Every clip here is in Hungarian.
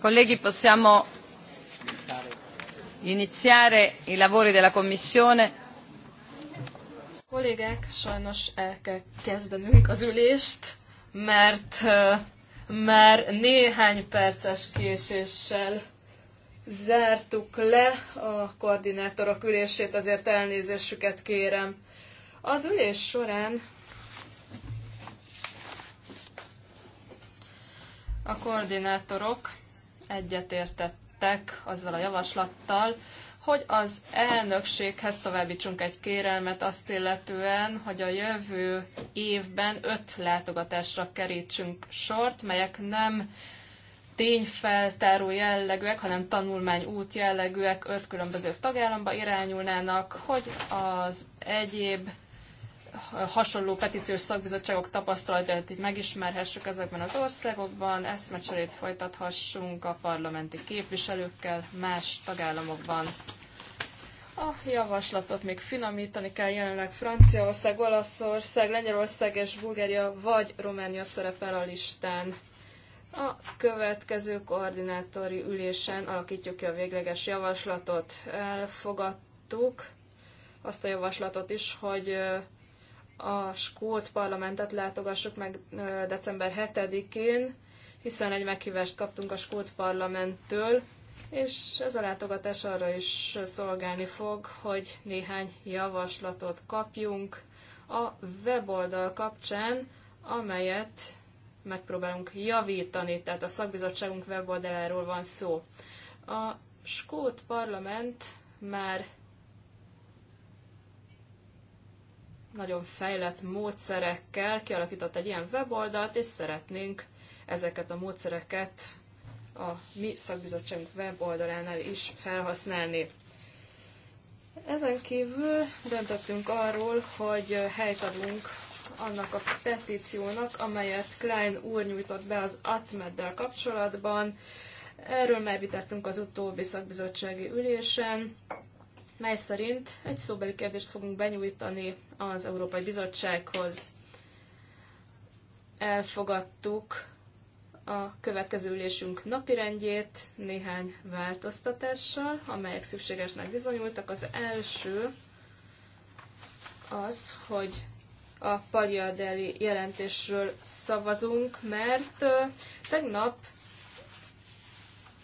Colleghi, possiamo iniziare i lavori della Commissione. Kollégák, sajnos el kell kezdenünk az ülést, mert eh, már néhány perces késéssel zártuk le a koordinátorok ülését, azért elnézésüket kérem. Az ülés során A koordinátorok egyetértettek azzal a javaslattal, hogy az elnökséghez továbbítsunk egy kérelmet azt illetően, hogy a jövő évben öt látogatásra kerítsünk sort, melyek nem tényfeltáró jellegűek, hanem tanulmányút jellegűek öt különböző tagállamba irányulnának, hogy az egyéb hasonló petíciós szakbizottságok tapasztalatait megismerhessük ezekben az országokban, eszmecserét folytathassunk a parlamenti képviselőkkel más tagállamokban. A javaslatot még finomítani kell jelenleg Franciaország, Olaszország, Lengyelország és Bulgária vagy Románia szerepel a listán. A következő koordinátori ülésen alakítjuk ki a végleges javaslatot. Elfogadtuk azt a javaslatot is, hogy a Skót parlamentet látogassuk meg december 7-én, hiszen egy meghívást kaptunk a Skót parlamenttől, és ez a látogatás arra is szolgálni fog, hogy néhány javaslatot kapjunk a weboldal kapcsán, amelyet megpróbálunk javítani, tehát a szakbizottságunk weboldaláról van szó. A Skót parlament már nagyon fejlett módszerekkel kialakított egy ilyen weboldalt, és szeretnénk ezeket a módszereket a mi szakbizottságunk weboldalánál is felhasználni. Ezen kívül döntöttünk arról, hogy helyt adunk annak a petíciónak, amelyet Klein úr nyújtott be az Atmeddel kapcsolatban. Erről már vitáztunk az utóbbi szakbizottsági ülésen mely szerint egy szóbeli kérdést fogunk benyújtani az Európai Bizottsághoz. Elfogadtuk a következő ülésünk napirendjét néhány változtatással, amelyek szükségesnek bizonyultak. Az első az, hogy a Pagliadeli jelentésről szavazunk, mert tegnap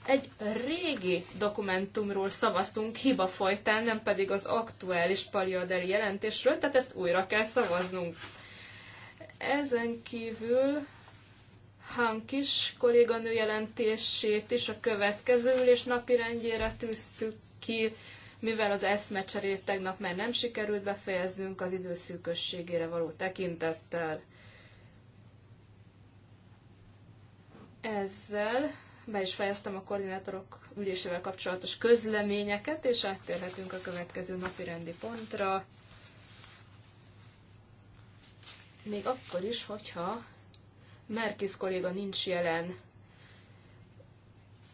egy régi dokumentumról szavaztunk hiba folytán, nem pedig az aktuális paliadeli jelentésről, tehát ezt újra kell szavaznunk. Ezen kívül Hankis kolléganő jelentését is a következő ülés rendjére tűztük ki, mivel az eszmecserét tegnap már nem sikerült befejeznünk az időszűkösségére való tekintettel. Ezzel be is fejeztem a koordinátorok ülésével kapcsolatos közleményeket, és áttérhetünk a következő napi rendi pontra. Még akkor is, hogyha Merkis kolléga nincs jelen,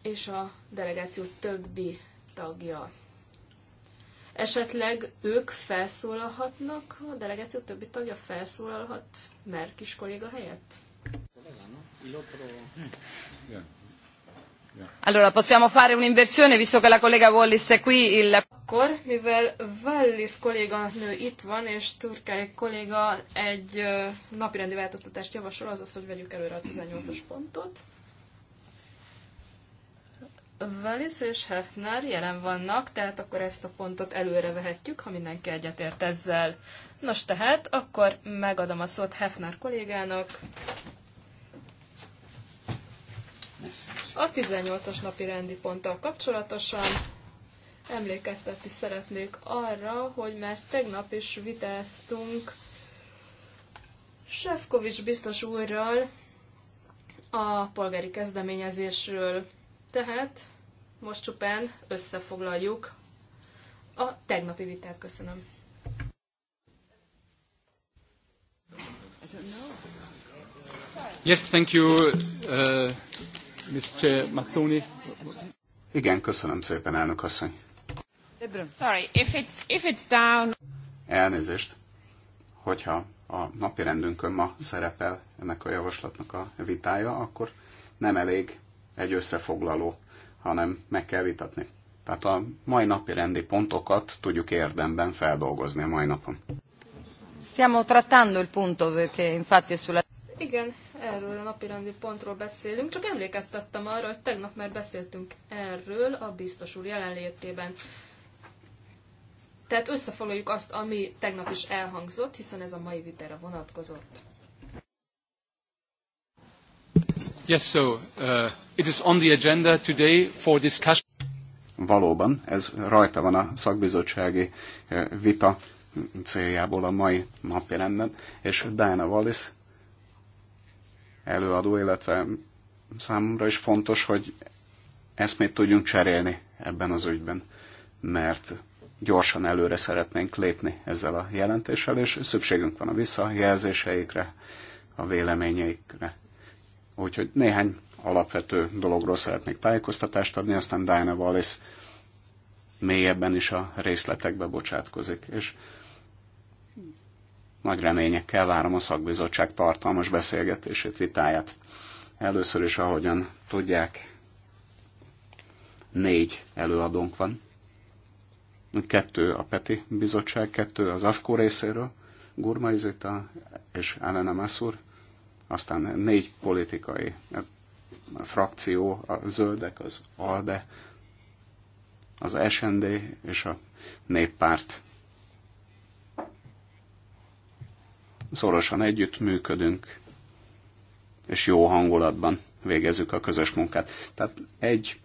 és a delegáció többi tagja. Esetleg ők felszólalhatnak, a delegáció többi tagja felszólalhat Merkis kolléga helyett? Allora, possiamo fare un'inversione, visto che la collega Wallis è qui. Il... Akkor, mivel Wallis kolléganő itt van, és Turkai kolléga egy napirendi változtatást javasol, azaz, hogy vegyük előre a 18-as pontot. Wallis és Hefner jelen vannak, tehát akkor ezt a pontot előre vehetjük, ha mindenki egyetért ezzel. Nos tehát, akkor megadom a szót Hefner kollégának. A 18-as napi rendi ponttal kapcsolatosan emlékeztetni szeretnék arra, hogy már tegnap is vitáztunk Sefkovics biztos úrral a polgári kezdeményezésről. Tehát most csupán összefoglaljuk a tegnapi vitát. Köszönöm. Yes, thank you, uh, Mr. Mazzoni. Igen, köszönöm szépen, elnök asszony. Sorry, if it's, if it's down... Elnézést, hogyha a napi rendünkön ma szerepel ennek a javaslatnak a vitája, akkor nem elég egy összefoglaló, hanem meg kell vitatni. Tehát a mai napi rendi pontokat tudjuk érdemben feldolgozni a mai napon. Stiamo trattando il punto perché infatti sulla igen, erről a napirendi pontról beszélünk, csak emlékeztettem arra, hogy tegnap már beszéltünk erről a biztos úr jelenlétében. Tehát összefoglaljuk azt, ami tegnap is elhangzott, hiszen ez a mai vitára vonatkozott. Yes, so uh, it is on the agenda today for discussion. Valóban, ez rajta van a szakbizottsági uh, vita céljából a mai napjelenden, és Diana Wallis előadó, illetve számomra is fontos, hogy eszmét tudjunk cserélni ebben az ügyben, mert gyorsan előre szeretnénk lépni ezzel a jelentéssel, és szükségünk van a visszajelzéseikre, a véleményeikre. Úgyhogy néhány alapvető dologról szeretnék tájékoztatást adni, aztán Diana Wallace mélyebben is a részletekbe bocsátkozik. És nagy reményekkel várom a szakbizottság tartalmas beszélgetését, vitáját. Először is, ahogyan tudják, négy előadónk van. Kettő a Peti Bizottság, kettő az AFKO részéről, Gurmai Zita és Elena Masur, aztán négy politikai frakció, a Zöldek, az ALDE, az SND és a Néppárt szorosan együttműködünk, és jó hangulatban végezzük a közös munkát. Tehát egy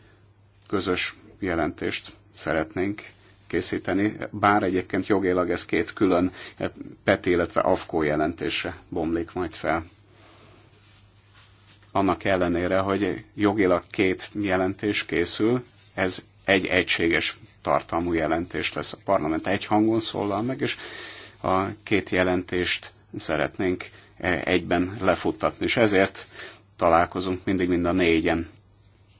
közös jelentést szeretnénk készíteni, bár egyébként jogilag ez két külön PET, illetve AFKO jelentése bomlik majd fel. Annak ellenére, hogy jogilag két jelentés készül, ez egy egységes tartalmú jelentés lesz. A parlament egy hangon szólal meg, és a két jelentést szeretnénk e, egyben lefuttatni. És ezért találkozunk mindig mind a négyen,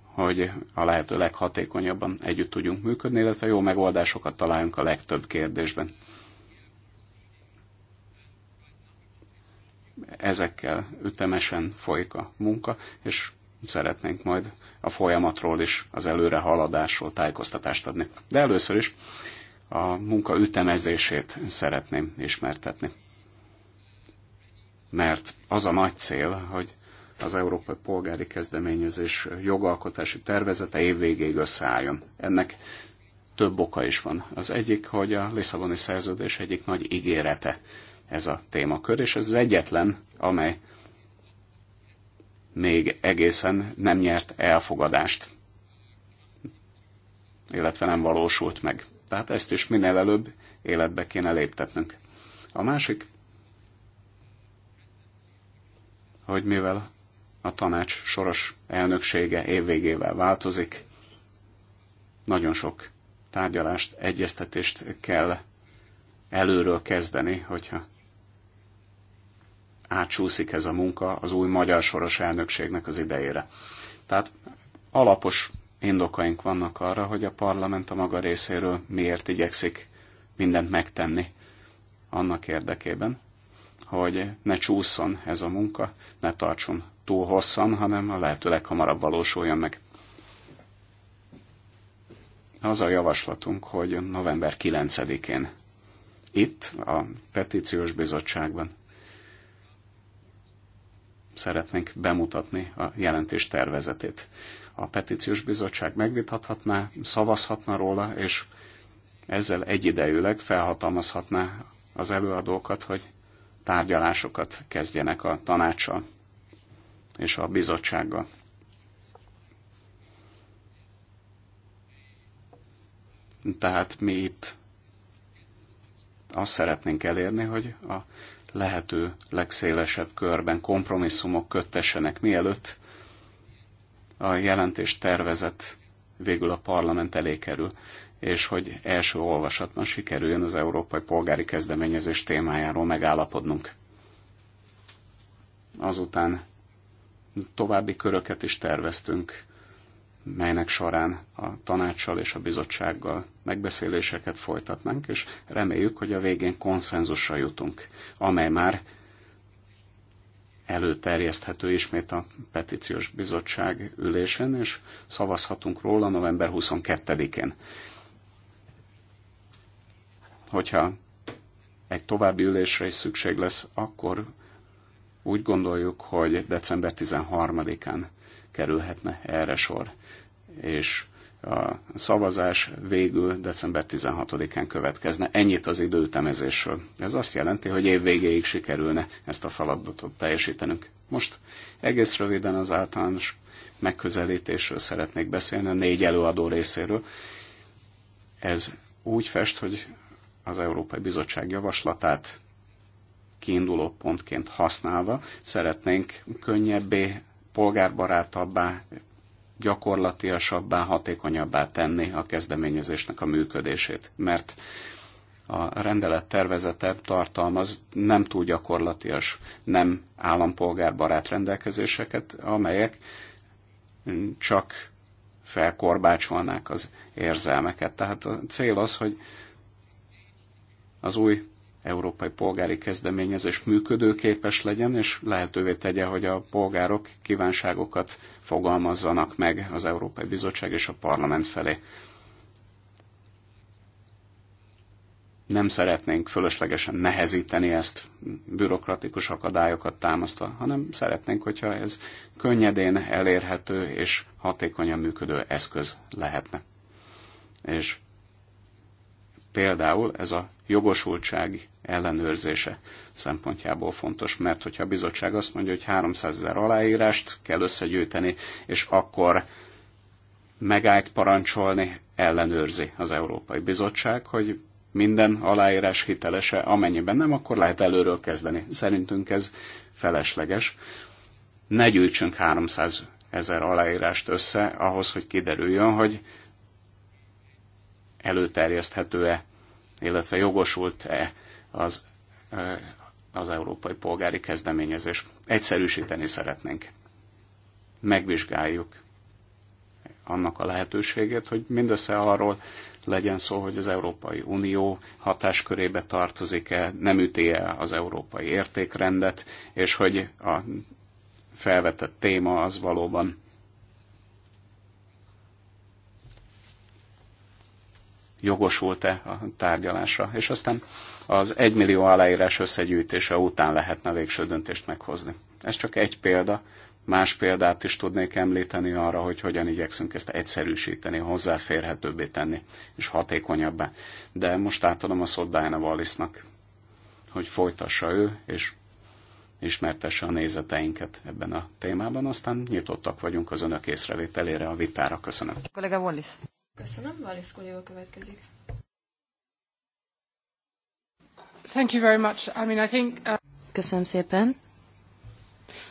hogy a lehető leghatékonyabban együtt tudjunk működni, illetve jó megoldásokat találjunk a legtöbb kérdésben. Ezekkel ütemesen folyik a munka, és szeretnénk majd a folyamatról is, az előre haladásról tájékoztatást adni. De először is a munka ütemezését szeretném ismertetni mert az a nagy cél, hogy az Európai Polgári Kezdeményezés jogalkotási tervezete évvégéig összeálljon. Ennek több oka is van. Az egyik, hogy a Lisszaboni szerződés egyik nagy ígérete ez a témakör, és ez az egyetlen, amely még egészen nem nyert elfogadást, illetve nem valósult meg. Tehát ezt is minél előbb életbe kéne léptetnünk. A másik hogy mivel a tanács soros elnöksége évvégével változik, nagyon sok tárgyalást, egyeztetést kell előről kezdeni, hogyha átsúszik ez a munka az új magyar soros elnökségnek az idejére. Tehát alapos indokaink vannak arra, hogy a parlament a maga részéről miért igyekszik mindent megtenni annak érdekében, hogy ne csúszon ez a munka, ne tartson túl hosszan, hanem a lehető leghamarabb valósuljon meg. Az a javaslatunk, hogy november 9-én itt, a petíciós bizottságban szeretnénk bemutatni a jelentés tervezetét. A petíciós bizottság megvitathatná, szavazhatna róla, és ezzel egyidejűleg felhatalmazhatná az előadókat, hogy tárgyalásokat kezdjenek a tanácsa és a bizottsággal. Tehát mi itt azt szeretnénk elérni, hogy a lehető legszélesebb körben kompromisszumok köttessenek, mielőtt a jelentés tervezet végül a parlament elé kerül és hogy első olvasatban sikerüljön az európai polgári kezdeményezés témájáról megállapodnunk. Azután további köröket is terveztünk, melynek során a tanácssal és a bizottsággal megbeszéléseket folytatnánk, és reméljük, hogy a végén konszenzusra jutunk, amely már előterjeszthető ismét a petíciós bizottság ülésen, és szavazhatunk róla november 22-én hogyha egy további ülésre is szükség lesz, akkor úgy gondoljuk, hogy december 13-án kerülhetne erre sor, és a szavazás végül december 16-án következne. Ennyit az időütemezésről. Ez azt jelenti, hogy év végéig sikerülne ezt a feladatot teljesítenünk. Most egész röviden az általános megközelítésről szeretnék beszélni, a négy előadó részéről. Ez úgy fest, hogy az Európai Bizottság javaslatát kiinduló pontként használva szeretnénk könnyebbé, polgárbarátabbá, gyakorlatiasabbá, hatékonyabbá tenni a kezdeményezésnek a működését, mert a rendelet tervezete tartalmaz nem túl gyakorlatias, nem állampolgárbarát rendelkezéseket, amelyek csak felkorbácsolnák az érzelmeket. Tehát a cél az, hogy az új európai polgári kezdeményezés működőképes legyen, és lehetővé tegye, hogy a polgárok kívánságokat fogalmazzanak meg az Európai Bizottság és a Parlament felé. Nem szeretnénk fölöslegesen nehezíteni ezt bürokratikus akadályokat támasztva, hanem szeretnénk, hogyha ez könnyedén elérhető és hatékonyan működő eszköz lehetne. És például ez a jogosultság ellenőrzése szempontjából fontos, mert hogyha a bizottság azt mondja, hogy 300 ezer aláírást kell összegyűjteni, és akkor megállt parancsolni ellenőrzi az Európai Bizottság, hogy minden aláírás hitelese, amennyiben nem, akkor lehet előről kezdeni. Szerintünk ez felesleges. Ne gyűjtsünk 300 ezer aláírást össze ahhoz, hogy kiderüljön, hogy előterjeszthető-e, illetve jogosult-e az, az európai polgári kezdeményezés. Egyszerűsíteni szeretnénk. Megvizsgáljuk annak a lehetőségét, hogy mindössze arról legyen szó, hogy az Európai Unió hatáskörébe tartozik-e, nem üti -e az európai értékrendet, és hogy a felvetett téma az valóban jogosult-e a tárgyalásra. És aztán az egymillió aláírás összegyűjtése után lehetne végső döntést meghozni. Ez csak egy példa, más példát is tudnék említeni arra, hogy hogyan igyekszünk ezt egyszerűsíteni, hozzáférhetőbbé tenni, és hatékonyabbá. De most átadom a szót Diana wallace hogy folytassa ő, és ismertesse a nézeteinket ebben a témában, aztán nyitottak vagyunk az önök észrevételére a vitára. Köszönöm. Kollega Köszönöm, Valisz kolléga következik. Thank you very much. I mean, I think, uh... Köszönöm szépen.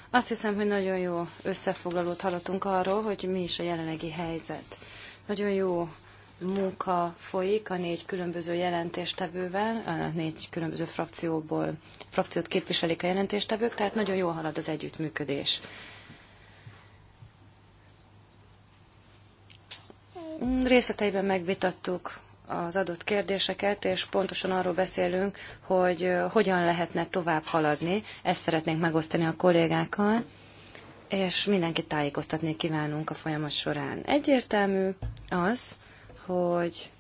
Azt hiszem, hogy nagyon jó összefoglalót hallottunk arról, hogy mi is a jelenlegi helyzet. Nagyon jó munka folyik a négy különböző jelentéstevővel, a négy különböző frakcióból, frakciót képviselik a jelentéstevők, tehát nagyon jól halad az együttműködés. Részleteiben megvitattuk az adott kérdéseket, és pontosan arról beszélünk, hogy hogyan lehetne tovább haladni. Ezt szeretnénk megosztani a kollégákkal, és mindenkit tájékoztatni kívánunk a folyamat során. Egyértelmű az, hogy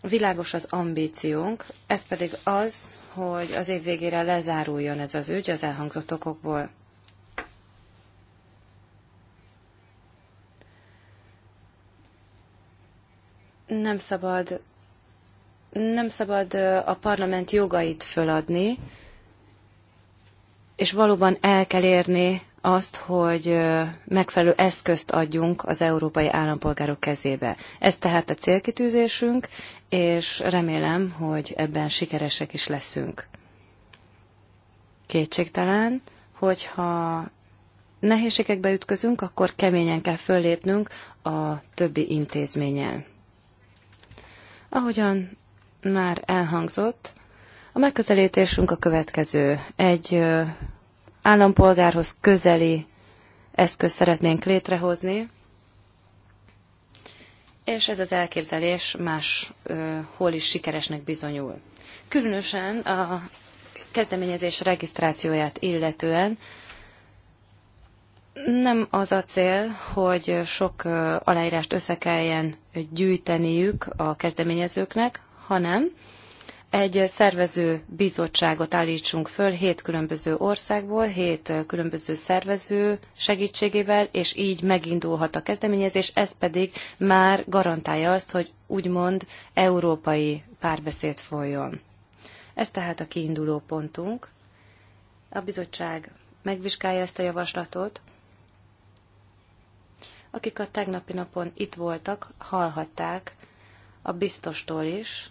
világos az ambíciónk, ez pedig az, hogy az év végére lezáruljon ez az ügy az elhangzott okokból. nem szabad, nem szabad a parlament jogait föladni, és valóban el kell érni azt, hogy megfelelő eszközt adjunk az európai állampolgárok kezébe. Ez tehát a célkitűzésünk, és remélem, hogy ebben sikeresek is leszünk. Kétségtelen, hogyha nehézségekbe ütközünk, akkor keményen kell föllépnünk a többi intézményen. Ahogyan már elhangzott, a megközelítésünk a következő. Egy állampolgárhoz közeli eszközt szeretnénk létrehozni, és ez az elképzelés máshol is sikeresnek bizonyul. Különösen a kezdeményezés regisztrációját illetően nem az a cél, hogy sok aláírást össze kelljen gyűjteniük a kezdeményezőknek, hanem egy szervező bizottságot állítsunk föl hét különböző országból, hét különböző szervező segítségével, és így megindulhat a kezdeményezés, ez pedig már garantálja azt, hogy úgymond európai párbeszéd folyjon. Ez tehát a kiinduló pontunk. A bizottság megvizsgálja ezt a javaslatot, akik a tegnapi napon itt voltak, hallhatták a biztostól is,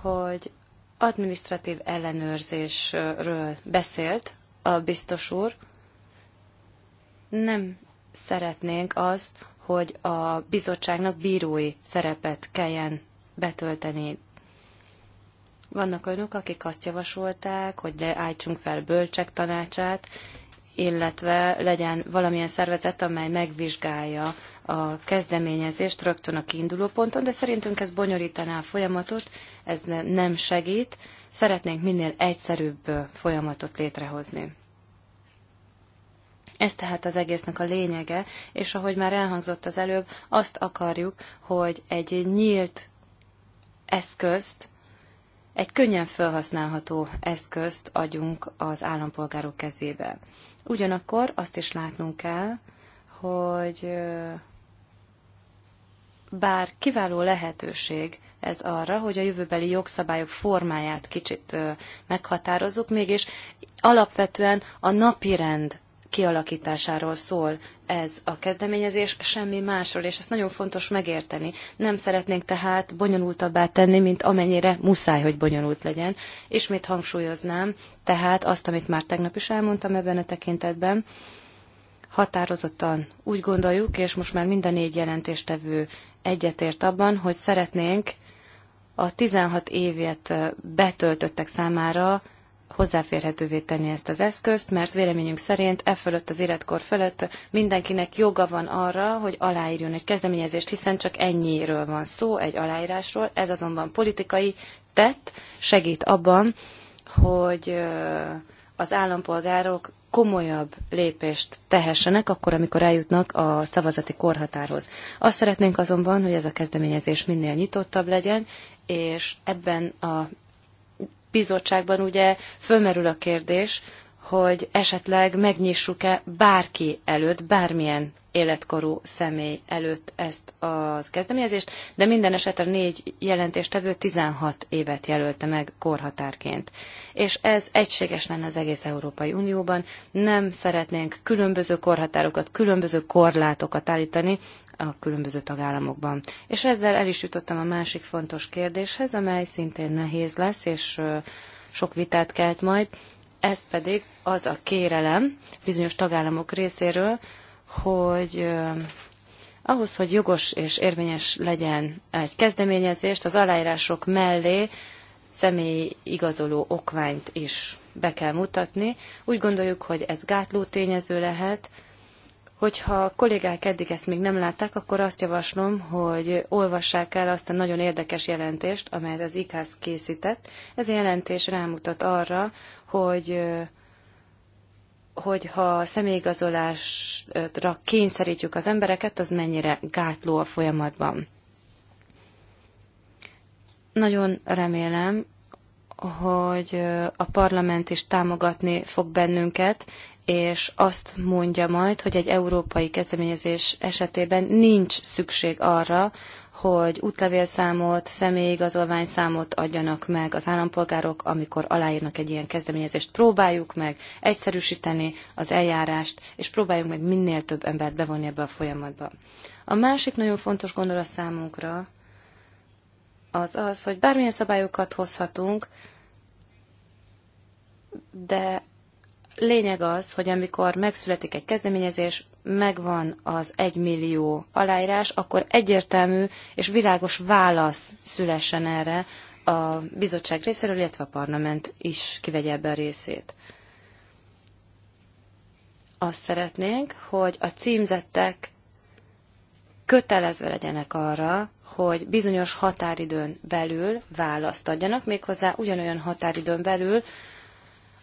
hogy administratív ellenőrzésről beszélt a biztos úr. Nem szeretnénk azt, hogy a bizottságnak bírói szerepet kelljen betölteni. Vannak olyanok, akik azt javasolták, hogy állítsunk fel bölcsek tanácsát, illetve legyen valamilyen szervezet, amely megvizsgálja a kezdeményezést rögtön a kiinduló ponton, de szerintünk ez bonyolítaná a folyamatot, ez nem segít. Szeretnénk minél egyszerűbb folyamatot létrehozni. Ez tehát az egésznek a lényege, és ahogy már elhangzott az előbb, azt akarjuk, hogy egy nyílt eszközt, egy könnyen felhasználható eszközt adjunk az állampolgárok kezébe. Ugyanakkor azt is látnunk kell, hogy bár kiváló lehetőség ez arra, hogy a jövőbeli jogszabályok formáját kicsit meghatározzuk, mégis alapvetően a napi rend kialakításáról szól ez a kezdeményezés, semmi másról, és ezt nagyon fontos megérteni. Nem szeretnénk tehát bonyolultabbá tenni, mint amennyire muszáj, hogy bonyolult legyen. Ismét hangsúlyoznám, tehát azt, amit már tegnap is elmondtam ebben a tekintetben, határozottan úgy gondoljuk, és most már mind a négy jelentéstevő egyetért abban, hogy szeretnénk a 16 évet betöltöttek számára hozzáférhetővé tenni ezt az eszközt, mert véleményünk szerint e fölött az életkor fölött mindenkinek joga van arra, hogy aláírjon egy kezdeményezést, hiszen csak ennyiről van szó, egy aláírásról. Ez azonban politikai tett, segít abban, hogy az állampolgárok komolyabb lépést tehessenek, akkor, amikor eljutnak a szavazati korhatárhoz. Azt szeretnénk azonban, hogy ez a kezdeményezés minél nyitottabb legyen, és ebben a bizottságban ugye fölmerül a kérdés, hogy esetleg megnyissuk-e bárki előtt, bármilyen életkorú személy előtt ezt az kezdeményezést, de minden esetre négy jelentéstevő 16 évet jelölte meg korhatárként. És ez egységes lenne az egész Európai Unióban. Nem szeretnénk különböző korhatárokat, különböző korlátokat állítani a különböző tagállamokban. És ezzel el is jutottam a másik fontos kérdéshez, amely szintén nehéz lesz, és sok vitát kelt majd. Ez pedig az a kérelem bizonyos tagállamok részéről, hogy ahhoz, hogy jogos és érvényes legyen egy kezdeményezést, az aláírások mellé személyi igazoló okványt is be kell mutatni. Úgy gondoljuk, hogy ez gátló tényező lehet, Hogyha a kollégák eddig ezt még nem látták, akkor azt javaslom, hogy olvassák el azt a nagyon érdekes jelentést, amelyet az IKASZ készített. Ez a jelentés rámutat arra, hogy hogyha személyigazolásra kényszerítjük az embereket, az mennyire gátló a folyamatban. Nagyon remélem, hogy a parlament is támogatni fog bennünket, és azt mondja majd, hogy egy európai kezdeményezés esetében nincs szükség arra, hogy útlevélszámot, személyigazolványszámot adjanak meg az állampolgárok, amikor aláírnak egy ilyen kezdeményezést. Próbáljuk meg egyszerűsíteni az eljárást, és próbáljuk meg minél több embert bevonni ebbe a folyamatba. A másik nagyon fontos gondolat számunkra az az, hogy bármilyen szabályokat hozhatunk, de lényeg az, hogy amikor megszületik egy kezdeményezés, megvan az egymillió aláírás, akkor egyértelmű és világos válasz szülessen erre a bizottság részéről, illetve a parlament is kivegye ebbe a részét. Azt szeretnénk, hogy a címzettek kötelezve legyenek arra, hogy bizonyos határidőn belül választ adjanak, méghozzá ugyanolyan határidőn belül,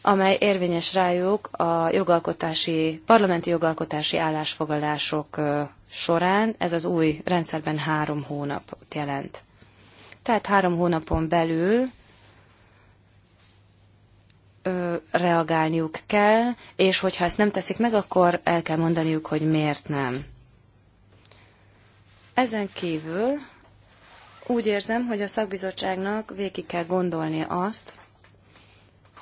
amely érvényes rájuk a jogalkotási, parlamenti jogalkotási állásfoglalások során. Ez az új rendszerben három hónapot jelent. Tehát három hónapon belül ö, reagálniuk kell, és hogyha ezt nem teszik meg, akkor el kell mondaniuk, hogy miért nem. Ezen kívül úgy érzem, hogy a szakbizottságnak végig kell gondolni azt,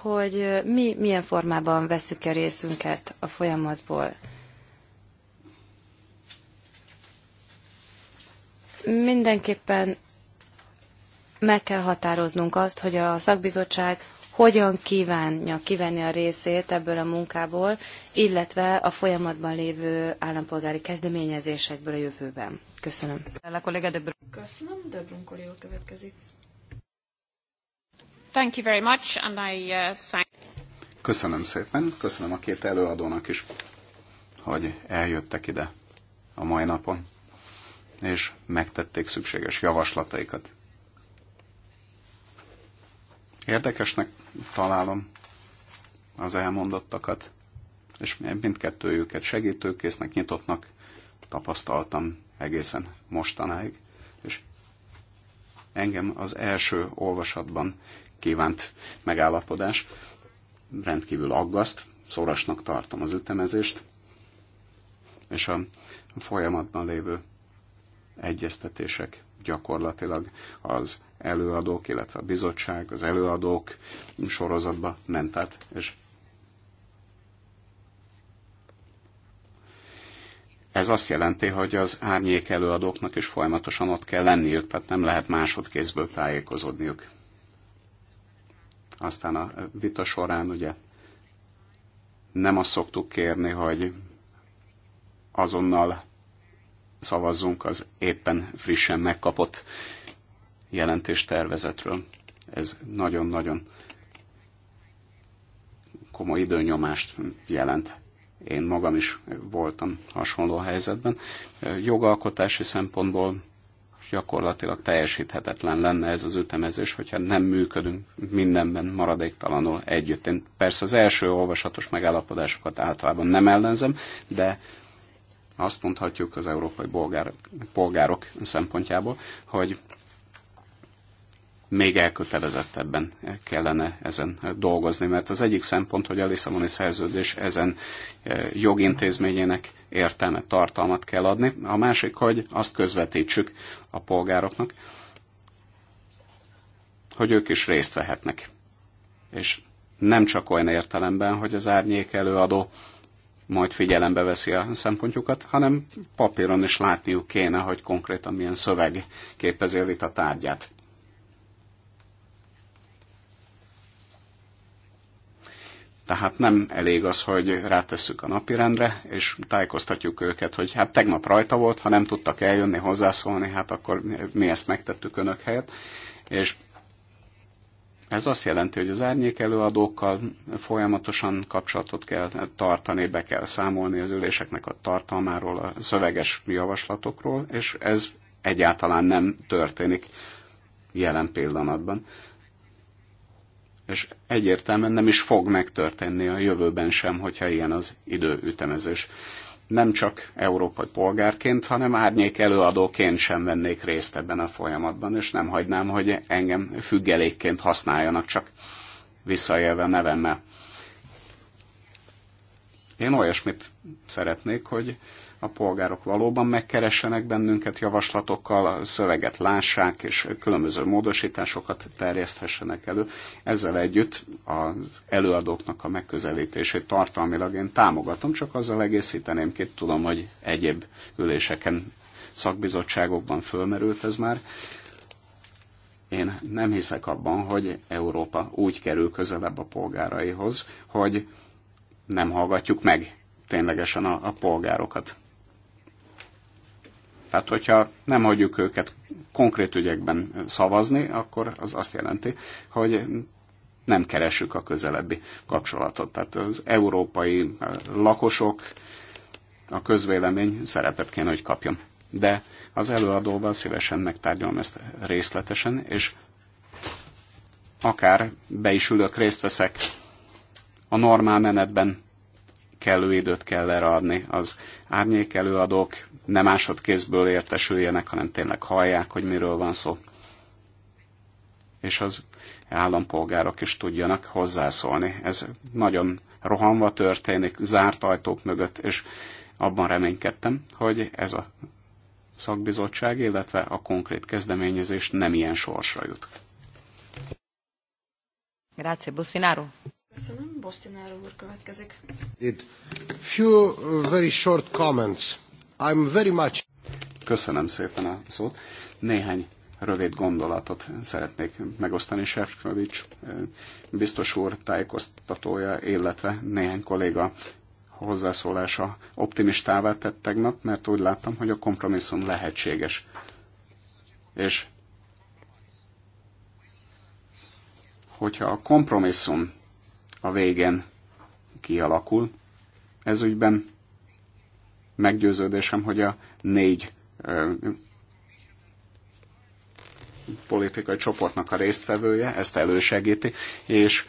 hogy mi milyen formában veszük-e részünket a folyamatból. Mindenképpen meg kell határoznunk azt, hogy a szakbizottság hogyan kívánja kivenni a részét ebből a munkából, illetve a folyamatban lévő állampolgári kezdeményezésekből a jövőben. Köszönöm. Köszönöm, Debrun kolléga következik. Thank you very much, and I uh, thank... Köszönöm szépen, köszönöm a két előadónak is, hogy eljöttek ide a mai napon, és megtették szükséges javaslataikat. Érdekesnek találom az elmondottakat, és mindkettőjüket segítőkésznek, nyitottnak tapasztaltam egészen mostanáig, és engem az első olvasatban kívánt megállapodás rendkívül aggaszt, szorosnak tartom az ütemezést, és a folyamatban lévő egyeztetések gyakorlatilag az előadók, illetve a bizottság, az előadók sorozatba ment át, és ez azt jelenti, hogy az árnyék előadóknak is folyamatosan ott kell lenniük, tehát nem lehet másodkézből tájékozódniuk. Aztán a vita során ugye nem azt szoktuk kérni, hogy azonnal szavazzunk az éppen frissen megkapott jelentéstervezetről. Ez nagyon-nagyon komoly időnyomást jelent. Én magam is voltam hasonló helyzetben. Jogalkotási szempontból gyakorlatilag teljesíthetetlen lenne ez az ütemezés, hogyha nem működünk mindenben maradéktalanul együtt. Én persze az első olvasatos megállapodásokat általában nem ellenzem, de azt mondhatjuk az európai bolgár, polgárok szempontjából, hogy még elkötelezettebben kellene ezen dolgozni, mert az egyik szempont, hogy a Lisszaboni szerződés ezen e, jogintézményének értelme, tartalmat kell adni, a másik, hogy azt közvetítsük a polgároknak, hogy ők is részt vehetnek. És nem csak olyan értelemben, hogy az árnyék előadó majd figyelembe veszi a szempontjukat, hanem papíron is látniuk kéne, hogy konkrétan milyen szöveg képezi a vita tárgyát. Tehát nem elég az, hogy rátesszük a napirendre, és tájékoztatjuk őket, hogy hát tegnap rajta volt, ha nem tudtak eljönni, hozzászólni, hát akkor mi ezt megtettük önök helyett. És ez azt jelenti, hogy az árnyék előadókkal folyamatosan kapcsolatot kell tartani, be kell számolni az üléseknek a tartalmáról, a szöveges javaslatokról, és ez egyáltalán nem történik jelen pillanatban és egyértelműen nem is fog megtörténni a jövőben sem, hogyha ilyen az időütemezés. Nem csak európai polgárként, hanem árnyék előadóként sem vennék részt ebben a folyamatban, és nem hagynám, hogy engem függelékként használjanak csak visszaélve nevemmel. Én olyasmit szeretnék, hogy a polgárok valóban megkeressenek bennünket javaslatokkal, szöveget lássák, és különböző módosításokat terjeszthessenek elő. Ezzel együtt az előadóknak a megközelítését tartalmilag én támogatom, csak azzal egészíteném ki, tudom, hogy egyéb üléseken, szakbizottságokban fölmerült ez már. Én nem hiszek abban, hogy Európa úgy kerül közelebb a polgáraihoz, hogy nem hallgatjuk meg ténylegesen a, a polgárokat. Tehát, hogyha nem hagyjuk őket konkrét ügyekben szavazni, akkor az azt jelenti, hogy nem keresük a közelebbi kapcsolatot. Tehát az európai lakosok, a közvélemény szerepet kéne, hogy kapjon. De az előadóval szívesen megtárgyalom ezt részletesen, és akár be is ülök, részt veszek a normál menetben, kellő időt kell leradni. Az árnyék előadók nem másodkézből értesüljenek, hanem tényleg hallják, hogy miről van szó. És az állampolgárok is tudjanak hozzászólni. Ez nagyon rohanva történik, zárt ajtók mögött, és abban reménykedtem, hogy ez a szakbizottság, illetve a konkrét kezdeményezés nem ilyen sorsra jut. Grazie, Bossinaro. Köszönöm, Bostinaro úr következik. It few very short comments. I'm very much... Köszönöm szépen a szót. Néhány rövid gondolatot szeretnék megosztani Sefcsovics biztos úr tájékoztatója, illetve néhány kolléga hozzászólása optimistává tett tegnap, mert úgy láttam, hogy a kompromisszum lehetséges. És hogyha a kompromisszum a végén kialakul, ez ügyben meggyőződésem, hogy a négy politikai csoportnak a résztvevője ezt elősegíti, és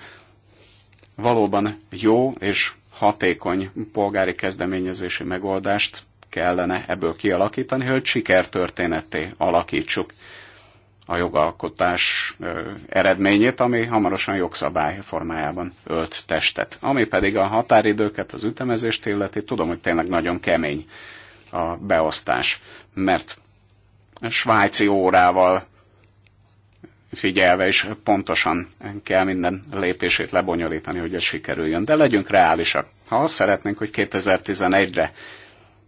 valóban jó és hatékony polgári kezdeményezési megoldást kellene ebből kialakítani, hogy sikertörténetté alakítsuk a jogalkotás eredményét, ami hamarosan jogszabály formájában ölt testet. Ami pedig a határidőket, az ütemezést illeti, tudom, hogy tényleg nagyon kemény a beosztás, mert svájci órával figyelve, és pontosan kell minden lépését lebonyolítani, hogy ez sikerüljön. De legyünk reálisak. Ha azt szeretnénk, hogy 2011-re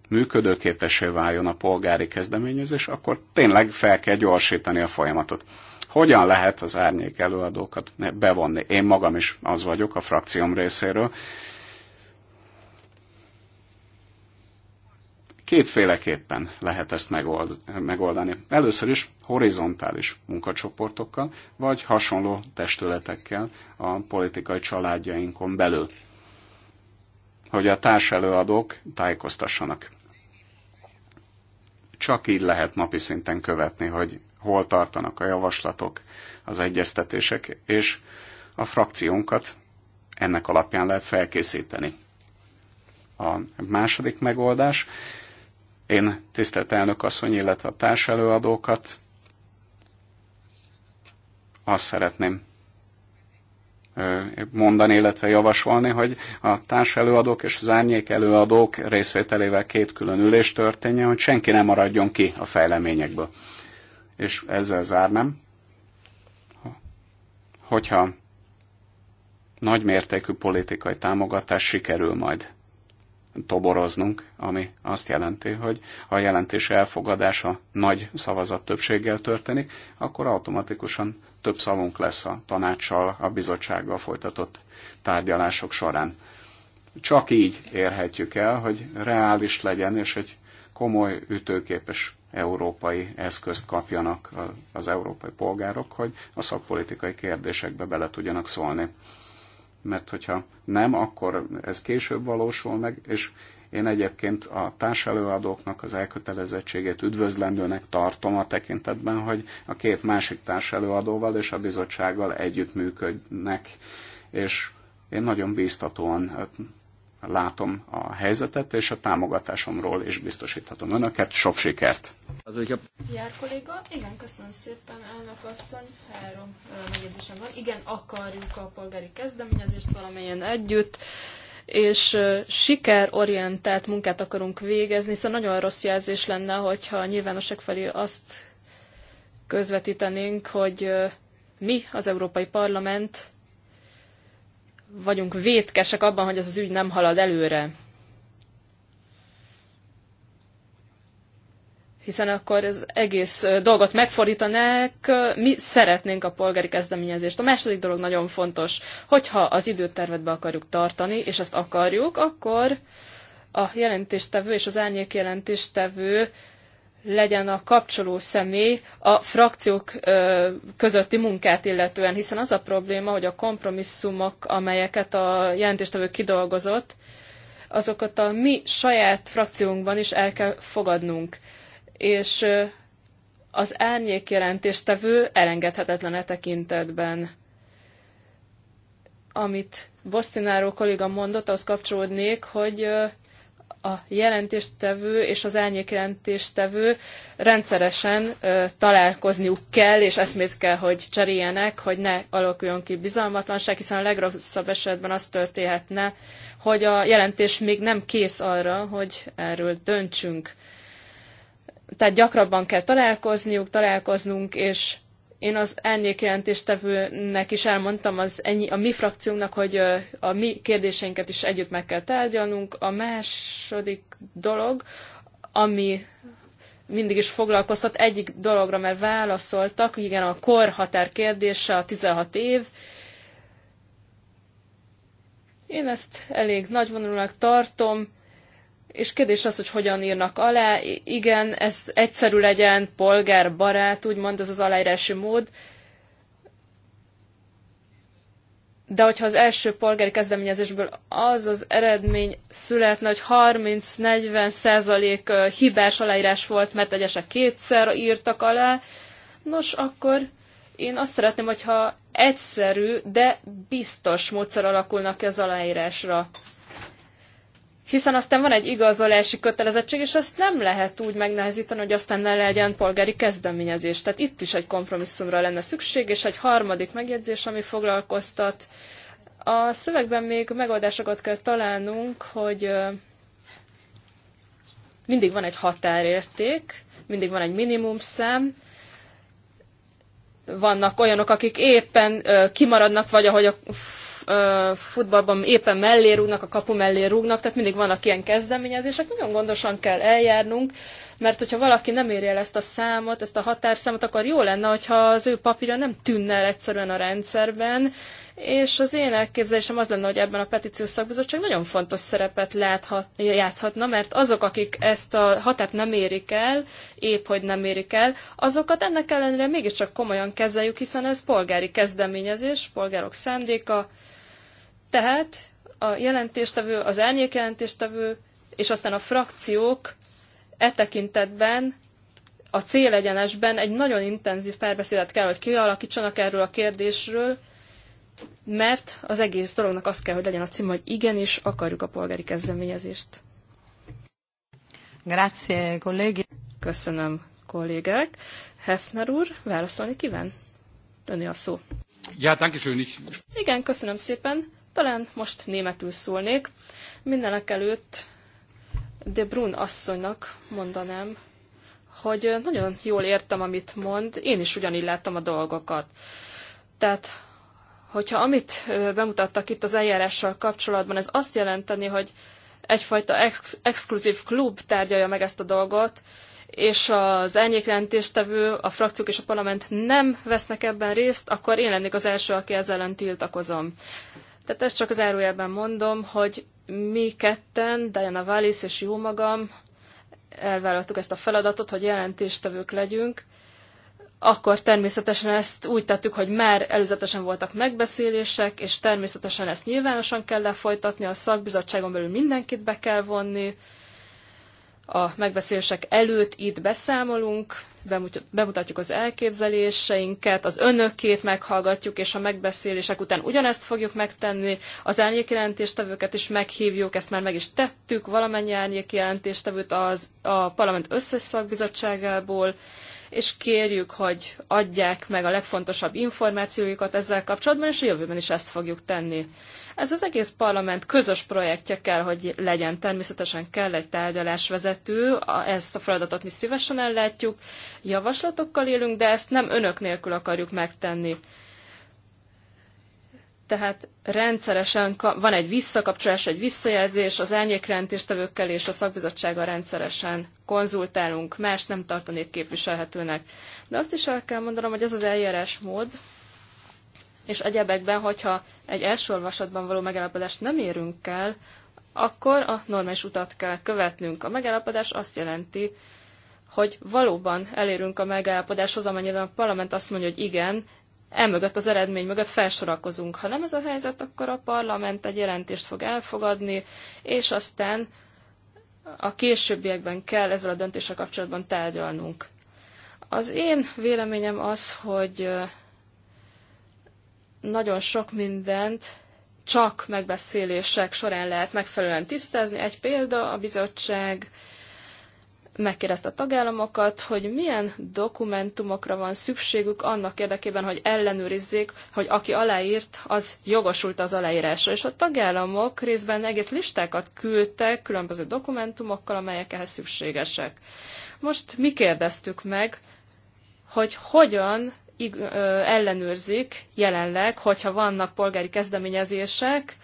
működőképesé váljon a polgári kezdeményezés, akkor tényleg fel kell gyorsítani a folyamatot. Hogyan lehet az árnyék előadókat bevonni? Én magam is az vagyok a frakcióm részéről. Kétféleképpen lehet ezt megoldani. Először is horizontális munkacsoportokkal, vagy hasonló testületekkel a politikai családjainkon belül hogy a társelőadók tájékoztassanak csak így lehet napi szinten követni, hogy hol tartanak a javaslatok, az egyeztetések, és a frakciónkat ennek alapján lehet felkészíteni. A második megoldás, én tisztelt elnök asszony, illetve a társelőadókat azt szeretném mondani, illetve javasolni, hogy a társ előadók és az árnyék előadók részvételével két külön ülés történjen, hogy senki nem maradjon ki a fejleményekből. És ezzel zárnám, hogyha nagymértékű politikai támogatás sikerül majd toboroznunk, ami azt jelenti, hogy ha a jelentés elfogadása nagy szavazat többséggel történik, akkor automatikusan több szavunk lesz a tanácssal, a bizottsággal folytatott tárgyalások során. Csak így érhetjük el, hogy reális legyen, és egy komoly, ütőképes európai eszközt kapjanak az európai polgárok, hogy a szakpolitikai kérdésekbe bele tudjanak szólni mert hogyha nem, akkor ez később valósul meg, és én egyébként a társelőadóknak az elkötelezettségét üdvözlendőnek tartom a tekintetben, hogy a két másik társelőadóval és a bizottsággal együttműködnek, és én nagyon bíztatóan látom a helyzetet, és a támogatásomról is biztosíthatom önöket. Sok sikert! Az, hogyha... Jár kolléga, igen, köszönöm szépen, elnök asszony, három megjegyzésem van. Igen, akarjuk a polgári kezdeményezést valamilyen együtt és sikerorientált munkát akarunk végezni, hiszen nagyon rossz jelzés lenne, hogyha a nyilvánosság felé azt közvetítenénk, hogy mi, az Európai Parlament vagyunk vétkesek abban, hogy ez az ügy nem halad előre. hiszen akkor az egész dolgot megfordítanák, mi szeretnénk a polgári kezdeményezést. A második dolog nagyon fontos, hogyha az időtervet be akarjuk tartani, és ezt akarjuk, akkor a jelentéstevő és az árnyék jelentéstevő legyen a kapcsoló személy a frakciók közötti munkát illetően, hiszen az a probléma, hogy a kompromisszumok, amelyeket a jelentéstevő kidolgozott, azokat a mi saját frakciónkban is el kell fogadnunk. És az árnyék jelentéstevő elengedhetetlen e tekintetben. Amit Bosztináró kolléga mondott, az kapcsolódnék, hogy a jelentéstevő és az elnyék jelentéstevő rendszeresen ö, találkozniuk kell, és eszmét kell, hogy cseréljenek, hogy ne alakuljon ki bizalmatlanság, hiszen a legrosszabb esetben az történhetne, hogy a jelentés még nem kész arra, hogy erről döntsünk. Tehát gyakrabban kell találkozniuk, találkoznunk, és én az árnyék jelentéstevőnek is elmondtam az ennyi, a mi frakciónknak, hogy a mi kérdéseinket is együtt meg kell tárgyalnunk. A második dolog, ami mindig is foglalkoztat, egyik dologra már válaszoltak, igen, a korhatár kérdése, a 16 év, én ezt elég nagyvonalúnak tartom és kérdés az, hogy hogyan írnak alá. Igen, ez egyszerű legyen, Barát, úgymond ez az aláírási mód. De hogyha az első polgári kezdeményezésből az az eredmény születne, hogy 30-40 százalék hibás aláírás volt, mert egyesek kétszer írtak alá, nos, akkor én azt szeretném, hogyha egyszerű, de biztos módszer alakulnak ki az aláírásra hiszen aztán van egy igazolási kötelezettség, és azt nem lehet úgy megnehezíteni, hogy aztán ne legyen polgári kezdeményezés. Tehát itt is egy kompromisszumra lenne szükség, és egy harmadik megjegyzés, ami foglalkoztat. A szövegben még megoldásokat kell találnunk, hogy mindig van egy határérték, mindig van egy minimumszám, vannak olyanok, akik éppen kimaradnak, vagy ahogy a futballban éppen mellé rúgnak, a kapu mellé rúgnak, tehát mindig vannak ilyen kezdeményezések, nagyon gondosan kell eljárnunk, mert hogyha valaki nem érje el ezt a számot, ezt a határszámot, akkor jó lenne, hogyha az ő papírja nem tűnne el egyszerűen a rendszerben, és az én elképzelésem az lenne, hogy ebben a petíciós szakbizottság nagyon fontos szerepet láthat, játszhatna, mert azok, akik ezt a határt nem érik el, épp hogy nem érik el, azokat ennek ellenére mégiscsak komolyan kezeljük, hiszen ez polgári kezdeményezés, polgárok szándéka, tehát a jelentéstevő, az elnyék jelentéstevő, és aztán a frakciók e tekintetben a célegyenesben egy nagyon intenzív párbeszédet kell, hogy kialakítsanak erről a kérdésről, mert az egész dolognak az kell, hogy legyen a cím, hogy igenis akarjuk a polgári kezdeményezést. Grazie, kollégi. Köszönöm, kollégák. Hefner úr, válaszolni kíván? Önni a szó. Ja, danke schön. Ich... Igen, köszönöm szépen. Talán most németül szólnék. Mindenek előtt de Brun asszonynak mondanám, hogy nagyon jól értem, amit mond, én is ugyanígy láttam a dolgokat. Tehát, hogyha amit bemutattak itt az eljárással kapcsolatban, ez azt jelenteni, hogy egyfajta ex- exkluzív klub tárgyalja meg ezt a dolgot, és az elnyéklentéstevő, a frakciók és a parlament nem vesznek ebben részt, akkor én lennék az első, aki ezzel ellen tiltakozom. Tehát ezt csak az árujelben mondom, hogy mi ketten, Diana Wallis és jó magam elvállaltuk ezt a feladatot, hogy jelentéstevők legyünk, akkor természetesen ezt úgy tettük, hogy már előzetesen voltak megbeszélések, és természetesen ezt nyilvánosan kell lefolytatni, a szakbizottságon belül mindenkit be kell vonni, a megbeszélések előtt itt beszámolunk, bemutatjuk az elképzeléseinket, az önökét meghallgatjuk, és a megbeszélések után ugyanezt fogjuk megtenni, az árnyékjelentéstevőket is meghívjuk, ezt már meg is tettük, valamennyi árnyékjelentéstevőt az, a parlament összes szakbizottságából, és kérjük, hogy adják meg a legfontosabb információikat ezzel kapcsolatban, és a jövőben is ezt fogjuk tenni. Ez az egész parlament közös projektje kell, hogy legyen. Természetesen kell egy tárgyalásvezető, ezt a feladatot mi szívesen ellátjuk, javaslatokkal élünk, de ezt nem önök nélkül akarjuk megtenni tehát rendszeresen van egy visszakapcsolás, egy visszajelzés, az elnyékrendtéstevőkkel és a szakbizottsággal rendszeresen konzultálunk, más nem tartanék képviselhetőnek. De azt is el kell mondanom, hogy ez az eljárásmód, és egyebekben, hogyha egy első olvasatban való megállapodást nem érünk el, akkor a normális utat kell követnünk. A megállapodás azt jelenti, hogy valóban elérünk a megállapodáshoz, amennyiben a parlament azt mondja, hogy igen, emögött az eredmény mögött felsorakozunk. Ha nem ez a helyzet, akkor a parlament egy jelentést fog elfogadni, és aztán a későbbiekben kell ezzel a döntéssel kapcsolatban tárgyalnunk. Az én véleményem az, hogy nagyon sok mindent csak megbeszélések során lehet megfelelően tisztázni. Egy példa, a bizottság megkérdezte a tagállamokat, hogy milyen dokumentumokra van szükségük annak érdekében, hogy ellenőrizzék, hogy aki aláírt, az jogosult az aláírásra. És a tagállamok részben egész listákat küldtek különböző dokumentumokkal, amelyek ehhez szükségesek. Most mi kérdeztük meg, hogy hogyan ellenőrzik jelenleg, hogyha vannak polgári kezdeményezések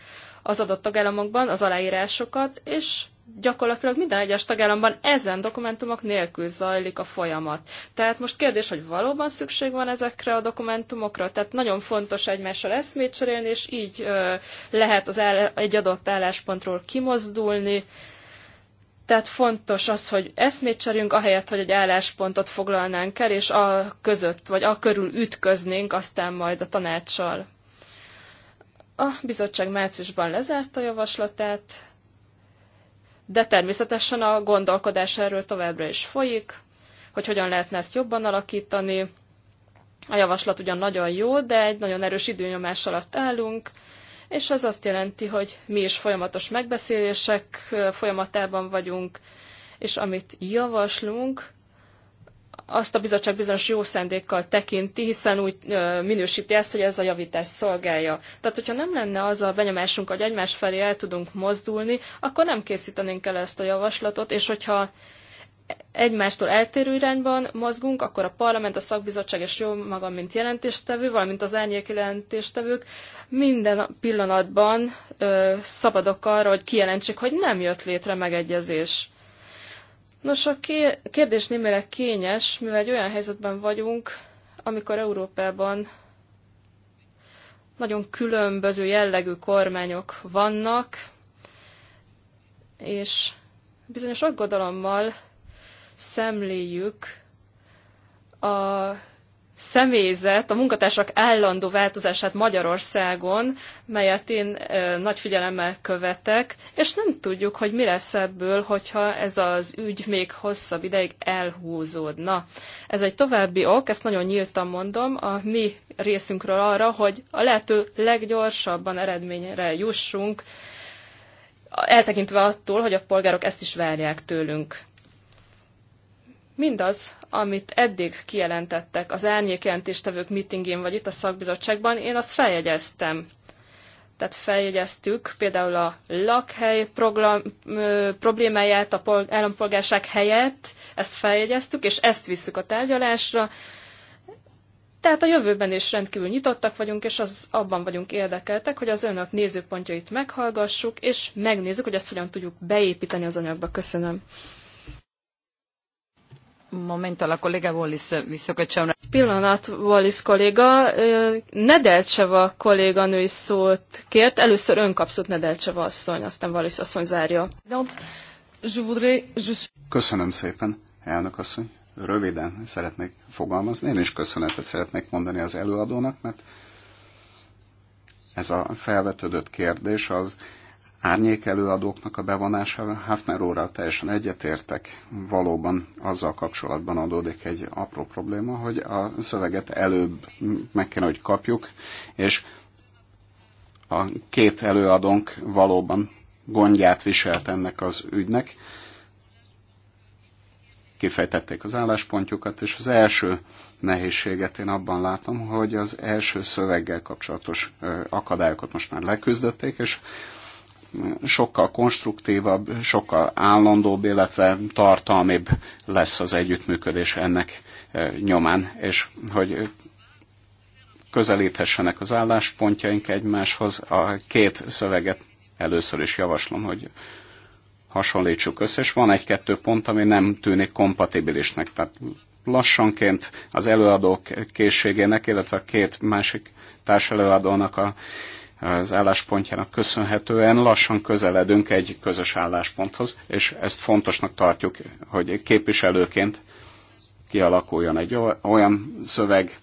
az adott tagállamokban az aláírásokat, és gyakorlatilag minden egyes tagállamban ezen dokumentumok nélkül zajlik a folyamat. Tehát most kérdés, hogy valóban szükség van ezekre a dokumentumokra? Tehát nagyon fontos egymással eszmét cserélni, és így ö, lehet az áll- egy adott álláspontról kimozdulni. Tehát fontos az, hogy eszmét cserünk, ahelyett, hogy egy álláspontot foglalnánk el, és a között, vagy a körül ütköznénk aztán majd a tanácssal. A bizottság márciusban lezárta a javaslatát, de természetesen a gondolkodás erről továbbra is folyik, hogy hogyan lehetne ezt jobban alakítani. A javaslat ugyan nagyon jó, de egy nagyon erős időnyomás alatt állunk, és ez azt jelenti, hogy mi is folyamatos megbeszélések folyamatában vagyunk, és amit javaslunk, azt a bizottság bizonyos jó szendékkal tekinti, hiszen úgy minősíti ezt, hogy ez a javítás szolgálja. Tehát, hogyha nem lenne az a benyomásunk, hogy egymás felé el tudunk mozdulni, akkor nem készítenénk el ezt a javaslatot, és hogyha egymástól eltérő irányban mozgunk, akkor a parlament, a szakbizottság és jó magam, mint jelentéstevő, valamint az árnyék jelentéstevők minden pillanatban ö, szabadok arra, hogy kijelentsék, hogy nem jött létre megegyezés. Nos, a kérdés némileg kényes, mivel egy olyan helyzetben vagyunk, amikor Európában nagyon különböző jellegű kormányok vannak, és bizonyos aggodalommal szemléljük a személyzet, a munkatársak állandó változását Magyarországon, melyet én nagy figyelemmel követek, és nem tudjuk, hogy mi lesz ebből, hogyha ez az ügy még hosszabb ideig elhúzódna. Ez egy további ok, ezt nagyon nyíltan mondom, a mi részünkről arra, hogy a lehető leggyorsabban eredményre jussunk, eltekintve attól, hogy a polgárok ezt is várják tőlünk mindaz, amit eddig kijelentettek az árnyékjelentéstevők meetingén vagy itt a szakbizottságban, én azt feljegyeztem. Tehát feljegyeztük például a lakhely program, ö, problémáját, a pol, állampolgárság helyett, ezt feljegyeztük, és ezt visszük a tárgyalásra. Tehát a jövőben is rendkívül nyitottak vagyunk, és az, abban vagyunk érdekeltek, hogy az önök nézőpontjait meghallgassuk, és megnézzük, hogy ezt hogyan tudjuk beépíteni az anyagba. Köszönöm momento alla collega Wallis, visto che c'è una... Pillanat, Wallis kolléga, Nedelcseva kolléganő is szót kért, először ön kapszott Nedelcseva asszony, aztán Wallis asszony zárja. Köszönöm szépen, elnök asszony. Röviden szeretnék fogalmazni, én is köszönetet szeretnék mondani az előadónak, mert ez a felvetődött kérdés az árnyék előadóknak a bevonása, Hafner óra teljesen egyetértek, valóban azzal kapcsolatban adódik egy apró probléma, hogy a szöveget előbb meg kell, hogy kapjuk, és a két előadónk valóban gondját viselt ennek az ügynek, kifejtették az álláspontjukat, és az első nehézséget én abban látom, hogy az első szöveggel kapcsolatos akadályokat most már leküzdötték, és sokkal konstruktívabb, sokkal állandóbb, illetve tartalmibb lesz az együttműködés ennek e, nyomán, és hogy közelíthessenek az álláspontjaink egymáshoz. A két szöveget először is javaslom, hogy hasonlítsuk össze, és van egy-kettő pont, ami nem tűnik kompatibilisnek. Tehát lassanként az előadók készségének, illetve a két másik társelőadónak a az álláspontjának köszönhetően lassan közeledünk egy közös állásponthoz, és ezt fontosnak tartjuk, hogy képviselőként kialakuljon egy olyan szöveg,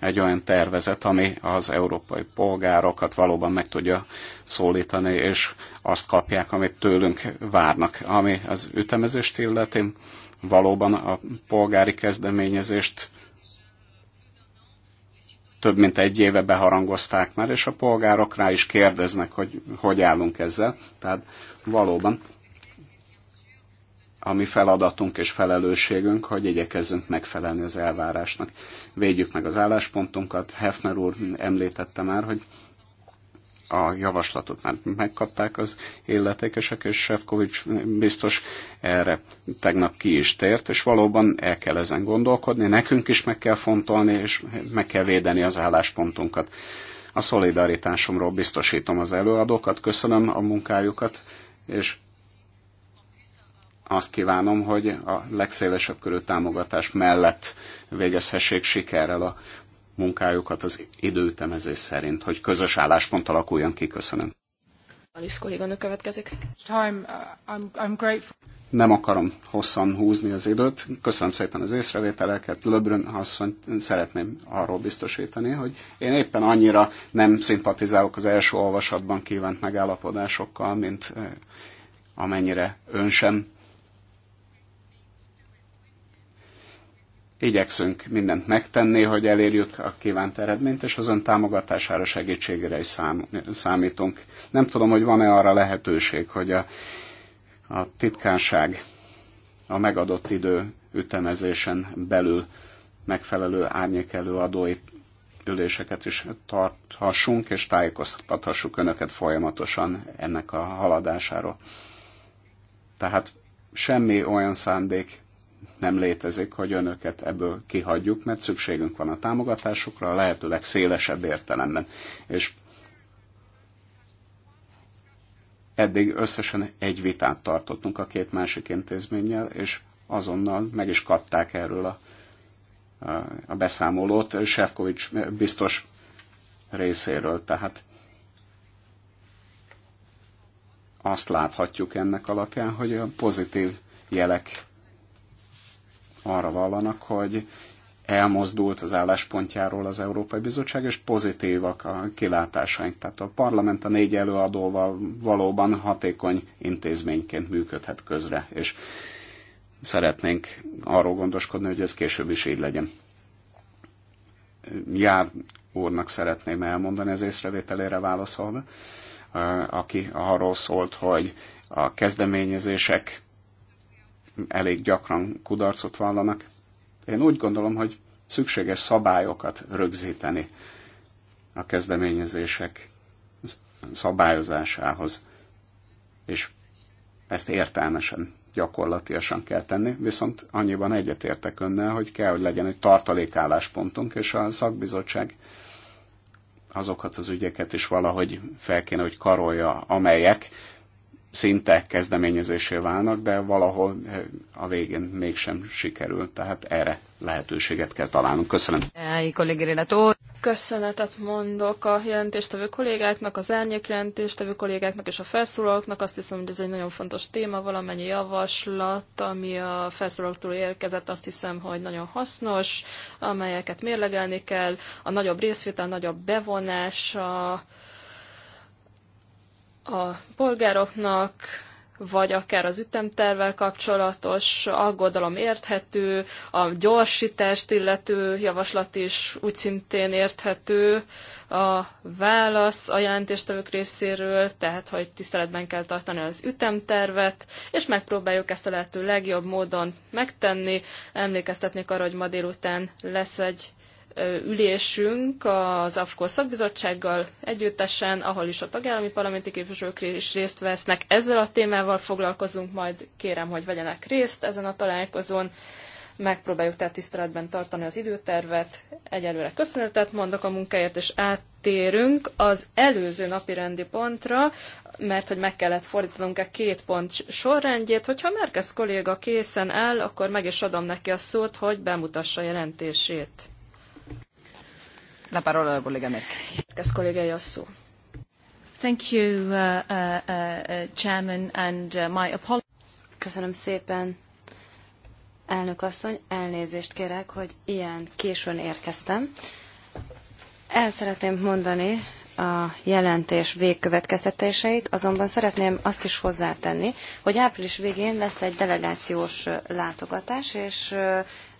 egy olyan tervezet, ami az európai polgárokat valóban meg tudja szólítani, és azt kapják, amit tőlünk várnak. Ami az ütemezést illeti, valóban a polgári kezdeményezést több mint egy éve beharangozták már, és a polgárok rá is kérdeznek, hogy hogy állunk ezzel. Tehát valóban a mi feladatunk és felelősségünk, hogy igyekezzünk megfelelni az elvárásnak. Védjük meg az álláspontunkat. Hefner úr említette már, hogy a javaslatot már megkapták az illetékesek, és Sefcovics biztos erre tegnap ki is tért, és valóban el kell ezen gondolkodni, nekünk is meg kell fontolni, és meg kell védeni az álláspontunkat. A szolidaritásomról biztosítom az előadókat, köszönöm a munkájukat, és azt kívánom, hogy a legszélesebb körű támogatás mellett végezhessék sikerrel a munkájukat az időtemezés szerint, hogy közös álláspont alakuljon ki. Köszönöm. Alisz kolléganő következik. Uh, nem akarom hosszan húzni az időt. Köszönöm szépen az észrevételeket. Löbrön asszony szeretném arról biztosítani, hogy én éppen annyira nem szimpatizálok az első olvasatban kívánt megállapodásokkal, mint eh, amennyire ön sem igyekszünk mindent megtenni, hogy elérjük a kívánt eredményt, és az ön támogatására, segítségére is szám, számítunk. Nem tudom, hogy van-e arra lehetőség, hogy a, a titkárság a megadott idő ütemezésen belül megfelelő árnyékelő adói üléseket is tarthassunk, és tájékoztathassuk önöket folyamatosan ennek a haladásáról. Tehát semmi olyan szándék nem létezik, hogy önöket ebből kihagyjuk, mert szükségünk van a támogatásokra a lehető legszélesebb értelemben. És eddig összesen egy vitát tartottunk a két másik intézménnyel, és azonnal meg is kapták erről a, a, a beszámolót Sefkovics biztos részéről. Tehát azt láthatjuk ennek alapján, hogy a pozitív jelek arra vallanak, hogy elmozdult az álláspontjáról az Európai Bizottság, és pozitívak a kilátásaink. Tehát a parlament a négy előadóval valóban hatékony intézményként működhet közre, és szeretnénk arról gondoskodni, hogy ez később is így legyen. Jár úrnak szeretném elmondani az észrevételére válaszolva, aki arról szólt, hogy a kezdeményezések elég gyakran kudarcot vallanak. Én úgy gondolom, hogy szükséges szabályokat rögzíteni a kezdeményezések szabályozásához, és ezt értelmesen, gyakorlatilag kell tenni, viszont annyiban egyetértek önnel, hogy kell, hogy legyen egy tartalékálláspontunk, és a szakbizottság azokat az ügyeket is valahogy fel kéne, hogy karolja, amelyek szinte kezdeményezésé válnak, de valahol eh, a végén mégsem sikerül, tehát erre lehetőséget kell találnunk. Köszönöm. Köszönetet mondok a jelentéstevő kollégáknak, az elnyék jelentéstevő kollégáknak és a felszólalóknak. Azt hiszem, hogy ez egy nagyon fontos téma, valamennyi javaslat, ami a felszólalóktól érkezett, azt hiszem, hogy nagyon hasznos, amelyeket mérlegelni kell. A nagyobb részvétel, a nagyobb bevonás, a a polgároknak, vagy akár az ütemtervel kapcsolatos aggodalom érthető, a gyorsítást illető javaslat is úgy szintén érthető, a válasz a jelentéstevők részéről, tehát hogy tiszteletben kell tartani az ütemtervet, és megpróbáljuk ezt a lehető legjobb módon megtenni. Emlékeztetnék arra, hogy ma délután lesz egy ülésünk az AFKO szakbizottsággal együttesen, ahol is a tagállami parlamenti képviselők is részt vesznek. Ezzel a témával foglalkozunk, majd kérem, hogy vegyenek részt ezen a találkozón. Megpróbáljuk tehát tiszteletben tartani az időtervet. Egyelőre köszönetet mondok a munkáért, és áttérünk az előző napi rendi pontra, mert hogy meg kellett fordítanunk a e két pont sorrendjét. Hogyha Merkez kolléga készen áll, akkor meg is adom neki a szót, hogy bemutassa jelentését. La parola collega Merkel. Thank you, uh, uh, uh, Chairman, and uh, my apologies. Köszönöm szépen, elnök asszony. Elnézést kérek, hogy ilyen későn érkeztem. El szeretném mondani a jelentés végkövetkeztetéseit, azonban szeretném azt is hozzátenni, hogy április végén lesz egy delegációs látogatás, és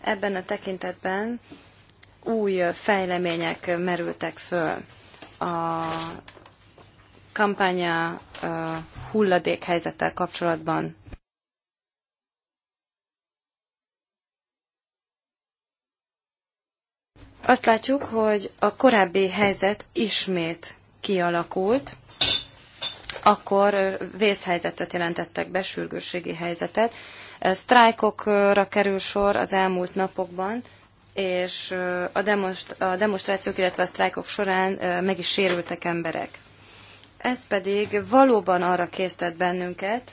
ebben a tekintetben új fejlemények merültek föl. A kampánya hulladékhelyzettel kapcsolatban Azt látjuk, hogy a korábbi helyzet ismét kialakult, akkor vészhelyzetet jelentettek be, sürgősségi helyzetet. Sztrájkokra kerül sor az elmúlt napokban, és a, demonst- a demonstrációk, illetve a sztrájkok során meg is sérültek emberek. Ez pedig valóban arra késztet bennünket,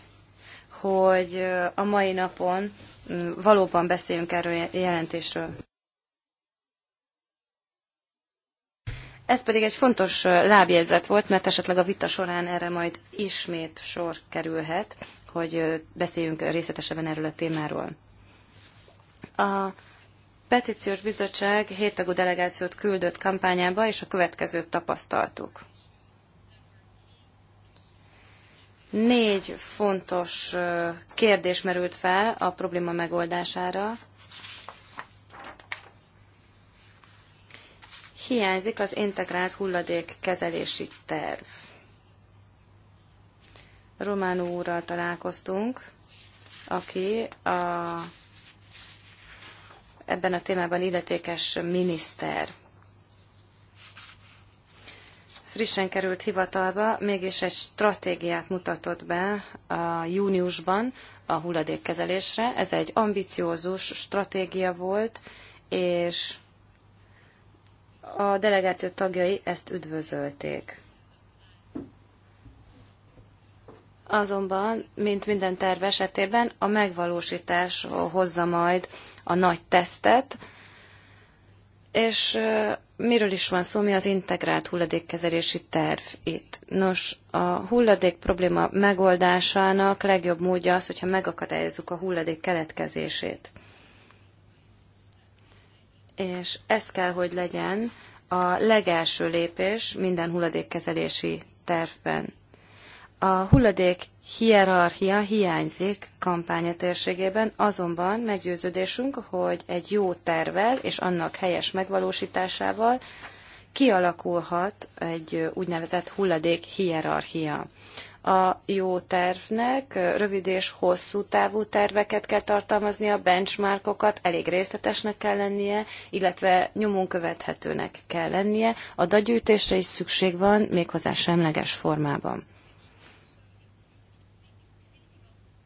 hogy a mai napon valóban beszéljünk erről a jelentésről. Ez pedig egy fontos lábjegyzet volt, mert esetleg a vita során erre majd ismét sor kerülhet, hogy beszéljünk részletesebben erről a témáról. A petíciós bizottság héttagú delegációt küldött kampányába, és a következőt tapasztaltuk. Négy fontos kérdés merült fel a probléma megoldására. Hiányzik az integrált hulladékkezelési terv. Román úrral találkoztunk, aki a ebben a témában illetékes miniszter. Frissen került hivatalba, mégis egy stratégiát mutatott be a júniusban a hulladékkezelésre. Ez egy ambiciózus stratégia volt, és a delegáció tagjai ezt üdvözölték. Azonban, mint minden terv esetében, a megvalósítás hozza majd a nagy tesztet, és miről is van szó, mi az integrált hulladékkezelési terv itt? Nos, a hulladék probléma megoldásának legjobb módja az, hogyha megakadályozzuk a hulladék keletkezését. És ez kell, hogy legyen a legelső lépés minden hulladékkezelési tervben. A hulladék hierarchia hiányzik kampánya térségében, azonban meggyőződésünk, hogy egy jó tervel és annak helyes megvalósításával kialakulhat egy úgynevezett hulladék hierarchia. A jó tervnek rövid és hosszú távú terveket kell tartalmaznia, benchmarkokat elég részletesnek kell lennie, illetve nyomon követhetőnek kell lennie. A dagyűjtésre is szükség van, méghozzá semleges formában.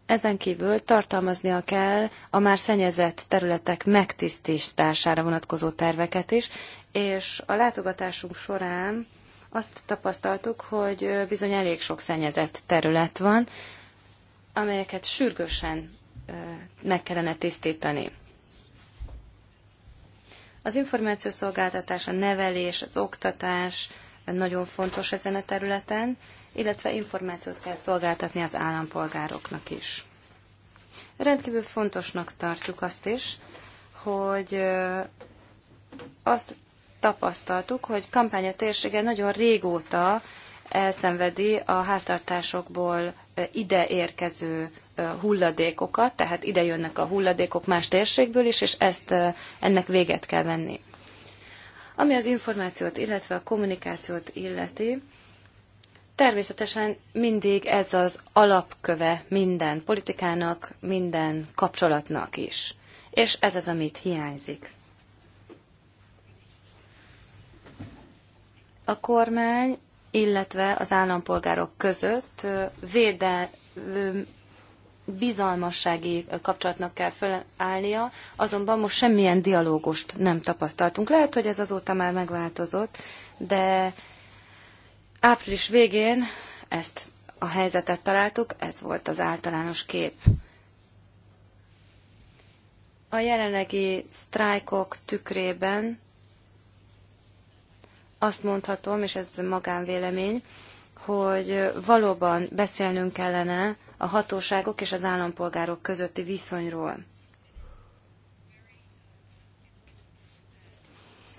Ezen kívül tartalmaznia kell a már szennyezett területek megtisztítására vonatkozó terveket is, és a látogatásunk során azt tapasztaltuk, hogy bizony elég sok szennyezett terület van, amelyeket sürgősen meg kellene tisztítani. Az információszolgáltatás, a nevelés, az oktatás nagyon fontos ezen a területen, illetve információt kell szolgáltatni az állampolgároknak is. Rendkívül fontosnak tartjuk azt is, hogy azt tapasztaltuk, hogy kampánya térsége nagyon régóta elszenvedi a háztartásokból ide érkező hulladékokat, tehát ide jönnek a hulladékok más térségből is, és ezt ennek véget kell venni. Ami az információt, illetve a kommunikációt illeti, Természetesen mindig ez az alapköve minden politikának, minden kapcsolatnak is. És ez az, amit hiányzik. A kormány, illetve az állampolgárok között védel, bizalmassági kapcsolatnak kell fölállnia, azonban most semmilyen dialógust nem tapasztaltunk. Lehet, hogy ez azóta már megváltozott, de Április végén ezt a helyzetet találtuk, ez volt az általános kép. A jelenlegi sztrájkok tükrében azt mondhatom, és ez magánvélemény, hogy valóban beszélnünk kellene a hatóságok és az állampolgárok közötti viszonyról.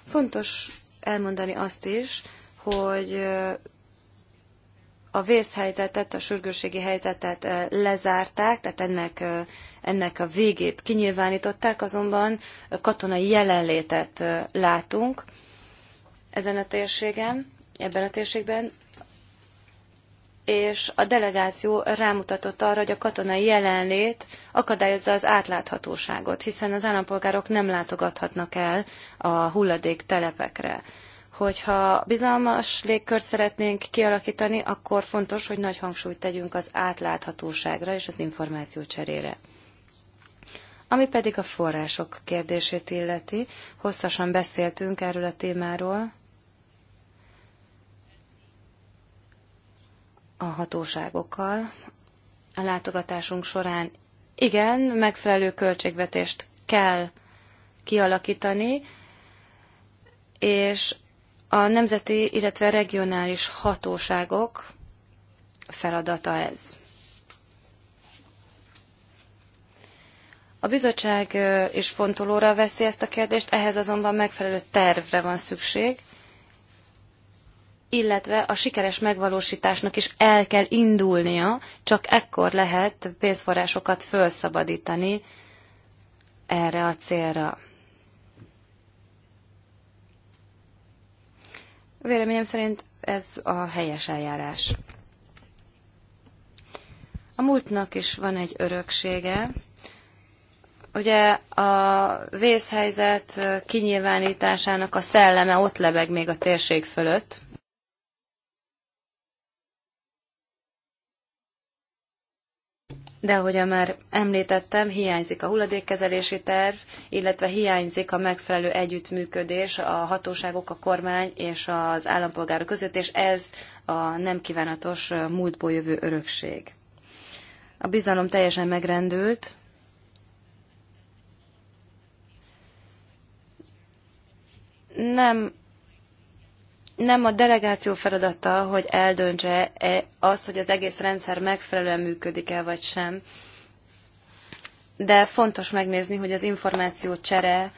Fontos elmondani azt is, hogy a vészhelyzetet, a sürgőségi helyzetet eh, lezárták, tehát ennek, eh, ennek a végét kinyilvánították, azonban eh, katonai jelenlétet látunk ezen a térségen, ebben a térségben, és a delegáció rámutatott arra, hogy a katonai jelenlét akadályozza az átláthatóságot, hiszen az állampolgárok nem látogathatnak el a hulladék telepekre. Hogyha bizalmas légkört szeretnénk kialakítani, akkor fontos, hogy nagy hangsúlyt tegyünk az átláthatóságra és az információ cserére. Ami pedig a források kérdését illeti, hosszasan beszéltünk erről a témáról. A hatóságokkal a látogatásunk során igen, megfelelő költségvetést kell kialakítani, és a nemzeti, illetve regionális hatóságok feladata ez. A bizottság is fontolóra veszi ezt a kérdést, ehhez azonban megfelelő tervre van szükség, illetve a sikeres megvalósításnak is el kell indulnia, csak ekkor lehet pénzforrásokat felszabadítani erre a célra. Véleményem szerint ez a helyes eljárás. A múltnak is van egy öröksége. Ugye a vészhelyzet kinyilvánításának a szelleme ott lebeg még a térség fölött. de ahogyan már említettem, hiányzik a hulladékkezelési terv, illetve hiányzik a megfelelő együttműködés a hatóságok, a kormány és az állampolgárok között, és ez a nem kívánatos múltból jövő örökség. A bizalom teljesen megrendült, nem nem a delegáció feladata, hogy eldöntse -e azt, hogy az egész rendszer megfelelően működik-e vagy sem. De fontos megnézni, hogy az információ csere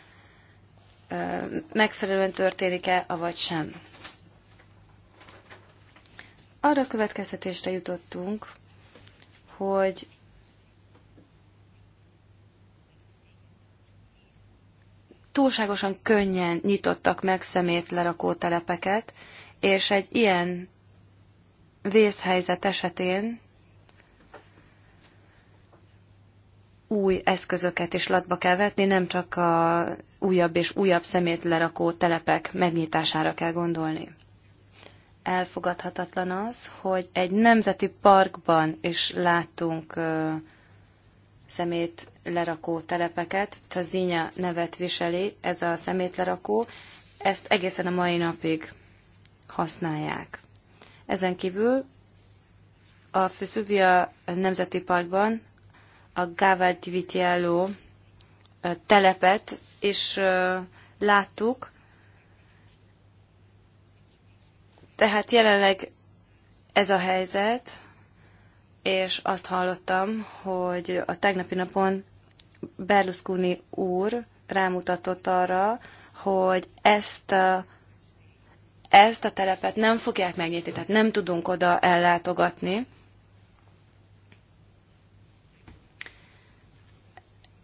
megfelelően történik-e, avagy sem. Arra következtetésre jutottunk, hogy túlságosan könnyen nyitottak meg lerakó telepeket, és egy ilyen vészhelyzet esetén új eszközöket is latba kell vetni, nem csak a újabb és újabb lerakó telepek megnyitására kell gondolni. Elfogadhatatlan az, hogy egy nemzeti parkban is láttunk szemét lerakó telepeket. Tazinya nevet viseli ez a szemét lerakó. Ezt egészen a mai napig használják. Ezen kívül a Füszuvia Nemzeti Parkban a Gavel Tivitiello telepet is láttuk. Tehát jelenleg ez a helyzet, és azt hallottam, hogy a tegnapi napon Berlusconi úr rámutatott arra, hogy ezt a, ezt a telepet nem fogják megnyitni, tehát nem tudunk oda ellátogatni.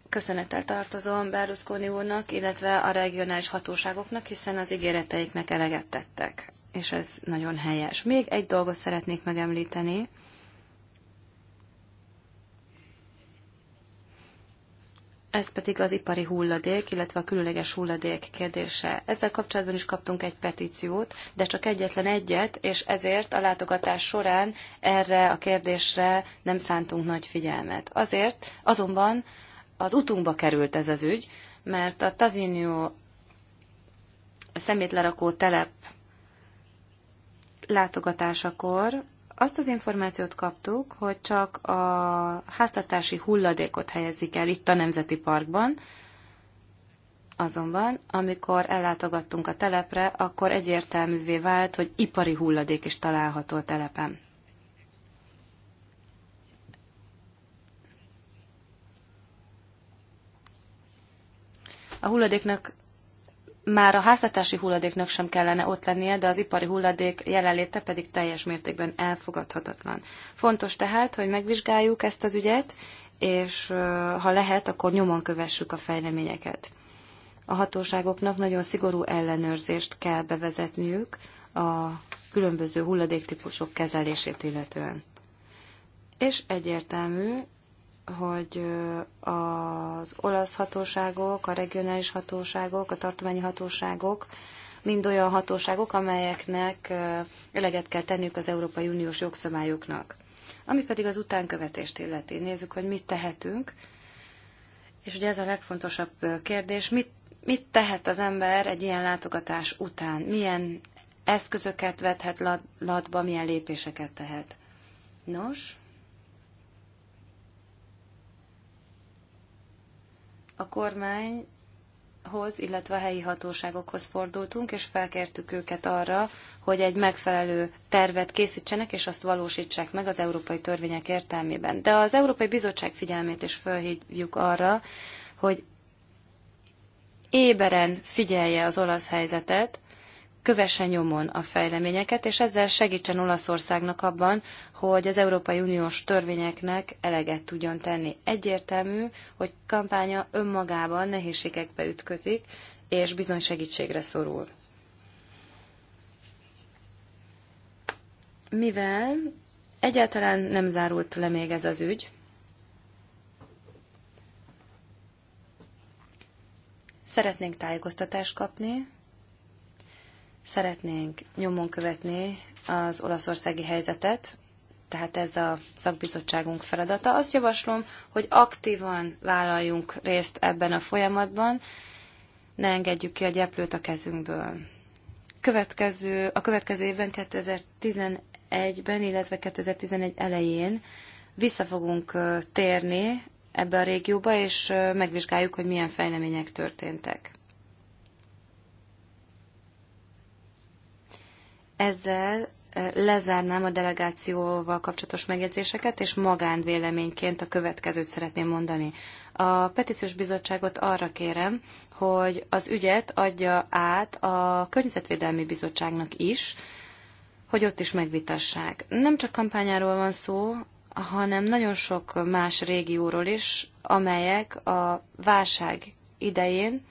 Köszönettel tartozom Berlusconi úrnak, illetve a regionális hatóságoknak, hiszen az ígéreteiknek eleget tettek, és ez nagyon helyes. Még egy dolgot szeretnék megemlíteni. ez pedig az ipari hulladék, illetve a különleges hulladék kérdése. Ezzel kapcsolatban is kaptunk egy petíciót, de csak egyetlen egyet, és ezért a látogatás során erre a kérdésre nem szántunk nagy figyelmet. Azért azonban az utunkba került ez az ügy, mert a Tazinio szemétlerakó telep látogatásakor azt az információt kaptuk, hogy csak a háztartási hulladékot helyezik el itt a Nemzeti Parkban, Azonban, amikor ellátogattunk a telepre, akkor egyértelművé vált, hogy ipari hulladék is található a telepen. A hulladéknak már a háztartási hulladéknak sem kellene ott lennie, de az ipari hulladék jelenléte pedig teljes mértékben elfogadhatatlan. Fontos tehát, hogy megvizsgáljuk ezt az ügyet, és ha lehet, akkor nyomon kövessük a fejleményeket. A hatóságoknak nagyon szigorú ellenőrzést kell bevezetniük a különböző hulladéktípusok kezelését illetően. És egyértelmű, hogy az olasz hatóságok, a regionális hatóságok, a tartományi hatóságok, mind olyan hatóságok, amelyeknek eleget kell tenniük az Európai Uniós jogszabályoknak. Ami pedig az utánkövetést illeti. Nézzük, hogy mit tehetünk. És ugye ez a legfontosabb kérdés, mit, mit tehet az ember egy ilyen látogatás után? Milyen eszközöket vethet latba, milyen lépéseket tehet? Nos, a kormányhoz, illetve a helyi hatóságokhoz fordultunk, és felkértük őket arra, hogy egy megfelelő tervet készítsenek, és azt valósítsák meg az európai törvények értelmében. De az Európai Bizottság figyelmét is felhívjuk arra, hogy éberen figyelje az olasz helyzetet, kövesse nyomon a fejleményeket, és ezzel segítsen Olaszországnak abban, hogy az Európai Uniós törvényeknek eleget tudjon tenni. Egyértelmű, hogy kampánya önmagában nehézségekbe ütközik, és bizony segítségre szorul. Mivel egyáltalán nem zárult le még ez az ügy, szeretnénk tájékoztatást kapni Szeretnénk nyomon követni az olaszországi helyzetet, tehát ez a szakbizottságunk feladata. Azt javaslom, hogy aktívan vállaljunk részt ebben a folyamatban, ne engedjük ki a gyeplőt a kezünkből. Következő, a következő évben 2011-ben, illetve 2011 elején vissza fogunk térni ebbe a régióba, és megvizsgáljuk, hogy milyen fejlemények történtek. Ezzel lezárnám a delegációval kapcsolatos megjegyzéseket, és magánvéleményként a következőt szeretném mondani. A petíciós bizottságot arra kérem, hogy az ügyet adja át a Környezetvédelmi Bizottságnak is, hogy ott is megvitassák. Nem csak kampányáról van szó, hanem nagyon sok más régióról is, amelyek a válság idején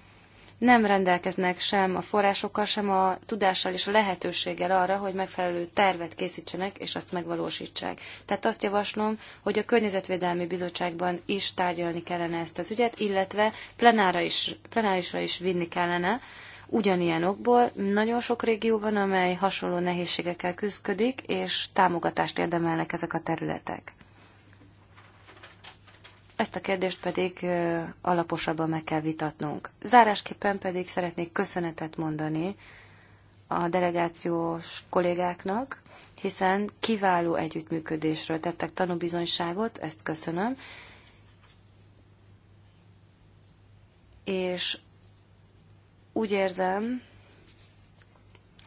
nem rendelkeznek sem a forrásokkal, sem a tudással és a lehetőséggel arra, hogy megfelelő tervet készítsenek és azt megvalósítsák. Tehát azt javaslom, hogy a Környezetvédelmi Bizottságban is tárgyalni kellene ezt az ügyet, illetve plenára is, plenárisra is vinni kellene, ugyanilyen okból nagyon sok régió van, amely hasonló nehézségekkel küszködik és támogatást érdemelnek ezek a területek. Ezt a kérdést pedig alaposabban meg kell vitatnunk. Zárásképpen pedig szeretnék köszönetet mondani a delegációs kollégáknak, hiszen kiváló együttműködésről tettek tanúbizonyságot, ezt köszönöm. És úgy érzem,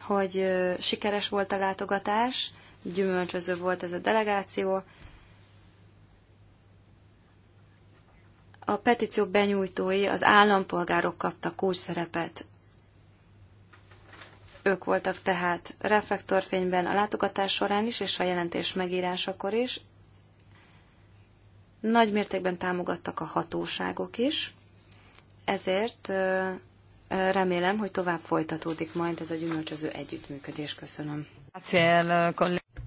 hogy sikeres volt a látogatás, gyümölcsöző volt ez a delegáció, a petíció benyújtói, az állampolgárok kaptak kulcs szerepet. Ők voltak tehát reflektorfényben a látogatás során is, és a jelentés megírásakor is. Nagy mértékben támogattak a hatóságok is, ezért remélem, hogy tovább folytatódik majd ez a gyümölcsöző együttműködés. Köszönöm. Eh,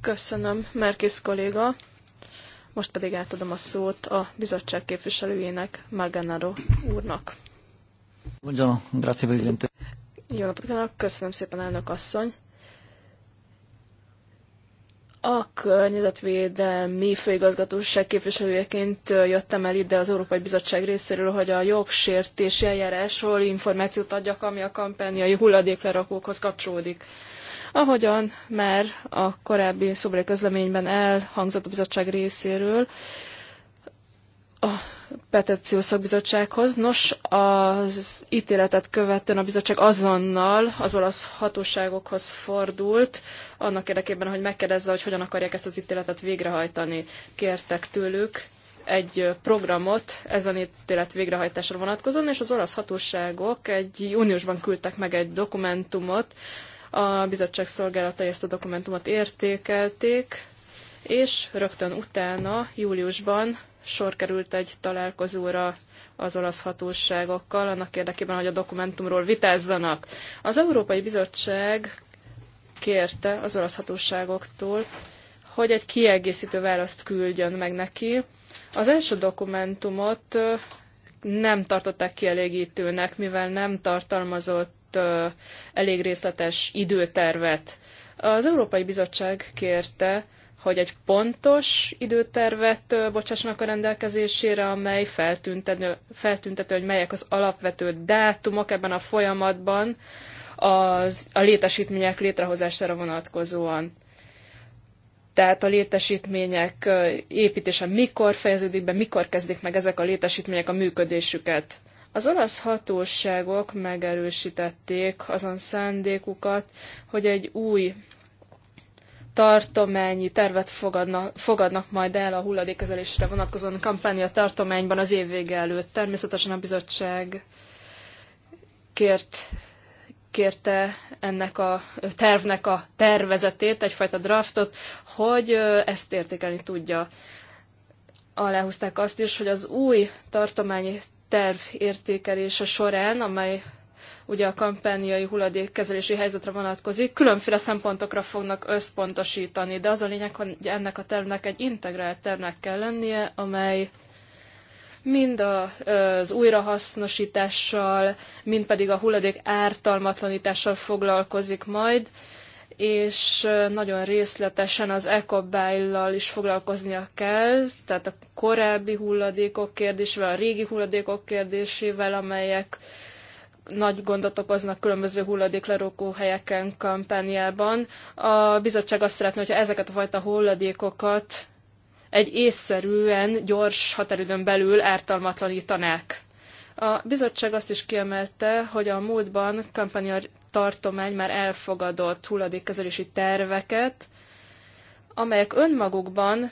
Köszönöm, Merkis kolléga. Most pedig átadom a szót a bizottság képviselőjének, Maganaro úrnak. Buongiorno, grazie Presidente. Jó napot kívánok, köszönöm szépen elnök asszony. A környezetvédelmi főigazgatóság képviselőjeként jöttem el ide az Európai Bizottság részéről, hogy a jogsértési eljárásról információt adjak, ami a kampányai hulladéklerakókhoz kapcsolódik. Ahogyan már a korábbi szobrai közleményben elhangzott a bizottság részéről, a petíciós szakbizottsághoz. Nos, az ítéletet követően a bizottság azonnal az olasz hatóságokhoz fordult, annak érdekében, hogy megkérdezze, hogy hogyan akarják ezt az ítéletet végrehajtani. Kértek tőlük egy programot ezen ítélet végrehajtásra vonatkozóan, és az olasz hatóságok egy júniusban küldtek meg egy dokumentumot, a bizottság szolgálatai ezt a dokumentumot értékelték, és rögtön utána, júliusban sor került egy találkozóra az olasz hatóságokkal, annak érdekében, hogy a dokumentumról vitázzanak. Az Európai Bizottság kérte az olasz hatóságoktól, hogy egy kiegészítő választ küldjön meg neki. Az első dokumentumot nem tartották kielégítőnek, mivel nem tartalmazott kapott elég részletes időtervet. Az Európai Bizottság kérte, hogy egy pontos időtervet bocsássanak a rendelkezésére, amely feltüntető, feltüntető, hogy melyek az alapvető dátumok ebben a folyamatban az, a létesítmények létrehozására vonatkozóan. Tehát a létesítmények építése mikor fejeződik be, mikor kezdik meg ezek a létesítmények a működésüket. Az olasz hatóságok megerősítették azon szándékukat, hogy egy új tartományi tervet fogadnak, fogadnak majd el a hulladékkezelésre vonatkozó kampánya tartományban az év vége előtt. Természetesen a bizottság kért, kérte ennek a tervnek a tervezetét, egyfajta draftot, hogy ezt értékelni tudja. Aláhúzták azt is, hogy az új tartományi terv értékelése során, amely ugye a kampányai hulladékkezelési helyzetre vonatkozik, különféle szempontokra fognak összpontosítani, de az a lényeg, hogy ennek a tervnek egy integrált tervnek kell lennie, amely mind az újrahasznosítással, mind pedig a hulladék ártalmatlanítással foglalkozik majd, és nagyon részletesen az ecobájlal is foglalkoznia kell, tehát a korábbi hulladékok kérdésével, a régi hulladékok kérdésével, amelyek nagy gondot okoznak különböző hulladéklerókó helyeken kampányában. A bizottság azt szeretné, hogyha ezeket a fajta hulladékokat egy észszerűen, gyors határidőn belül ártalmatlanítanák. A bizottság azt is kiemelte, hogy a múltban kampányar tartomány már elfogadott hulladékkezelési terveket, amelyek önmagukban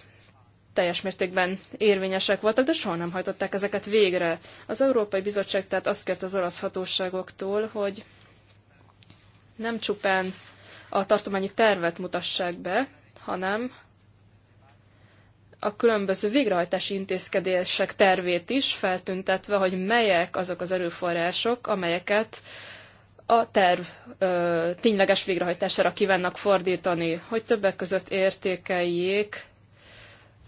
teljes mértékben érvényesek voltak, de soha nem hajtották ezeket végre. Az Európai Bizottság tehát azt kérte az olasz hatóságoktól, hogy nem csupán a tartományi tervet mutassák be, hanem a különböző végrehajtási intézkedések tervét is feltüntetve, hogy melyek azok az erőforrások, amelyeket a terv ö, tényleges végrehajtására kívánnak fordítani, hogy többek között értékeljék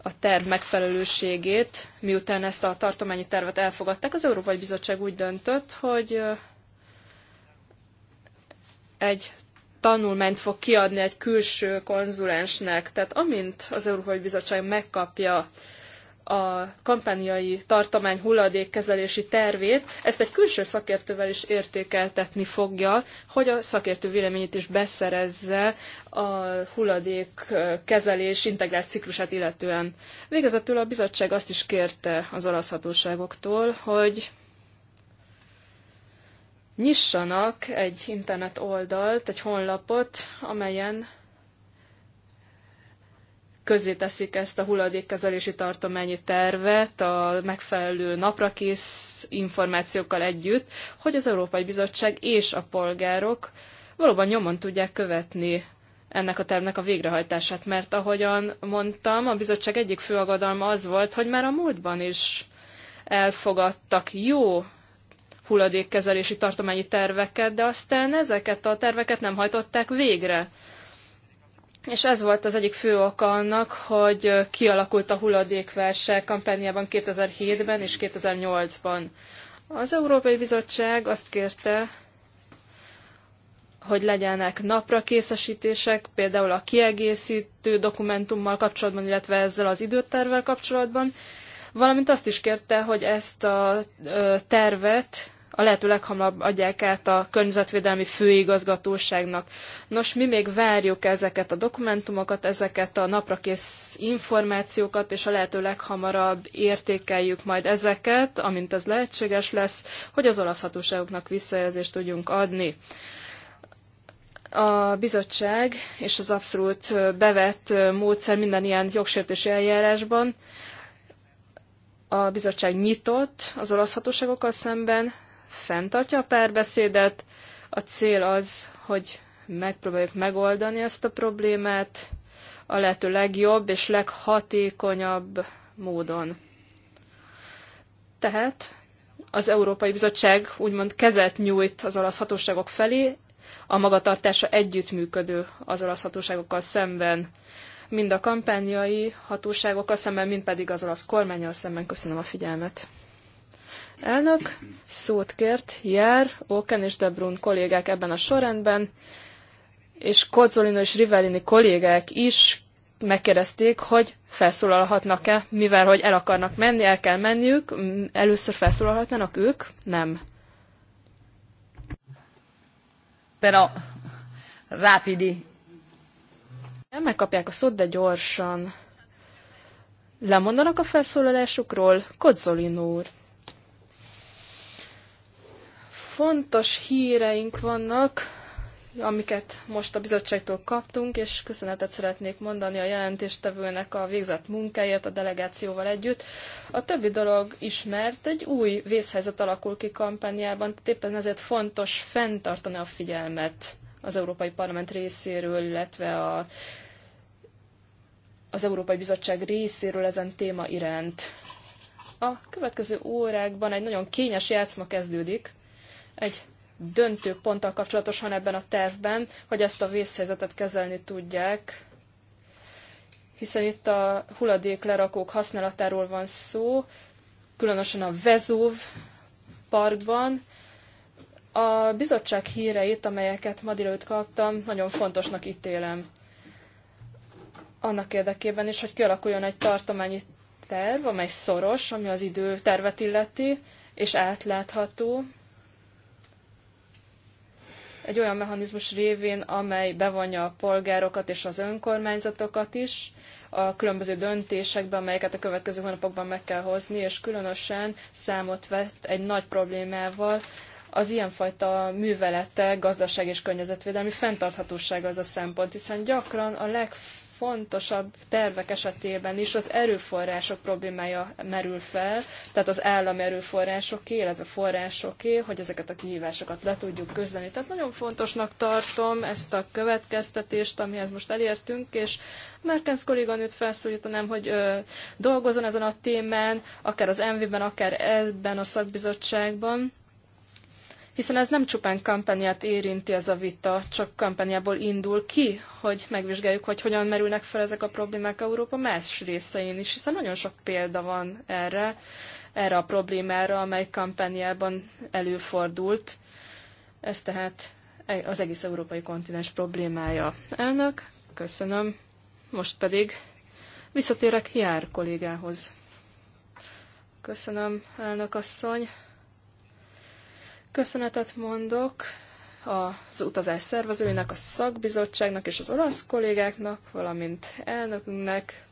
a terv megfelelőségét, miután ezt a tartományi tervet elfogadták. Az Európai Bizottság úgy döntött, hogy egy tanulmányt fog kiadni egy külső konzulensnek. Tehát amint az Európai Bizottság megkapja a kampányai tartomány hulladékkezelési tervét, ezt egy külső szakértővel is értékeltetni fogja, hogy a szakértő véleményét is beszerezze a hulladékkezelés integrált ciklusát illetően. Végezetül a bizottság azt is kérte az olasz hatóságoktól, hogy nyissanak egy internet oldalt, egy honlapot, amelyen közzéteszik ezt a hulladékkezelési tartományi tervet a megfelelő naprakész információkkal együtt, hogy az Európai Bizottság és a polgárok valóban nyomon tudják követni ennek a tervnek a végrehajtását, mert ahogyan mondtam, a bizottság egyik fő aggodalma az volt, hogy már a múltban is elfogadtak jó hulladékkezelési tartományi terveket, de aztán ezeket a terveket nem hajtották végre és ez volt az egyik fő oka annak, hogy kialakult a hulladékválság kampányában 2007-ben és 2008-ban. Az Európai Bizottság azt kérte, hogy legyenek napra készesítések, például a kiegészítő dokumentummal kapcsolatban, illetve ezzel az időtervel kapcsolatban, valamint azt is kérte, hogy ezt a tervet a lehető leghamarabb adják át a környezetvédelmi főigazgatóságnak. Nos, mi még várjuk ezeket a dokumentumokat, ezeket a naprakész információkat, és a lehető leghamarabb értékeljük majd ezeket, amint ez lehetséges lesz, hogy az olasz hatóságoknak visszajelzést tudjunk adni a bizottság és az abszolút bevett módszer minden ilyen jogsértési eljárásban a bizottság nyitott az olasz hatóságokkal szemben, fenntartja a párbeszédet. A cél az, hogy megpróbáljuk megoldani ezt a problémát a lehető legjobb és leghatékonyabb módon. Tehát az Európai Bizottság úgymond kezet nyújt az olasz hatóságok felé, a magatartása együttműködő az olasz hatóságokkal szemben, mind a kampányai hatóságokkal szemben, mind pedig az olasz kormányjal szemben. Köszönöm a figyelmet. Elnök szót kért Jár, Oken és Debrun kollégák ebben a sorrendben, és Kozzolino és Rivellini kollégák is megkérdezték, hogy felszólalhatnak-e, mivel hogy el akarnak menni, el kell menniük, először felszólalhatnának ők, nem. Pero rapidi. Nem megkapják a szót, de gyorsan. Lemondanak a felszólalásukról, Kozzolino úr fontos híreink vannak, amiket most a bizottságtól kaptunk, és köszönetet szeretnék mondani a jelentéstevőnek a végzett munkáért a delegációval együtt. A többi dolog ismert, egy új vészhelyzet alakul ki kampányában, tehát éppen ezért fontos fenntartani a figyelmet az Európai Parlament részéről, illetve a, az Európai Bizottság részéről ezen téma iránt. A következő órákban egy nagyon kényes játszma kezdődik, egy döntő ponttal kapcsolatosan ebben a tervben, hogy ezt a vészhelyzetet kezelni tudják, hiszen itt a hulladéklerakók használatáról van szó, különösen a Vezúv parkban. A bizottság híreit, amelyeket ma délőtt kaptam, nagyon fontosnak ítélem. Annak érdekében is, hogy kialakuljon egy tartományi terv, amely szoros, ami az időtervet illeti, és átlátható, egy olyan mechanizmus révén, amely bevonja a polgárokat és az önkormányzatokat is a különböző döntésekbe, amelyeket a következő hónapokban meg kell hozni, és különösen számot vett egy nagy problémával, az ilyenfajta művelete, gazdaság és környezetvédelmi fenntarthatósága az a szempont, hiszen gyakran a legfőbb fontosabb tervek esetében is az erőforrások problémája merül fel, tehát az állam erőforrásoké, illetve forrásoké, hogy ezeket a kihívásokat le tudjuk küzdeni. Tehát nagyon fontosnak tartom ezt a következtetést, amihez most elértünk, és Merkens kolléganőt felszólítanám, hogy ö, dolgozzon ezen a témán, akár az MV-ben, akár ebben a szakbizottságban, hiszen ez nem csupán kampányát érinti ez a vita, csak kampányából indul ki, hogy megvizsgáljuk, hogy hogyan merülnek fel ezek a problémák Európa más részein is, hiszen nagyon sok példa van erre, erre a problémára, amely kampányában előfordult. Ez tehát az egész európai kontinens problémája. Elnök, köszönöm. Most pedig visszatérek Jár kollégához. Köszönöm, elnök asszony. Köszönetet mondok az utazás szervezőinek, a szakbizottságnak és az olasz kollégáknak, valamint elnökünknek,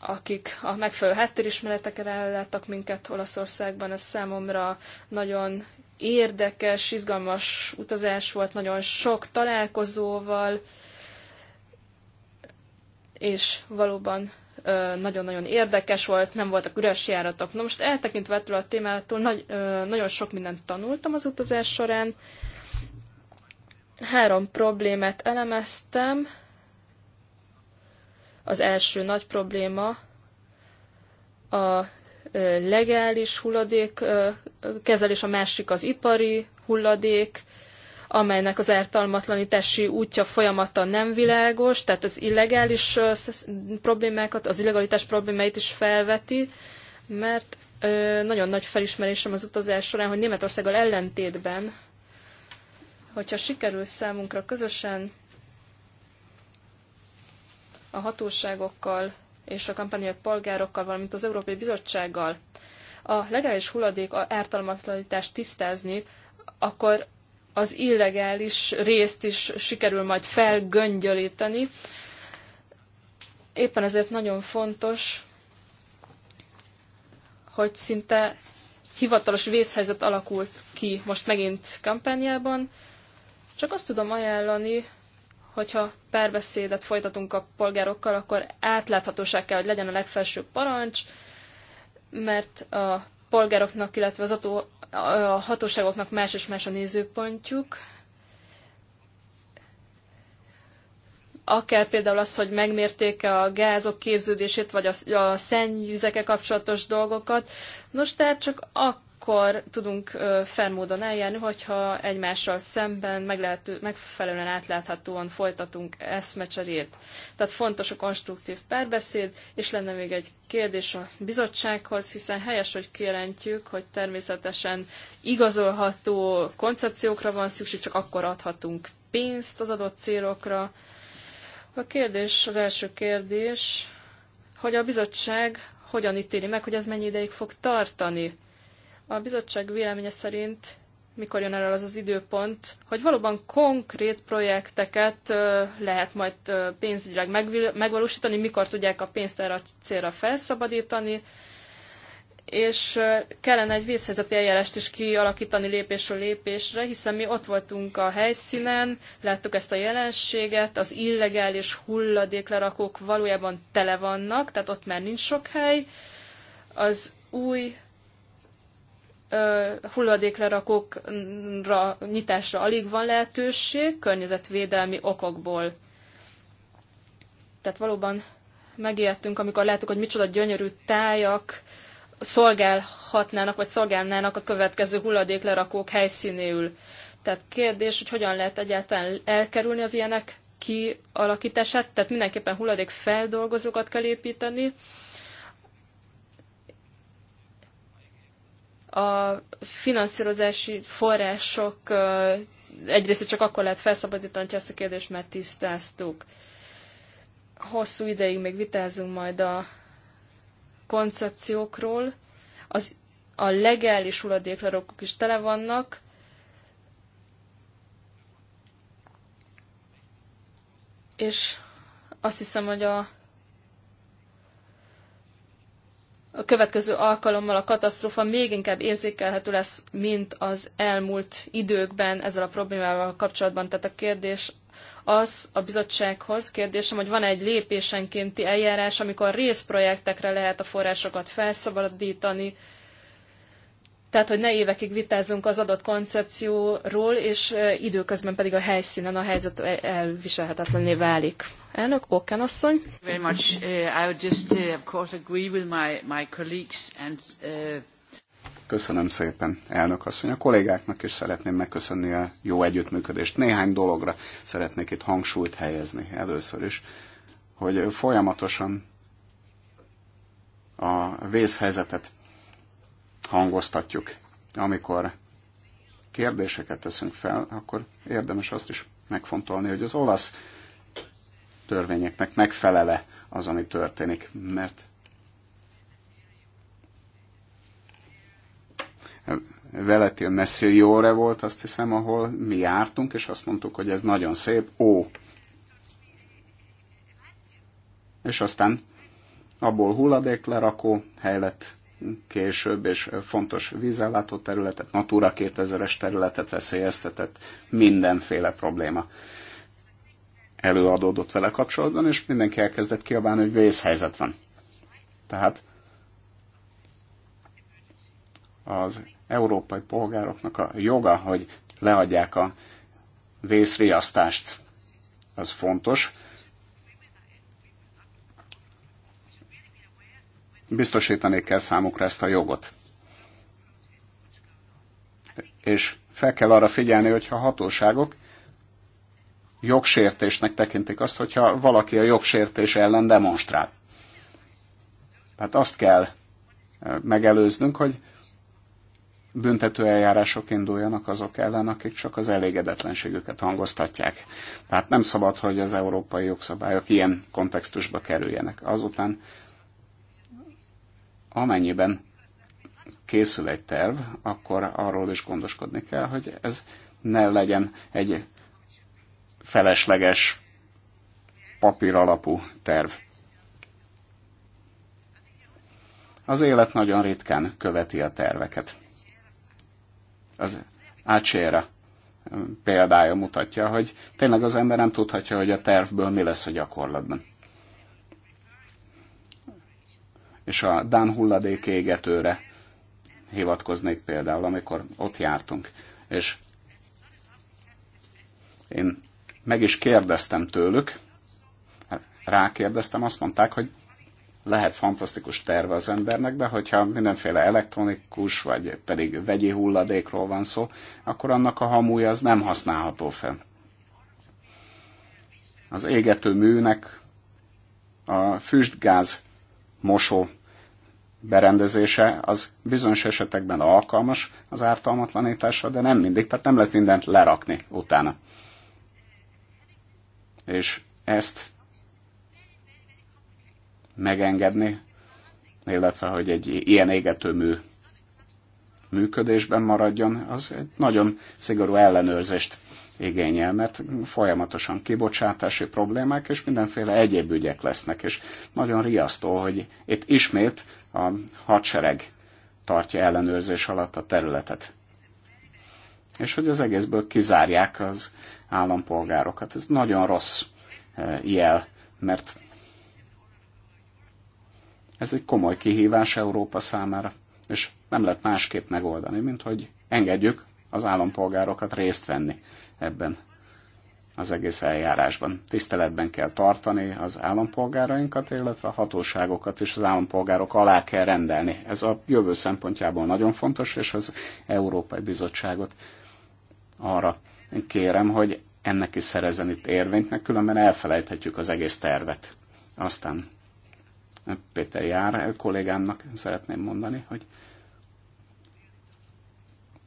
akik a megfelelő háttérismeretekkel elláttak minket Olaszországban. Ez számomra nagyon érdekes, izgalmas utazás volt, nagyon sok találkozóval, és valóban nagyon-nagyon érdekes volt, nem voltak üres járatok. Na most eltekintve ettől a témától, nagy, nagyon sok mindent tanultam az utazás során. Három problémát elemeztem. Az első nagy probléma a legális hulladék kezelés, a másik az ipari hulladék, amelynek az ártalmatlanítási útja folyamata nem világos, tehát az illegális problémákat, az illegalitás problémáit is felveti, mert nagyon nagy felismerésem az utazás során, hogy Németországgal ellentétben, hogyha sikerül számunkra közösen a hatóságokkal és a kampányai polgárokkal, valamint az Európai Bizottsággal a legális hulladék ártalmatlanítást tisztázni, akkor az illegális részt is sikerül majd felgöngyölíteni. Éppen ezért nagyon fontos, hogy szinte hivatalos vészhelyzet alakult ki most megint kampányában. Csak azt tudom ajánlani, hogyha párbeszédet folytatunk a polgárokkal, akkor átláthatóság kell, hogy legyen a legfelsőbb parancs, mert a polgároknak, illetve az a hatóságoknak más és más a nézőpontjuk, akár például az, hogy megmérték a gázok képződését, vagy a, a szennyvizekkel kapcsolatos dolgokat. Nos, tehát csak akkor, akkor tudunk fennmódon eljárni, hogyha egymással szemben meglehető, megfelelően átláthatóan folytatunk eszmecserét. Tehát fontos a konstruktív párbeszéd, és lenne még egy kérdés a bizottsághoz, hiszen helyes, hogy kijelentjük, hogy természetesen igazolható koncepciókra van szükség, csak akkor adhatunk pénzt az adott célokra. A kérdés, az első kérdés, hogy a bizottság hogyan ítéli meg, hogy ez mennyi ideig fog tartani a bizottság véleménye szerint mikor jön el az az időpont, hogy valóban konkrét projekteket lehet majd pénzügyileg megvalósítani, mikor tudják a pénzt erre a célra felszabadítani, és kellene egy vészhelyzeti eljárást is kialakítani lépésről lépésre, hiszen mi ott voltunk a helyszínen, láttuk ezt a jelenséget, az illegális hulladéklerakók valójában tele vannak, tehát ott már nincs sok hely. Az új hulladéklerakókra, mm, nyitásra alig van lehetőség, környezetvédelmi okokból. Tehát valóban megijedtünk, amikor láttuk, hogy micsoda gyönyörű tájak szolgálhatnának, vagy szolgálnának a következő hulladéklerakók helyszínéül. Tehát kérdés, hogy hogyan lehet egyáltalán elkerülni az ilyenek kialakítását, tehát mindenképpen hulladékfeldolgozókat kell építeni, a finanszírozási források egyrészt csak akkor lehet felszabadítani, ha ezt a kérdést már tisztáztuk. Hosszú ideig még vitázunk majd a koncepciókról. Az, a legális hulladéklarokok is tele vannak, és azt hiszem, hogy a a következő alkalommal a katasztrófa még inkább érzékelhető lesz, mint az elmúlt időkben ezzel a problémával kapcsolatban. Tehát a kérdés az a bizottsághoz kérdésem, hogy van -e egy lépésenkénti eljárás, amikor részprojektekre lehet a forrásokat felszabadítani, tehát hogy ne évekig vitázzunk az adott koncepcióról, és időközben pedig a helyszínen a helyzet e-, elviselhetetlenné válik. Elnök Okken asszony. Very much. Uh, I would just, uh, of course, agree with my, my colleagues and uh... Köszönöm szépen, elnök asszony. A kollégáknak is szeretném megköszönni a jó együttműködést. Néhány dologra szeretnék itt hangsúlyt helyezni először is, hogy folyamatosan a vészhelyzetet hangoztatjuk. Amikor kérdéseket teszünk fel, akkor érdemes azt is megfontolni, hogy az olasz törvényeknek megfelele az, ami történik, mert Veletil jóre volt, azt hiszem, ahol mi jártunk, és azt mondtuk, hogy ez nagyon szép, ó. És aztán abból hulladék lerakó hely lett, később, és fontos vízellátó területet, Natura 2000-es területet veszélyeztetett mindenféle probléma előadódott vele kapcsolatban, és mindenki elkezdett kiabálni, hogy vészhelyzet van. Tehát az európai polgároknak a joga, hogy leadják a vészriasztást, az fontos, biztosítani kell számukra ezt a jogot. És fel kell arra figyelni, hogyha a hatóságok jogsértésnek tekintik azt, hogyha valaki a jogsértés ellen demonstrál. Tehát azt kell eh, megelőznünk, hogy büntető eljárások induljanak azok ellen, akik csak az elégedetlenségüket hangoztatják. Tehát nem szabad, hogy az európai jogszabályok ilyen kontextusba kerüljenek. Azután amennyiben készül egy terv, akkor arról is gondoskodni kell, hogy ez ne legyen egy felesleges papír alapú terv. Az élet nagyon ritkán követi a terveket. Az ácséra példája mutatja, hogy tényleg az ember nem tudhatja, hogy a tervből mi lesz a gyakorlatban. és a Dán hulladék égetőre hivatkoznék például, amikor ott jártunk. És én meg is kérdeztem tőlük, rákérdeztem, azt mondták, hogy lehet fantasztikus terve az embernek, de hogyha mindenféle elektronikus, vagy pedig vegyi hulladékról van szó, akkor annak a hamúja az nem használható fel. Az égető műnek a füstgáz mosó berendezése az bizonyos esetekben alkalmas az ártalmatlanításra, de nem mindig, tehát nem lehet mindent lerakni utána. És ezt megengedni, illetve hogy egy ilyen égetőmű működésben maradjon, az egy nagyon szigorú ellenőrzést igényel, mert folyamatosan kibocsátási problémák és mindenféle egyéb ügyek lesznek, és nagyon riasztó, hogy itt ismét a hadsereg tartja ellenőrzés alatt a területet. És hogy az egészből kizárják az állampolgárokat. Ez nagyon rossz e, jel, mert ez egy komoly kihívás Európa számára, és nem lehet másképp megoldani, mint hogy engedjük az állampolgárokat részt venni ebben az egész eljárásban. Tiszteletben kell tartani az állampolgárainkat, illetve a hatóságokat és az állampolgárok alá kell rendelni. Ez a jövő szempontjából nagyon fontos, és az Európai Bizottságot arra kérem, hogy ennek is szerezen itt érvényt, mert különben elfelejthetjük az egész tervet. Aztán Péter Jár kollégámnak szeretném mondani, hogy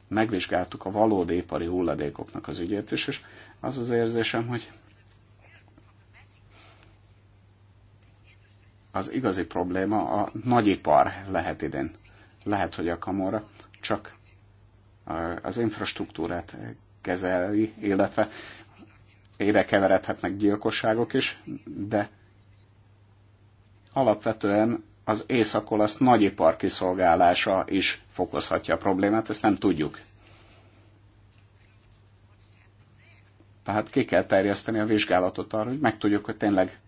megvizsgáltuk a valódi ipari hulladékoknak az ügyét is, és az az érzésem, hogy az igazi probléma a nagyipar lehet idén. Lehet, hogy a kamora csak az infrastruktúrát kezeli, illetve ére keveredhetnek gyilkosságok is, de alapvetően az észak-olasz nagyipar kiszolgálása is fokozhatja a problémát, ezt nem tudjuk. Tehát ki kell terjeszteni a vizsgálatot arra, hogy megtudjuk, hogy tényleg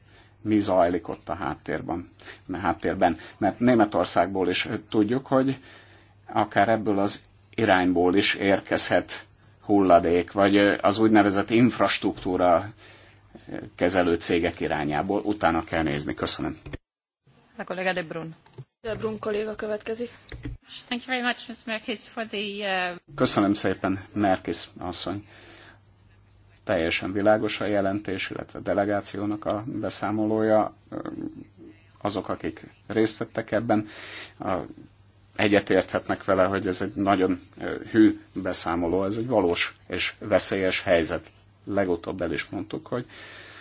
mi zajlik ott a háttérben. A háttérben. Mert Németországból is tudjuk, hogy akár ebből az irányból is érkezhet hulladék, vagy az úgynevezett infrastruktúra kezelő cégek irányából. Utána kell nézni. Köszönöm. A kollega De Brun. De Brun kolléga következik. Thank you very much, Ms. Merkis, for the, uh... Köszönöm szépen, Merkis asszony. Teljesen világos a jelentés, illetve a delegációnak a beszámolója. Azok, akik részt vettek ebben, egyetérthetnek vele, hogy ez egy nagyon hű beszámoló, ez egy valós és veszélyes helyzet. Legutóbb el is mondtuk, hogy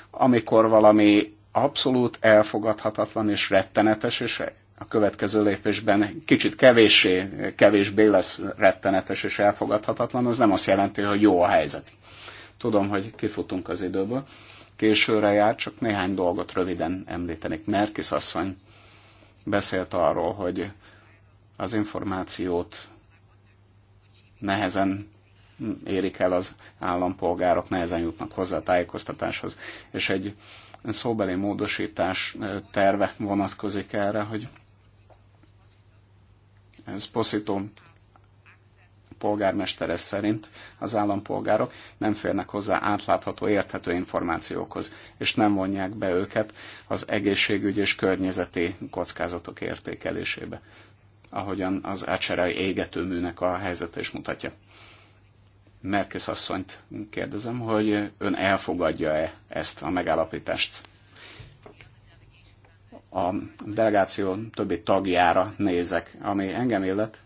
amikor valami abszolút elfogadhatatlan és rettenetes, és a következő lépésben kicsit kevéssé, kevésbé lesz rettenetes és elfogadhatatlan, az nem azt jelenti, hogy jó a helyzet. Tudom, hogy kifutunk az időből. Későre jár, csak néhány dolgot röviden említenék. Merkis asszony beszélt arról, hogy az információt nehezen érik el az állampolgárok, nehezen jutnak hozzá a tájékoztatáshoz, és egy szóbeli módosítás terve vonatkozik erre, hogy ez Poszító polgármestere szerint az állampolgárok nem férnek hozzá átlátható, érthető információkhoz, és nem vonják be őket az egészségügy és környezeti kockázatok értékelésébe, ahogyan az ácserai égetőműnek a helyzete is mutatja. Merkis asszonyt kérdezem, hogy ön elfogadja-e ezt a megállapítást? A delegáció többi tagjára nézek, ami engem illet,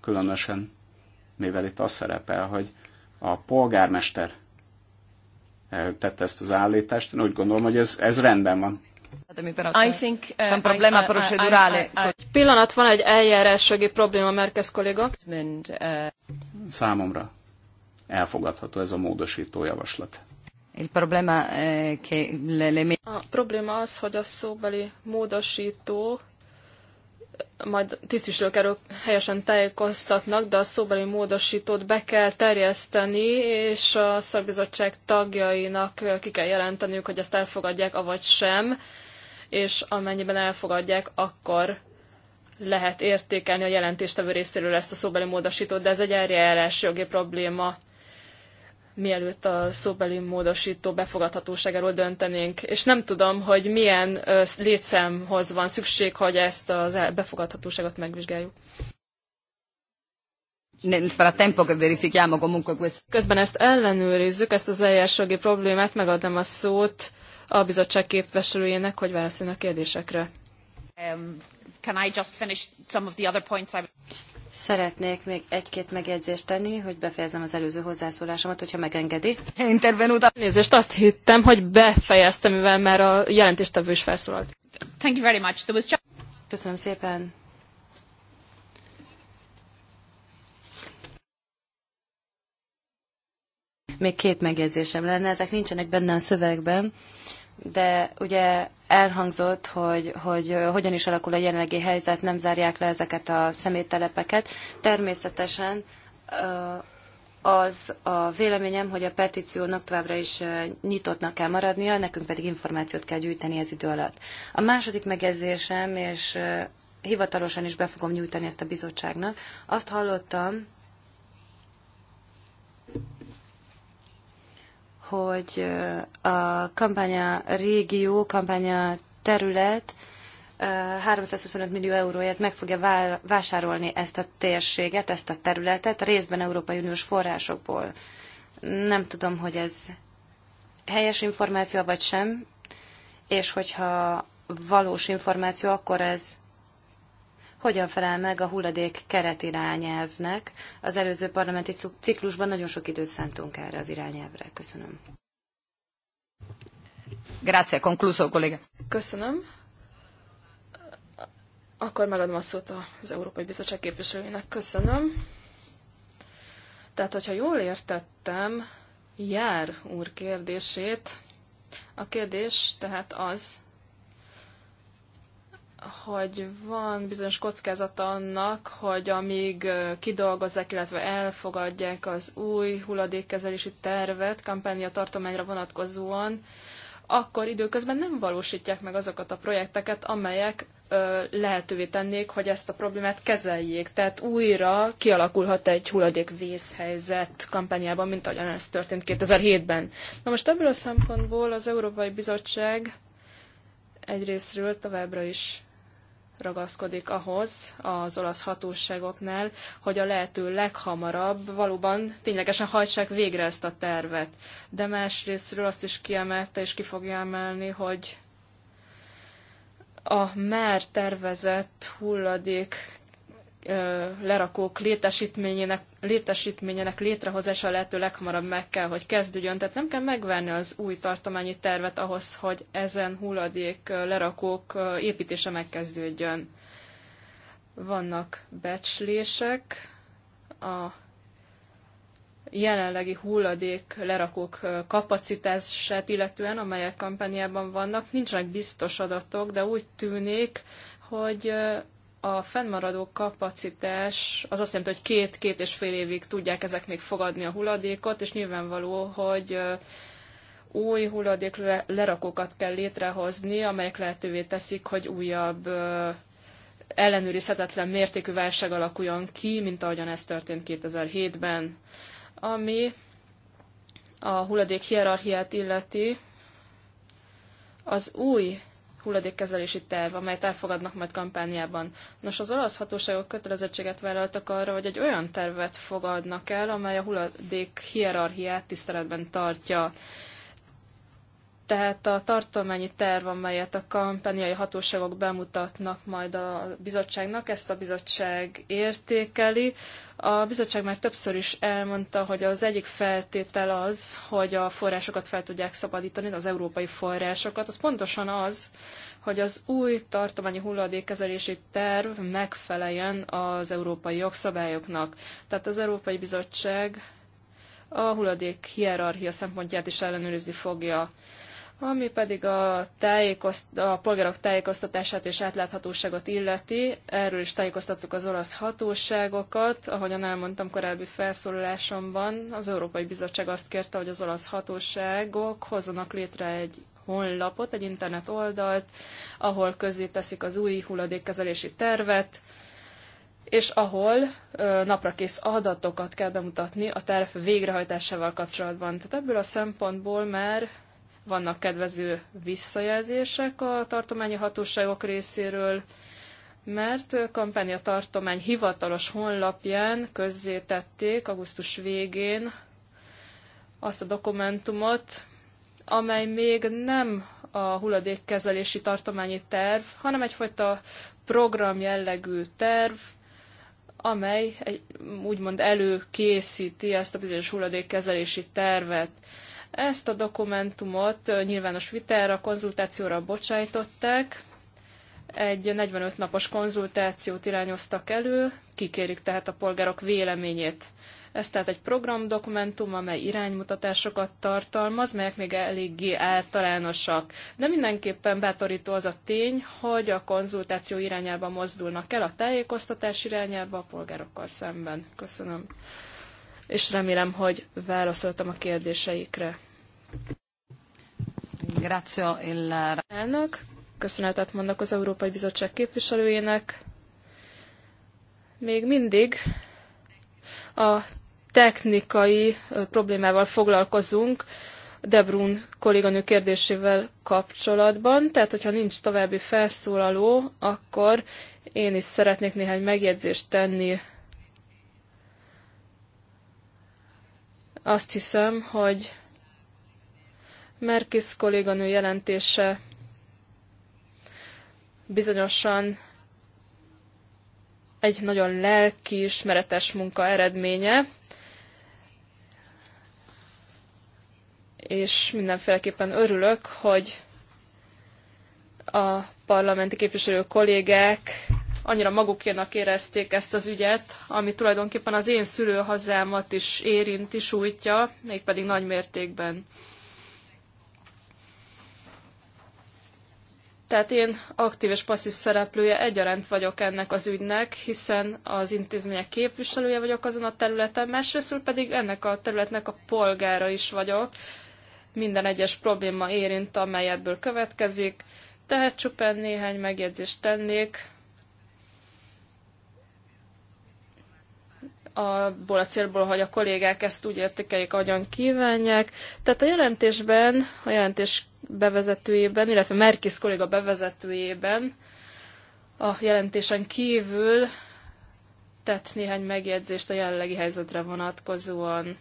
különösen mivel itt az szerepel, hogy a polgármester eh, tette ezt az állítást, én úgy gondolom, hogy ez, ez rendben van. I think, eh, uh, van probléma procedurális. Egy pillanat, van egy eljárásjogi probléma, Merkez kolléga. Uh, Számomra elfogadható ez a módosító javaslat. Eh, a probléma az, hogy a szóbeli módosító majd tisztviselők helyesen tájékoztatnak, de a szóbeli módosítót be kell terjeszteni, és a szakbizottság tagjainak ki kell jelenteniük, hogy ezt elfogadják, avagy sem, és amennyiben elfogadják, akkor lehet értékelni a jelentéstevő részéről ezt a szóbeli módosítót, de ez egy eljárási jogi probléma mielőtt a szóbeli módosító befogadhatóságáról döntenénk. És nem tudom, hogy milyen létszámhoz van szükség, hogy ezt a befogadhatóságot megvizsgáljuk. Közben ezt ellenőrizzük, ezt az eljárásogi problémát, megadnám a szót a bizottság képviselőjének, hogy válaszoljon a kérdésekre. Um, can I just finish some of the other points I... Szeretnék még egy-két megjegyzést tenni, hogy befejezem az előző hozzászólásomat, hogyha megengedi. Intervenúta. Nézést, azt hittem, hogy befejeztem, mivel már a jelentéstevő is felszólalt. Thank you very much. There was just... Köszönöm szépen. Még két megjegyzésem lenne, ezek nincsenek benne a szövegben. Uh, de ugye elhangzott, hogy, hogy hogyan is alakul a jelenlegi helyzet, nem zárják le ezeket a szeméttelepeket. Természetesen az a véleményem, hogy a petíciónak továbbra is nyitottnak kell maradnia, nekünk pedig információt kell gyűjteni ez idő alatt. A második megjegyzésem, és hivatalosan is be fogom nyújtani ezt a bizottságnak, azt hallottam, hogy a kampánya régió, kampánya terület 325 millió euróért meg fogja vásárolni ezt a térséget, ezt a területet, részben Európai Uniós forrásokból. Nem tudom, hogy ez helyes információ vagy sem, és hogyha valós információ, akkor ez hogyan felel meg a hulladék keretirányelvnek. Az előző parlamenti ciklusban nagyon sok időt szántunk erre az irányelvre. Köszönöm. Grazie, concluso, kollega. Köszönöm. Akkor megadom a szót az Európai Bizottság képviselőjének. Köszönöm. Tehát, hogyha jól értettem, jár úr kérdését. A kérdés tehát az, hogy van bizonyos kockázata annak, hogy amíg kidolgozzák, illetve elfogadják az új hulladékkezelési tervet kampánia tartományra vonatkozóan, akkor időközben nem valósítják meg azokat a projekteket, amelyek lehetővé tennék, hogy ezt a problémát kezeljék. Tehát újra kialakulhat egy hulladékvészhelyzet kampányában, mint ahogyan ez történt 2007-ben. Na most ebből a szempontból az Európai Bizottság egyrésztről továbbra is ragaszkodik ahhoz az olasz hatóságoknál, hogy a lehető leghamarabb valóban ténylegesen hajtsák végre ezt a tervet. De másrésztről azt is kiemelte és ki fogja emelni, hogy a már tervezett hulladék lerakók létesítményének, létesítményének létrehozása lehető leghamarabb meg kell, hogy kezdődjön. Tehát nem kell megvárni az új tartományi tervet ahhoz, hogy ezen hulladék lerakók építése megkezdődjön. Vannak becslések a jelenlegi hulladék lerakók kapacitását illetően, amelyek kampányában vannak. Nincsenek biztos adatok, de úgy tűnik, hogy a fennmaradó kapacitás az azt jelenti, hogy két-két és fél évig tudják ezek még fogadni a hulladékot, és nyilvánvaló, hogy új hulladék lerakókat kell létrehozni, amelyek lehetővé teszik, hogy újabb ellenőrizhetetlen mértékű válság alakuljon ki, mint ahogyan ez történt 2007-ben, ami a hulladék hierarchiát illeti, az új hulladékkezelési terv, amelyet elfogadnak majd kampányában. Nos, az olasz hatóságok kötelezettséget vállaltak arra, hogy egy olyan tervet fogadnak el, amely a hulladék hierarchiát tiszteletben tartja. Tehát a tartományi terv, amelyet a kampányai hatóságok bemutatnak majd a bizottságnak, ezt a bizottság értékeli. A bizottság már többször is elmondta, hogy az egyik feltétel az, hogy a forrásokat fel tudják szabadítani, az európai forrásokat. Az pontosan az, hogy az új tartományi hulladékkezelési terv megfeleljen az európai jogszabályoknak. Tehát az Európai Bizottság a hulladék hierarchia szempontját is ellenőrizni fogja. Ami pedig a, tájékozt, a polgárok tájékoztatását és átláthatóságot illeti, erről is tájékoztattuk az olasz hatóságokat. Ahogyan elmondtam korábbi felszólalásomban, az Európai Bizottság azt kérte, hogy az olasz hatóságok hozzanak létre egy honlapot, egy internet oldalt, ahol közé teszik az új hulladékkezelési tervet, és ahol naprakész adatokat kell bemutatni a terv végrehajtásával kapcsolatban. Tehát ebből a szempontból már vannak kedvező visszajelzések a tartományi hatóságok részéről, mert a tartomány hivatalos honlapján közzétették augusztus végén azt a dokumentumot, amely még nem a hulladékkezelési tartományi terv, hanem egyfajta program jellegű terv, amely egy, úgymond előkészíti ezt a bizonyos hulladékkezelési tervet. Ezt a dokumentumot nyilvános vitára, konzultációra bocsájtották, egy 45 napos konzultációt irányoztak elő, kikérik tehát a polgárok véleményét. Ez tehát egy programdokumentum, amely iránymutatásokat tartalmaz, melyek még eléggé általánosak. De mindenképpen bátorító az a tény, hogy a konzultáció irányába mozdulnak el, a tájékoztatás irányába a polgárokkal szemben. Köszönöm és remélem, hogy válaszoltam a kérdéseikre. Elnök, köszönetet mondok az Európai Bizottság képviselőjének. Még mindig a technikai problémával foglalkozunk Debrun kolléganő kérdésével kapcsolatban, tehát hogyha nincs további felszólaló, akkor én is szeretnék néhány megjegyzést tenni Azt hiszem, hogy Merkis kolléganő jelentése bizonyosan egy nagyon lelkiismeretes munka eredménye, és mindenféleképpen örülök, hogy a parlamenti képviselő kollégák annyira magukénak érezték ezt az ügyet, ami tulajdonképpen az én szülőhazámat is érinti, sújtja, mégpedig nagy mértékben. Tehát én aktív és passzív szereplője egyaránt vagyok ennek az ügynek, hiszen az intézmények képviselője vagyok azon a területen, másrészt pedig ennek a területnek a polgára is vagyok. Minden egyes probléma érint, amely ebből következik, tehát csupán néhány megjegyzést tennék, abból a célból, hogy a kollégák ezt úgy értékeljék, ahogyan kívánják. Tehát a jelentésben, a jelentés bevezetőjében, illetve Merkis kolléga bevezetőjében a jelentésen kívül tett néhány megjegyzést a jelenlegi helyzetre vonatkozóan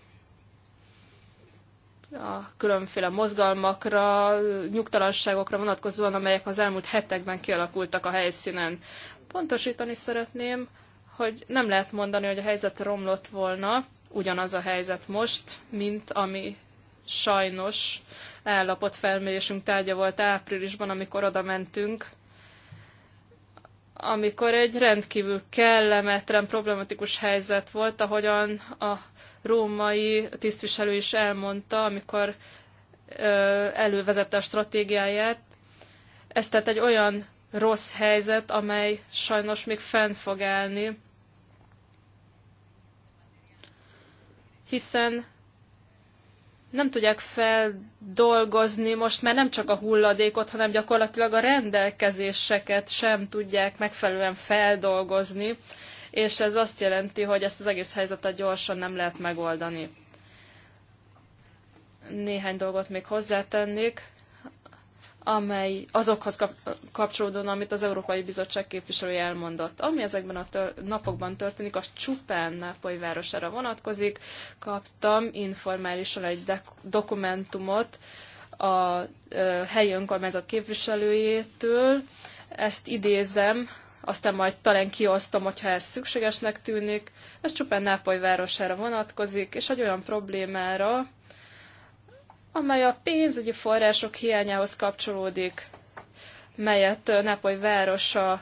a különféle mozgalmakra, nyugtalanságokra vonatkozóan, amelyek az elmúlt hetekben kialakultak a helyszínen. Pontosítani szeretném, hogy nem lehet mondani, hogy a helyzet romlott volna, ugyanaz a helyzet most, mint ami sajnos felmérésünk tárgya volt áprilisban, amikor oda mentünk, amikor egy rendkívül kellemetlen, problematikus helyzet volt, ahogyan a római tisztviselő is elmondta, amikor ö, elővezette a stratégiáját. Ez tehát egy olyan rossz helyzet, amely sajnos még fenn fog állni, hiszen nem tudják feldolgozni most már nem csak a hulladékot, hanem gyakorlatilag a rendelkezéseket sem tudják megfelelően feldolgozni, és ez azt jelenti, hogy ezt az egész helyzetet gyorsan nem lehet megoldani. Néhány dolgot még hozzátennék amely azokhoz kapcsolódóan, amit az Európai Bizottság képviselője elmondott. Ami ezekben a tör- napokban történik, az csupán Nápoly városára vonatkozik. Kaptam informálisan egy dokumentumot a ö, helyi önkormányzat képviselőjétől. Ezt idézem, aztán majd talán kiosztom, hogyha ez szükségesnek tűnik. Ez csupán Nápoly városára vonatkozik, és egy olyan problémára, amely a pénzügyi források hiányához kapcsolódik, melyet Nápoly városa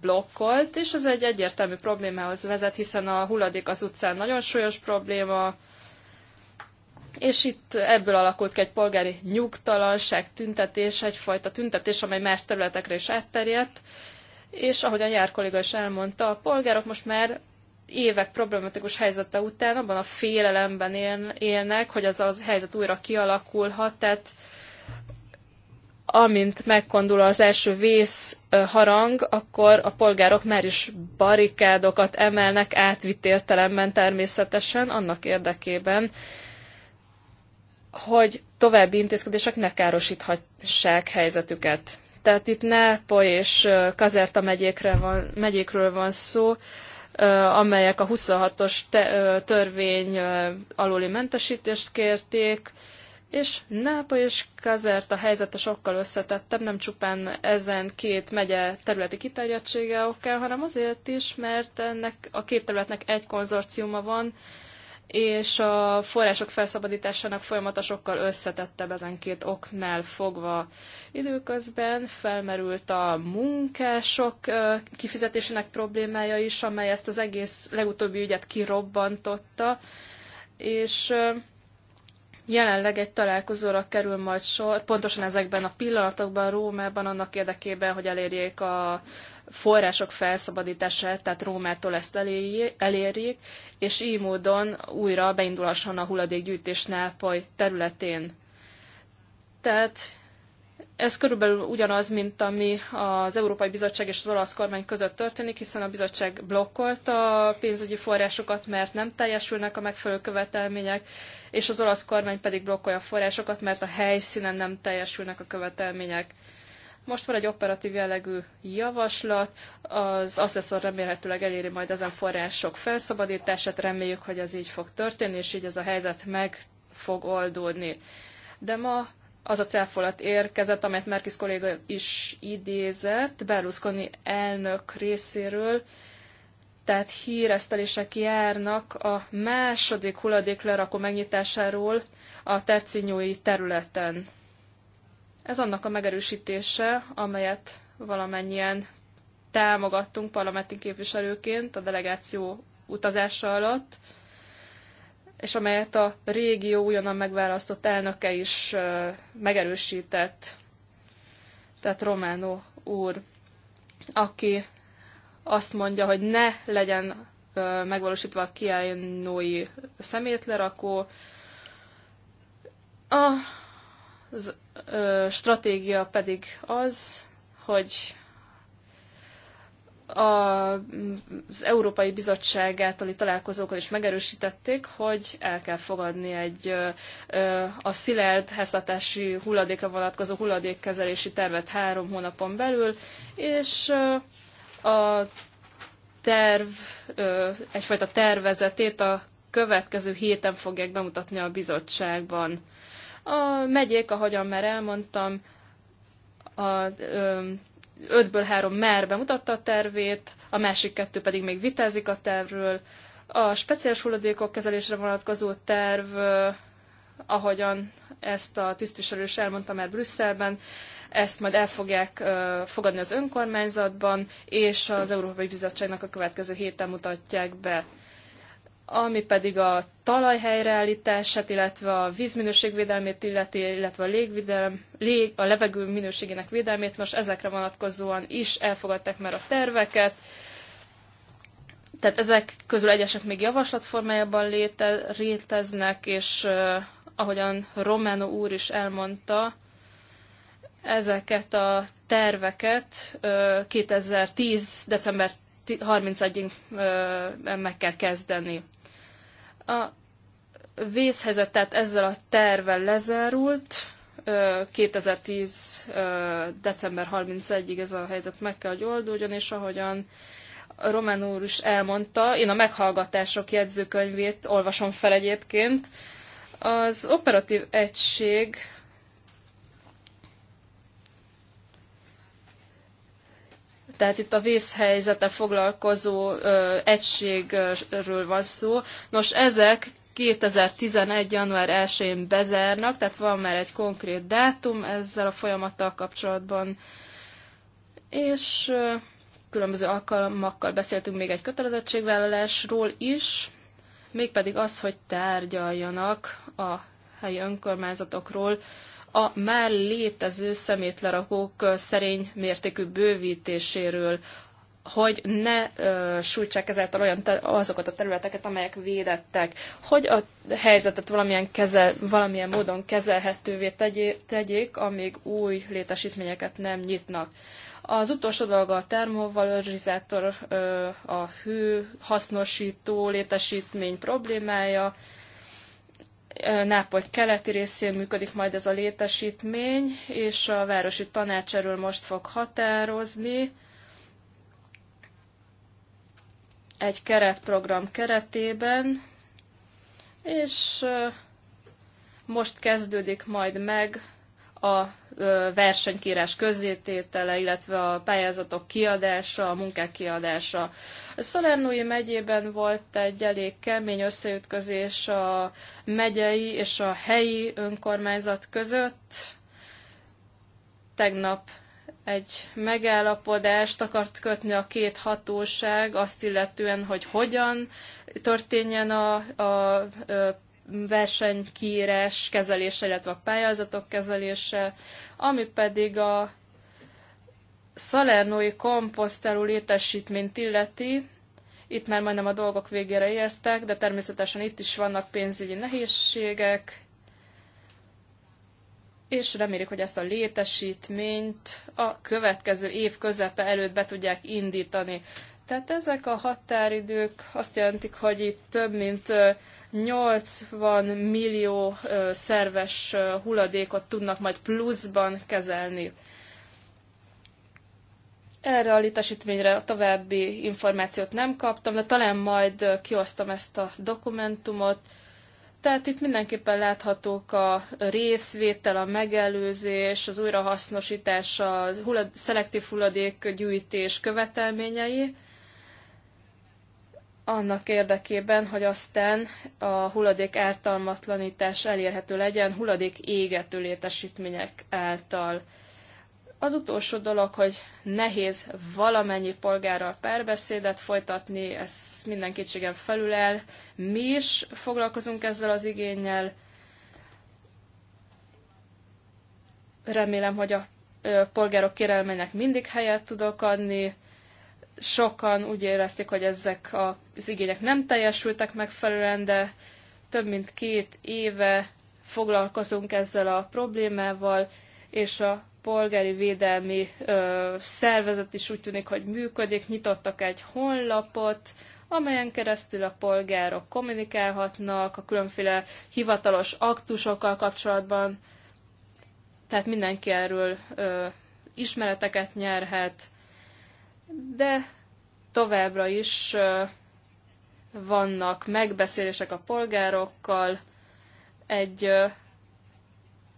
blokkolt, és ez egy egyértelmű problémához vezet, hiszen a hulladék az utcán nagyon súlyos probléma, és itt ebből alakult ki egy polgári nyugtalanság, tüntetés, egyfajta tüntetés, amely más területekre is átterjedt, és ahogyan Jár kolléga is elmondta, a polgárok most már évek problematikus helyzete után abban a félelemben élnek, hogy az a helyzet újra kialakulhat, tehát amint megkondul az első vész harang, akkor a polgárok már is barikádokat emelnek átvitt értelemben természetesen annak érdekében, hogy további intézkedések ne károsíthassák helyzetüket. Tehát itt Nápoly és Kazerta megyékre van, megyékről van szó, amelyek a 26-os törvény aluli mentesítést kérték, és Nápa és Kazert a helyzete sokkal összetettebb, nem csupán ezen két megye területi kiterjedtsége okán, hanem azért is, mert ennek a két területnek egy konzorciuma van, és a források felszabadításának folyamata sokkal összetettebb ezen két oknál fogva. Időközben felmerült a munkások kifizetésének problémája is, amely ezt az egész legutóbbi ügyet kirobbantotta, és Jelenleg egy találkozóra kerül majd sor, pontosan ezekben a pillanatokban, Rómában, annak érdekében, hogy elérjék a források felszabadítását, tehát Rómától ezt elérjék, és így módon újra beindulhasson a hulladékgyűjtés Nápoly területén. Tehát ez körülbelül ugyanaz, mint ami az Európai Bizottság és az olasz kormány között történik, hiszen a bizottság blokkolta a pénzügyi forrásokat, mert nem teljesülnek a megfelelő követelmények, és az olasz kormány pedig blokkolja a forrásokat, mert a helyszínen nem teljesülnek a követelmények. Most van egy operatív jellegű javaslat, az asszeszor remélhetőleg eléri majd ezen források felszabadítását, reméljük, hogy ez így fog történni, és így ez a helyzet meg fog oldódni. De ma az a cáfolat érkezett, amelyet Merkis kolléga is idézett, Berlusconi elnök részéről, tehát híresztelések járnak a második hulladéklerakó megnyitásáról a tercinyói területen. Ez annak a megerősítése, amelyet valamennyien támogattunk parlamenti képviselőként a delegáció utazása alatt, és amelyet a régió újonnan megválasztott elnöke is megerősített, tehát Románó úr, aki azt mondja, hogy ne legyen megvalósítva a kiállnói szemétlerakó. A stratégia pedig az, hogy az Európai Bizottság általi találkozókon is megerősítették, hogy el kell fogadni egy a szilárd háztartási hulladékra vonatkozó hulladékkezelési tervet három hónapon belül, és a terv, egyfajta tervezetét a következő héten fogják bemutatni a bizottságban. A megyék, ahogyan már elmondtam, a ötből három már bemutatta a tervét, a másik kettő pedig még vitázik a tervről. A speciális hulladékok kezelésre vonatkozó terv, ahogyan ezt a tisztviselő is elmondta már Brüsszelben, ezt majd el fogják fogadni az önkormányzatban, és az Európai Bizottságnak a következő héten mutatják be ami pedig a talaj helyreállítását, illetve a vízminőségvédelmét illeti, illetve a, légvédelm, lég, a levegő minőségének védelmét, most ezekre vonatkozóan is elfogadták már a terveket, tehát ezek közül egyesek még javaslatformájában léte, léteznek, és uh, ahogyan Romano úr is elmondta, ezeket a terveket uh, 2010. december 31-ig uh, meg kell kezdeni. A vészhelyzet tehát ezzel a tervel lezárult. 2010. december 31-ig ez a helyzet meg kell, hogy oldódjon, és ahogyan Román úr is elmondta, én a meghallgatások jegyzőkönyvét olvasom fel egyébként, az operatív egység Tehát itt a vészhelyzete foglalkozó ö, egységről van szó. Nos, ezek 2011. január 1-én bezárnak, tehát van már egy konkrét dátum ezzel a folyamattal kapcsolatban. És ö, különböző alkalmakkal beszéltünk még egy kötelezettségvállalásról is, mégpedig az, hogy tárgyaljanak a helyi önkormányzatokról a már létező szemétlerakók szerény mértékű bővítéséről, hogy ne ö, sújtsák ezáltal olyan te, azokat a területeket, amelyek védettek, hogy a helyzetet valamilyen, kezel, valamilyen módon kezelhetővé tegyék, amíg új létesítményeket nem nyitnak. Az utolsó dolga a termovalorizátor, a hő hasznosító létesítmény problémája, Nápoly keleti részén működik majd ez a létesítmény, és a városi tanács erről most fog határozni. Egy keretprogram keretében, és most kezdődik majd meg a versenykírás közzététele, illetve a pályázatok kiadása, a munkák kiadása. Szolernói megyében volt egy elég kemény összeütközés a megyei és a helyi önkormányzat között. Tegnap egy megállapodást akart kötni a két hatóság azt illetően, hogy hogyan történjen a, a, a versenykírás kezelése, illetve a pályázatok kezelése, ami pedig a szalernói komposztelú létesítményt illeti, itt már majdnem a dolgok végére értek, de természetesen itt is vannak pénzügyi nehézségek, és remélik, hogy ezt a létesítményt a következő év közepe előtt be tudják indítani. Tehát ezek a határidők azt jelentik, hogy itt több mint 80 millió szerves hulladékot tudnak majd pluszban kezelni. Erre a létesítményre további információt nem kaptam, de talán majd kiosztam ezt a dokumentumot. Tehát itt mindenképpen láthatók a részvétel, a megelőzés, az újrahasznosítás, a hullad, szelektív hulladékgyűjtés követelményei annak érdekében, hogy aztán a hulladék ártalmatlanítás elérhető legyen hulladék égető létesítmények által. Az utolsó dolog, hogy nehéz valamennyi polgárral párbeszédet folytatni, ez minden kétségem felül el. Mi is foglalkozunk ezzel az igényel. Remélem, hogy a polgárok kérelmének mindig helyet tudok adni sokan úgy érezték, hogy ezek az igények nem teljesültek megfelelően, de több mint két éve foglalkozunk ezzel a problémával, és a polgári védelmi ö, szervezet is úgy tűnik, hogy működik. Nyitottak egy honlapot, amelyen keresztül a polgárok kommunikálhatnak a különféle hivatalos aktusokkal kapcsolatban. Tehát mindenki erről ö, ismereteket nyerhet, de továbbra is vannak megbeszélések a polgárokkal, egy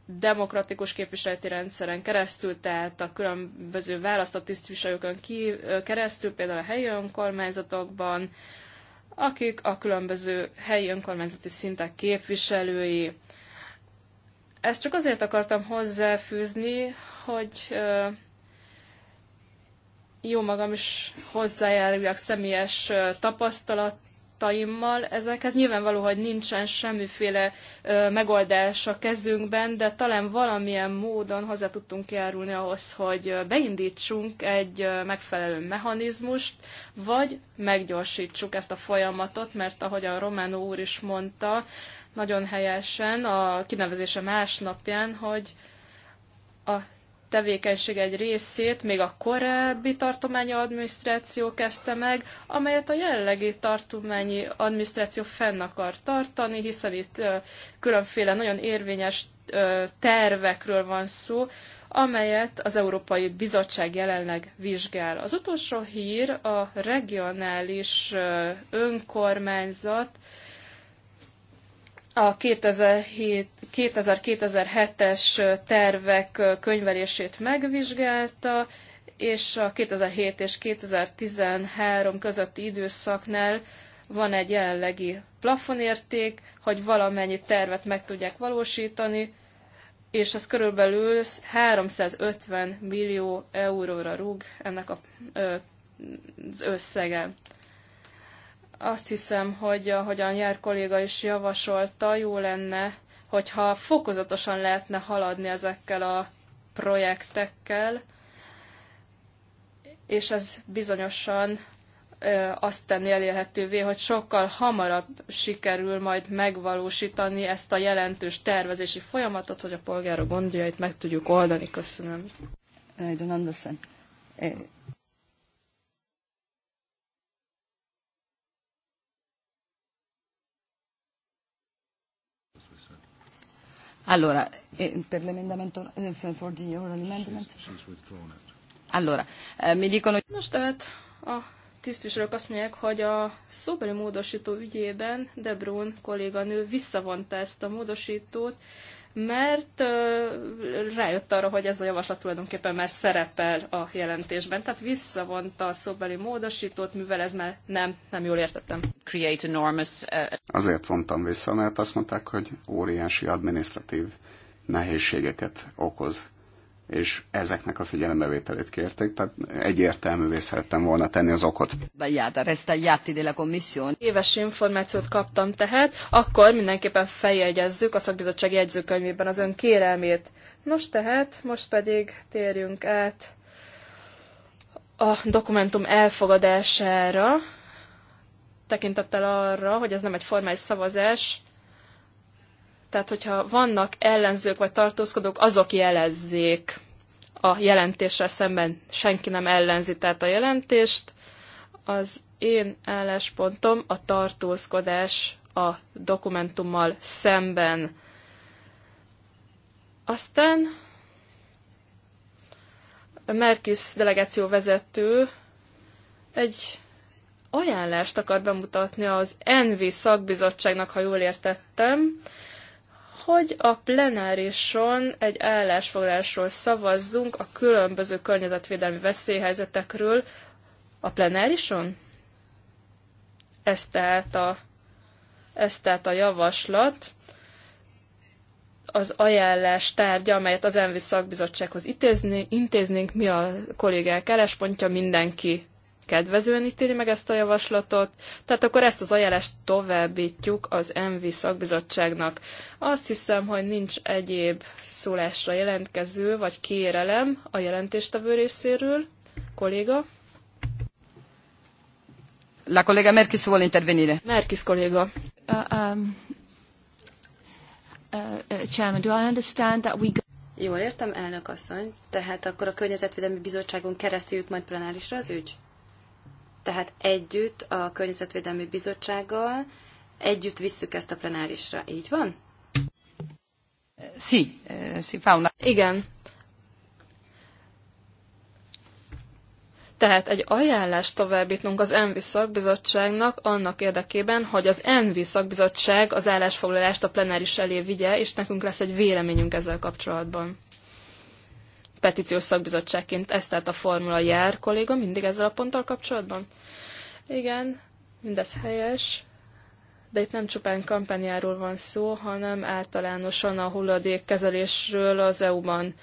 demokratikus képviseleti rendszeren keresztül, tehát a különböző választott tisztviselőkön keresztül, például a helyi önkormányzatokban, akik a különböző helyi önkormányzati szintek képviselői. Ezt csak azért akartam hozzáfűzni, hogy jó magam is hozzájáruljak személyes tapasztalataimmal ezekhez. Nyilvánvaló, hogy nincsen semmiféle megoldás a kezünkben, de talán valamilyen módon hozzá tudtunk járulni ahhoz, hogy beindítsunk egy megfelelő mechanizmust, vagy meggyorsítsuk ezt a folyamatot, mert ahogy a Románó úr is mondta, nagyon helyesen a kinevezése másnapján, hogy a tevékenység egy részét még a korábbi tartományi adminisztráció kezdte meg, amelyet a jelenlegi tartományi adminisztráció fenn akar tartani, hiszen itt különféle nagyon érvényes tervekről van szó, amelyet az Európai Bizottság jelenleg vizsgál. Az utolsó hír a regionális önkormányzat a 2007-2007-es tervek könyvelését megvizsgálta, és a 2007 és 2013 közötti időszaknál van egy jelenlegi plafonérték, hogy valamennyi tervet meg tudják valósítani, és ez körülbelül 350 millió euróra rúg ennek a, az összege. Azt hiszem, hogy ahogyan Jár kolléga is javasolta, jó lenne, hogyha fokozatosan lehetne haladni ezekkel a projektekkel, és ez bizonyosan azt tenni elérhetővé, hogy sokkal hamarabb sikerül majd megvalósítani ezt a jelentős tervezési folyamatot, hogy a polgárok gondjait meg tudjuk oldani. Köszönöm. I don't understand. Allora, eh, per l'emendamento, eh, for the oral amendment? She's, she's allora, eh, mi dicono... Nos, tehát a tisztviselők azt mondják, hogy a szóbeli módosító ügyében Debrun kolléganő visszavonta ezt a módosítót, mert rájött arra, hogy ez a javaslat tulajdonképpen már szerepel a jelentésben. Tehát visszavonta a szóbeli módosítót, mivel ez már nem, nem jól értettem. Create enormous, Azért vontam vissza, mert azt mondták, hogy óriási administratív nehézségeket okoz és ezeknek a figyelembevételét kérték, tehát egyértelművé szerettem volna tenni az okot. Éves információt kaptam tehát, akkor mindenképpen feljegyezzük a szakbizottsági jegyzőkönyvében az ön kérelmét. Nos tehát, most pedig térjünk át a dokumentum elfogadására, tekintettel arra, hogy ez nem egy formális szavazás, tehát, hogyha vannak ellenzők vagy tartózkodók, azok jelezzék a jelentéssel szemben. Senki nem ellenzi tehát a jelentést. Az én álláspontom a tartózkodás a dokumentummal szemben. Aztán Merkis delegáció vezető egy ajánlást akar bemutatni az Envi szakbizottságnak, ha jól értettem, hogy a plenárison egy állásfoglalásról szavazzunk a különböző környezetvédelmi veszélyhelyzetekről a plenárison? Ez tehát a, ez tehát a javaslat az ajánlás tárgya, amelyet az ENVI szakbizottsághoz intézni, intéznénk, mi a kollégák álláspontja, mindenki kedvezően ítéli meg ezt a javaslatot, tehát akkor ezt az ajánlást továbbítjuk az MV szakbizottságnak. Azt hiszem, hogy nincs egyéb szólásra jelentkező, vagy kérelem a jelentéstevő részéről. Kolléga? La kolléga Merkis vuole intervenire. Merkis kolléga. Uh, um, uh, uh, chairman, do I understand that we go Jól értem, elnök asszony. Tehát akkor a Környezetvédelmi Bizottságon keresztül jut majd plenárisra az ügy? tehát együtt a Környezetvédelmi Bizottsággal, együtt visszük ezt a plenárisra. Így van? Sí, eh, sí, fauna. Igen. Tehát egy ajánlást továbbítunk az ENVI szakbizottságnak annak érdekében, hogy az ENVI szakbizottság az állásfoglalást a plenáris elé vigye, és nekünk lesz egy véleményünk ezzel kapcsolatban petíciós szakbizottságként. ezt tehát a formula jár, kolléga, mindig ezzel a ponttal kapcsolatban? Igen, mindez helyes, de itt nem csupán kampányáról van szó, hanem általánosan a hulladékkezelésről az EU-ban.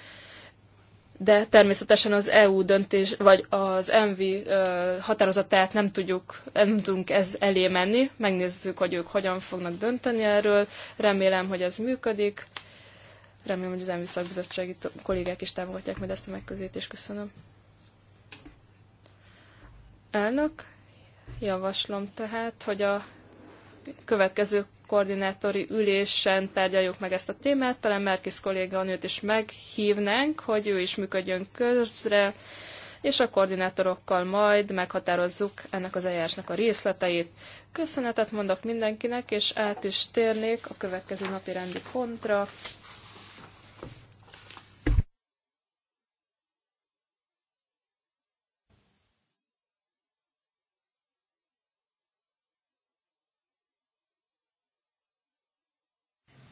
De természetesen az EU döntés, vagy az ENVI határozatát nem tudjuk, nem tudunk ez elé menni. Megnézzük, hogy ők hogyan fognak dönteni erről. Remélem, hogy ez működik Remélem, hogy az elmi szakbizottsági kollégák is támogatják majd ezt a megközelítést. Köszönöm. Elnök, javaslom tehát, hogy a következő koordinátori ülésen tárgyaljuk meg ezt a témát. Talán Merkis kolléganőt is meghívnánk, hogy ő is működjön közre, és a koordinátorokkal majd meghatározzuk ennek az eljárásnak a részleteit. Köszönetet mondok mindenkinek, és át is térnék a következő napi rendi pontra.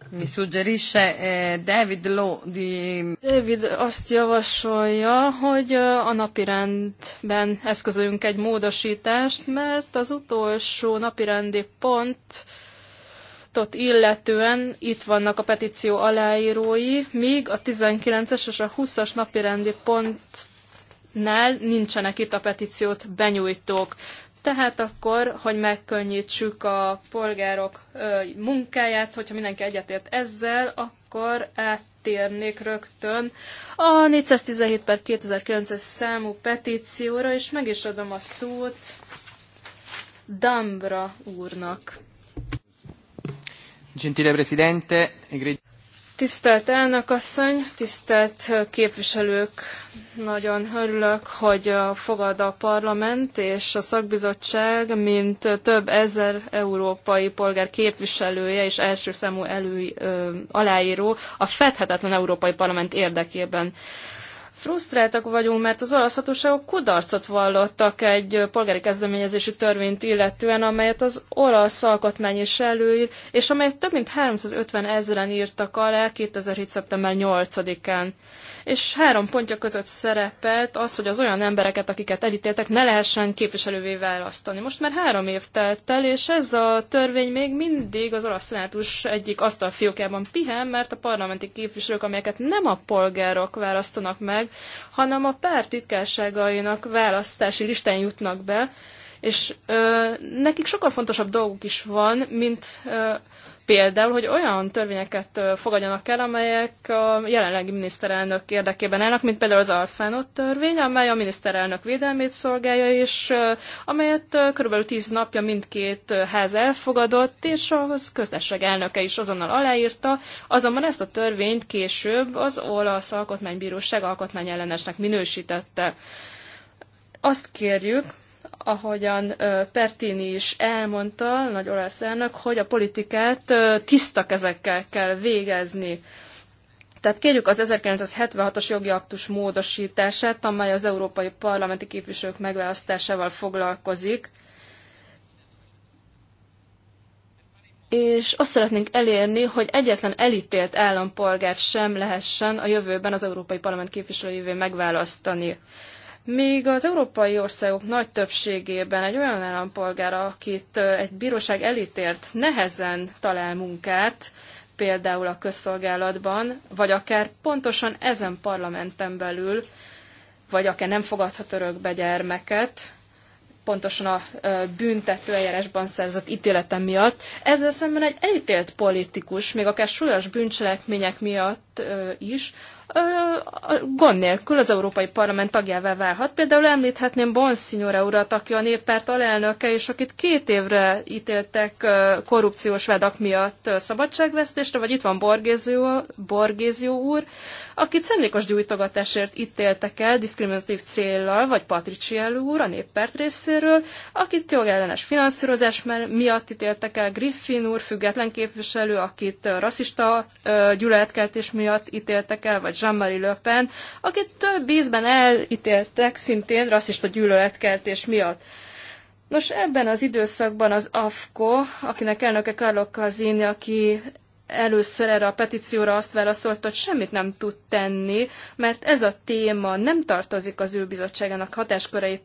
Mi suggerisce eh, David Law di... David azt javasolja, hogy a napirendben eszközöljünk egy módosítást, mert az utolsó napirendi pont ott illetően itt vannak a petíció aláírói, míg a 19-es és a 20-as napirendi pontnál nincsenek itt a petíciót benyújtók. Tehát akkor, hogy megkönnyítsük a polgárok munkáját, hogyha mindenki egyetért ezzel, akkor áttérnék rögtön a 417 per 2009-es számú petícióra, és meg is adom a szót Dambra úrnak. Gentile Presidente, Tisztelt elnök asszony, tisztelt képviselők, nagyon örülök, hogy fogad a parlament és a szakbizottság, mint több ezer európai polgár képviselője és első számú elő, ö, aláíró a fedhetetlen európai parlament érdekében. Frusztráltak vagyunk, mert az olasz hatóságok kudarcot vallottak egy polgári kezdeményezésű törvényt illetően, amelyet az olasz alkotmány is előír, és amelyet több mint 350 ezeren írtak alá 2007. szeptember 8-án. És három pontja között szerepelt az, hogy az olyan embereket, akiket elítéltek, ne lehessen képviselővé választani. Most már három év telt el, és ez a törvény még mindig az olasz szenátus egyik asztalfiókjában pihen, mert a parlamenti képviselők, amelyeket nem a polgárok választanak meg, meg, hanem a párt titkárságainak választási listán jutnak be, és ö, nekik sokkal fontosabb dolguk is van, mint ö, Például, hogy olyan törvényeket fogadjanak el, amelyek a jelenlegi miniszterelnök érdekében állnak, mint például az Alfánot törvény, amely a miniszterelnök védelmét szolgálja, és amelyet körülbelül tíz napja mindkét ház elfogadott, és az közösség elnöke is azonnal aláírta. Azonban ezt a törvényt később az olasz alkotmánybíróság alkotmányellenesnek minősítette. Azt kérjük, ahogyan Pertini is elmondta, nagy olasz elnök, hogy a politikát tiszta kezekkel kell végezni. Tehát kérjük az 1976-os jogi aktus módosítását, amely az európai parlamenti képviselők megválasztásával foglalkozik. És azt szeretnénk elérni, hogy egyetlen elítélt állampolgár sem lehessen a jövőben az Európai Parlament képviselőjévé megválasztani. Még az európai országok nagy többségében egy olyan állampolgár, akit egy bíróság elítélt, nehezen talál munkát, például a közszolgálatban, vagy akár pontosan ezen parlamenten belül, vagy akár nem fogadhat örökbe gyermeket, pontosan a büntető eljárásban szerzett ítélete miatt. Ezzel szemben egy elítélt politikus, még akár súlyos bűncselekmények miatt is, gond nélkül az Európai Parlament tagjává válhat. Például említhetném Bonsignora urat, aki a néppárt alelnöke, és akit két évre ítéltek korrupciós vádak miatt szabadságvesztésre, vagy itt van Borgézió, Borgézió úr, akit szendékos gyújtogatásért ítéltek el diszkriminatív céllal, vagy Patriciel úr a néppárt részéről, akit jogellenes finanszírozás miatt ítéltek el Griffin úr, független képviselő, akit rasszista gyűlöletkeltés miatt ítéltek el, vagy Jean-Marie Le Pen, akit több ízben elítéltek szintén rasszista gyűlöletkeltés miatt. Nos, ebben az időszakban az AFKO, akinek elnöke Carlo Casini, aki először erre a petícióra azt válaszolt, hogy semmit nem tud tenni, mert ez a téma nem tartozik az ő bizottságának hatásköreit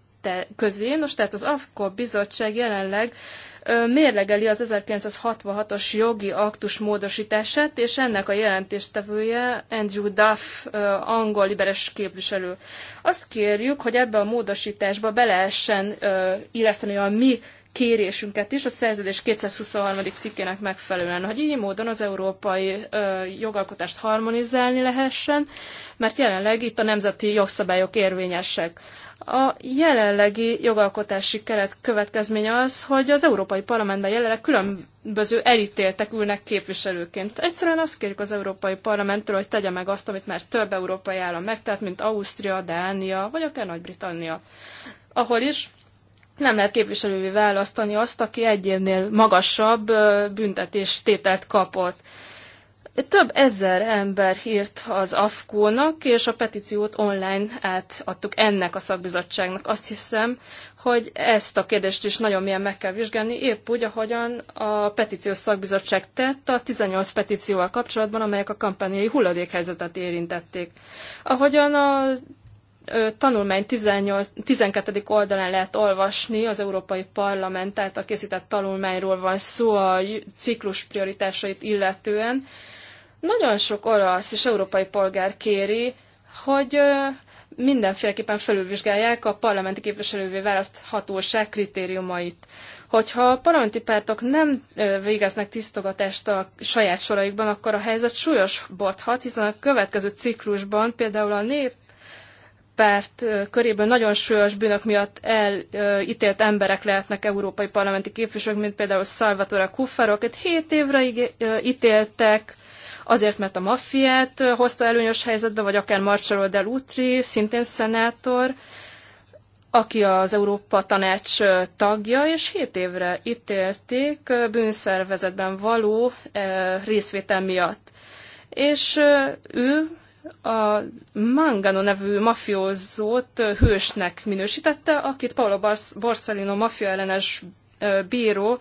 közé. Nos, tehát az AFKO bizottság jelenleg mérlegeli az 1966-os jogi aktus módosítását, és ennek a jelentéstevője Andrew Duff, angol liberes képviselő. Azt kérjük, hogy ebbe a módosításba beleessen illeszteni a mi kérésünket is a szerződés 223. cikkének megfelelően, hogy így módon az európai ö, jogalkotást harmonizálni lehessen, mert jelenleg itt a nemzeti jogszabályok érvényesek. A jelenlegi jogalkotási keret következménye az, hogy az Európai Parlamentben jelenleg különböző elítéltek ülnek képviselőként. Egyszerűen azt kérjük az Európai Parlamenttől, hogy tegye meg azt, amit már több európai állam megtett, mint Ausztria, Dánia, vagy akár Nagy-Britannia. Ahol is nem lehet képviselővé választani azt, aki egy évnél magasabb büntetés tételt kapott. Több ezer ember hírt az AFKÓ-nak, és a petíciót online átadtuk ennek a szakbizottságnak. Azt hiszem, hogy ezt a kérdést is nagyon milyen meg kell vizsgálni, épp úgy, ahogyan a petíciós szakbizottság tett a 18 petícióval kapcsolatban, amelyek a kampányai hulladékhelyzetet érintették. Ahogyan a tanulmány 18, 12. oldalán lehet olvasni, az Európai Parlament által készített tanulmányról van szó a ciklus prioritásait illetően. Nagyon sok olasz és európai polgár kéri, hogy mindenféleképpen felülvizsgálják a parlamenti képviselővé választhatóság kritériumait. Hogyha a parlamenti pártok nem végeznek tisztogatást a saját soraikban, akkor a helyzet súlyos bothat, hiszen a következő ciklusban például a nép párt körében nagyon súlyos bűnök miatt elítélt emberek lehetnek európai parlamenti képviselők, mint például Salvatore Cuffaro, akit 7 évre ítéltek, azért, mert a maffiát hozta előnyös helyzetbe, vagy akár Marcello Del Utri, szintén szenátor, aki az Európa Tanács tagja, és 7 évre ítélték bűnszervezetben való részvétel miatt. És ő a Mangano nevű mafiózót hősnek minősítette, akit Paolo Borsellino mafia ellenes bíró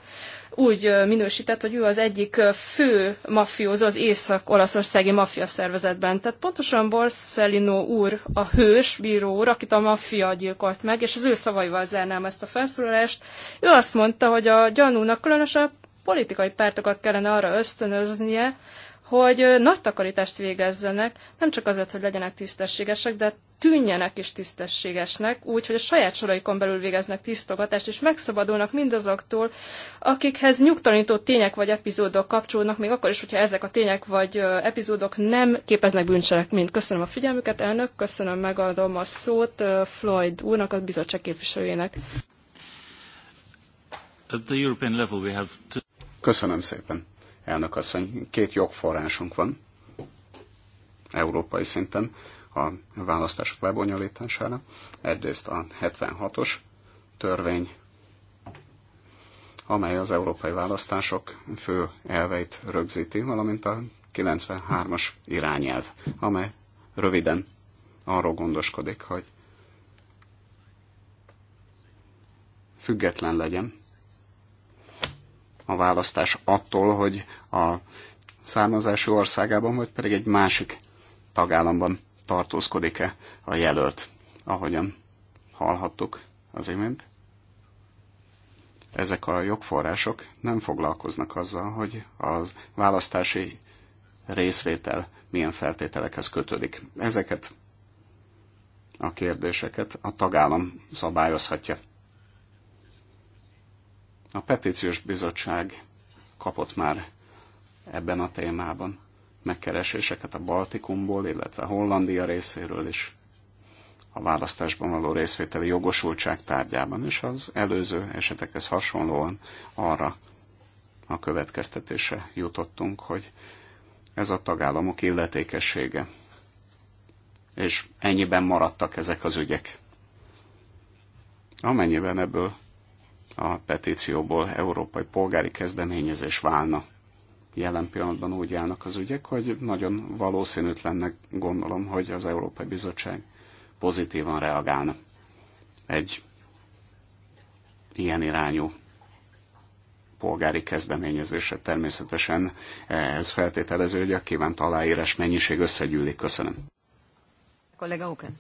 úgy minősített, hogy ő az egyik fő mafiózó az észak-olaszországi maffia szervezetben. Tehát pontosan Borsellino úr, a hős bíró úr, akit a maffia gyilkolt meg, és az ő szavaival zárnám ezt a felszólalást. Ő azt mondta, hogy a gyanúnak különösen politikai pártokat kellene arra ösztönöznie, hogy nagy takarítást végezzenek, nem csak azért, hogy legyenek tisztességesek, de tűnjenek is tisztességesnek, úgy, hogy a saját soraikon belül végeznek tisztogatást, és megszabadulnak mindazoktól, akikhez nyugtalanító tények vagy epizódok kapcsolódnak, még akkor is, hogyha ezek a tények vagy epizódok nem képeznek mint Köszönöm a figyelmüket, elnök, köszönöm, megadom a szót Floyd úrnak, a bizottság képviselőjének. Köszönöm szépen elnök asszony. Két jogforrásunk van európai szinten a választások lebonyolítására. Egyrészt a 76-os törvény, amely az európai választások fő elveit rögzíti, valamint a 93-as irányelv, amely röviden arról gondoskodik, hogy független legyen a választás attól, hogy a származási országában, vagy pedig egy másik tagállamban tartózkodik-e a jelölt, ahogyan hallhattuk az imént. Ezek a jogforrások nem foglalkoznak azzal, hogy az választási részvétel milyen feltételekhez kötődik. Ezeket a kérdéseket a tagállam szabályozhatja. A petíciós bizottság kapott már ebben a témában megkereséseket a Baltikumból, illetve Hollandia részéről is a választásban való részvételi jogosultság tárgyában, és az előző esetekhez hasonlóan arra a következtetése jutottunk, hogy ez a tagállamok illetékessége. És ennyiben maradtak ezek az ügyek. Amennyiben ebből a petícióból európai polgári kezdeményezés válna. Jelen pillanatban úgy állnak az ügyek, hogy nagyon valószínűtlennek gondolom, hogy az Európai Bizottság pozitívan reagálna egy ilyen irányú polgári kezdeményezésre. Természetesen ez feltételező, hogy a kívánt aláírás mennyiség összegyűlik. Köszönöm. Kollega Oken.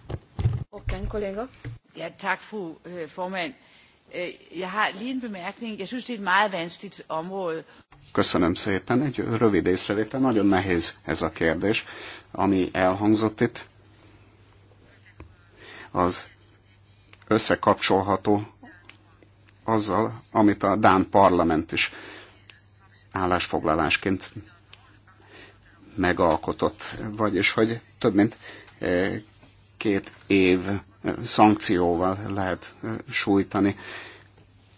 Oken, kolléga. Ja, tak, fru eh, Øh, jeg har lige en bemærkning. Jeg synes, det er et meget vanskeligt område. Köszönöm szépen. Egy rövid észrevétel. Nagyon nehéz ez a kérdés, ami elhangzott itt. Az összekapcsolható azzal, amit a Dán parlament is állásfoglalásként megalkotott. Vagyis, hogy több mint eh, két év szankcióval lehet sújtani,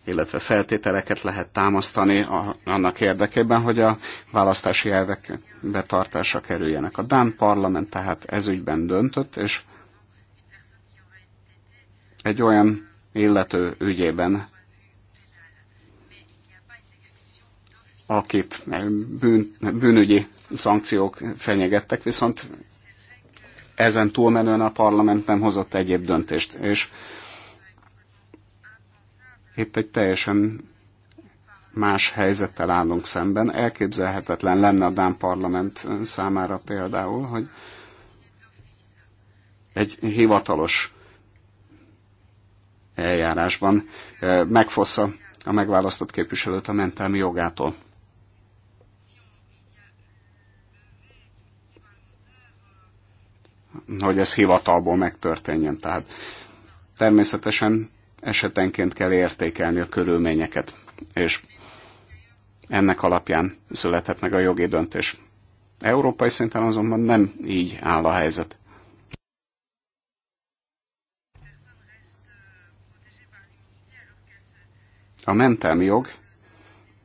illetve feltételeket lehet támasztani annak érdekében, hogy a választási elvek betartása kerüljenek. A Dán parlament tehát ezügyben döntött, és egy olyan illető ügyében, akit bűn, bűnügyi szankciók fenyegettek, viszont ezen túlmenően a parlament nem hozott egyéb döntést. És épp egy teljesen más helyzettel állunk szemben. Elképzelhetetlen lenne a Dán parlament számára például, hogy egy hivatalos eljárásban eh, megfossza a megválasztott képviselőt a mentelmi jogától. hogy ez hivatalból megtörténjen. Tehát természetesen esetenként kell értékelni a körülményeket, és ennek alapján született meg a jogi döntés. Európai szinten azonban nem így áll a helyzet. A mentelmi jog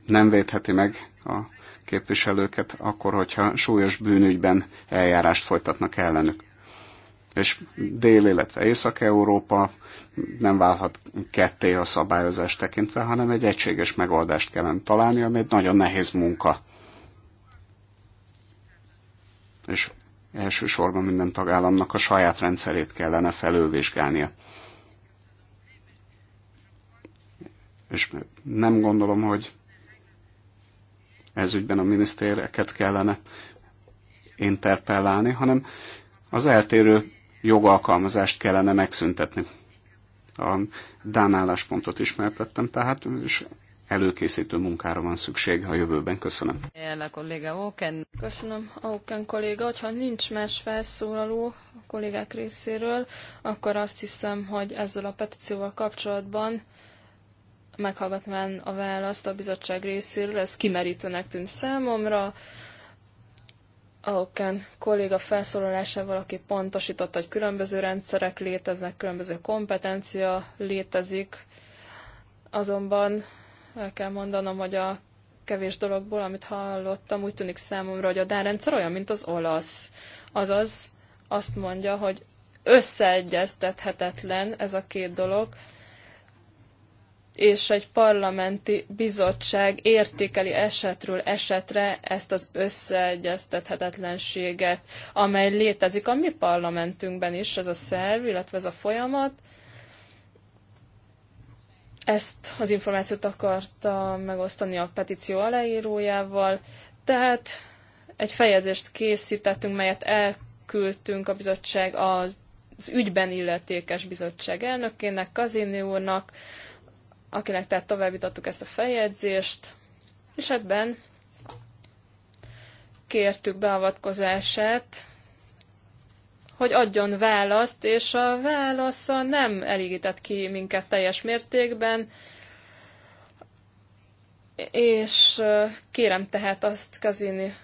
nem védheti meg a képviselőket akkor, hogyha súlyos bűnügyben eljárást folytatnak ellenük és Dél, illetve Észak-Európa nem válhat ketté a szabályozást tekintve, hanem egy egységes megoldást kellene találni, ami egy nagyon nehéz munka. És elsősorban minden tagállamnak a saját rendszerét kellene felülvizsgálnia. És nem gondolom, hogy ez ügyben a minisztéreket kellene interpellálni, hanem az eltérő jogalkalmazást kellene megszüntetni. A Dán álláspontot ismertettem, tehát és előkészítő munkára van szükség a jövőben. Köszönöm. Köszönöm, Auken kolléga. Hogyha nincs más felszólaló a kollégák részéről, akkor azt hiszem, hogy ezzel a petícióval kapcsolatban meghallgatván a választ a bizottság részéről, ez kimerítőnek tűnt számomra. Aokán kolléga felszólalásával, aki pontosította, hogy különböző rendszerek léteznek, különböző kompetencia létezik, azonban el kell mondanom, hogy a kevés dologból, amit hallottam, úgy tűnik számomra, hogy a Dán rendszer olyan, mint az olasz. Azaz azt mondja, hogy összeegyeztethetetlen ez a két dolog, és egy parlamenti bizottság értékeli esetről esetre ezt az összeegyeztethetetlenséget, amely létezik a mi parlamentünkben is, ez a szerv, illetve ez a folyamat. Ezt az információt akarta megosztani a petíció aláírójával, tehát egy fejezést készítettünk, melyet elküldtünk a bizottság az ügyben illetékes bizottság elnökének, Kazini úrnak, akinek tehát továbbítottuk ezt a feljegyzést, és ebben kértük beavatkozását, hogy adjon választ, és a válasza nem elégített ki minket teljes mértékben, és kérem tehát azt Kazini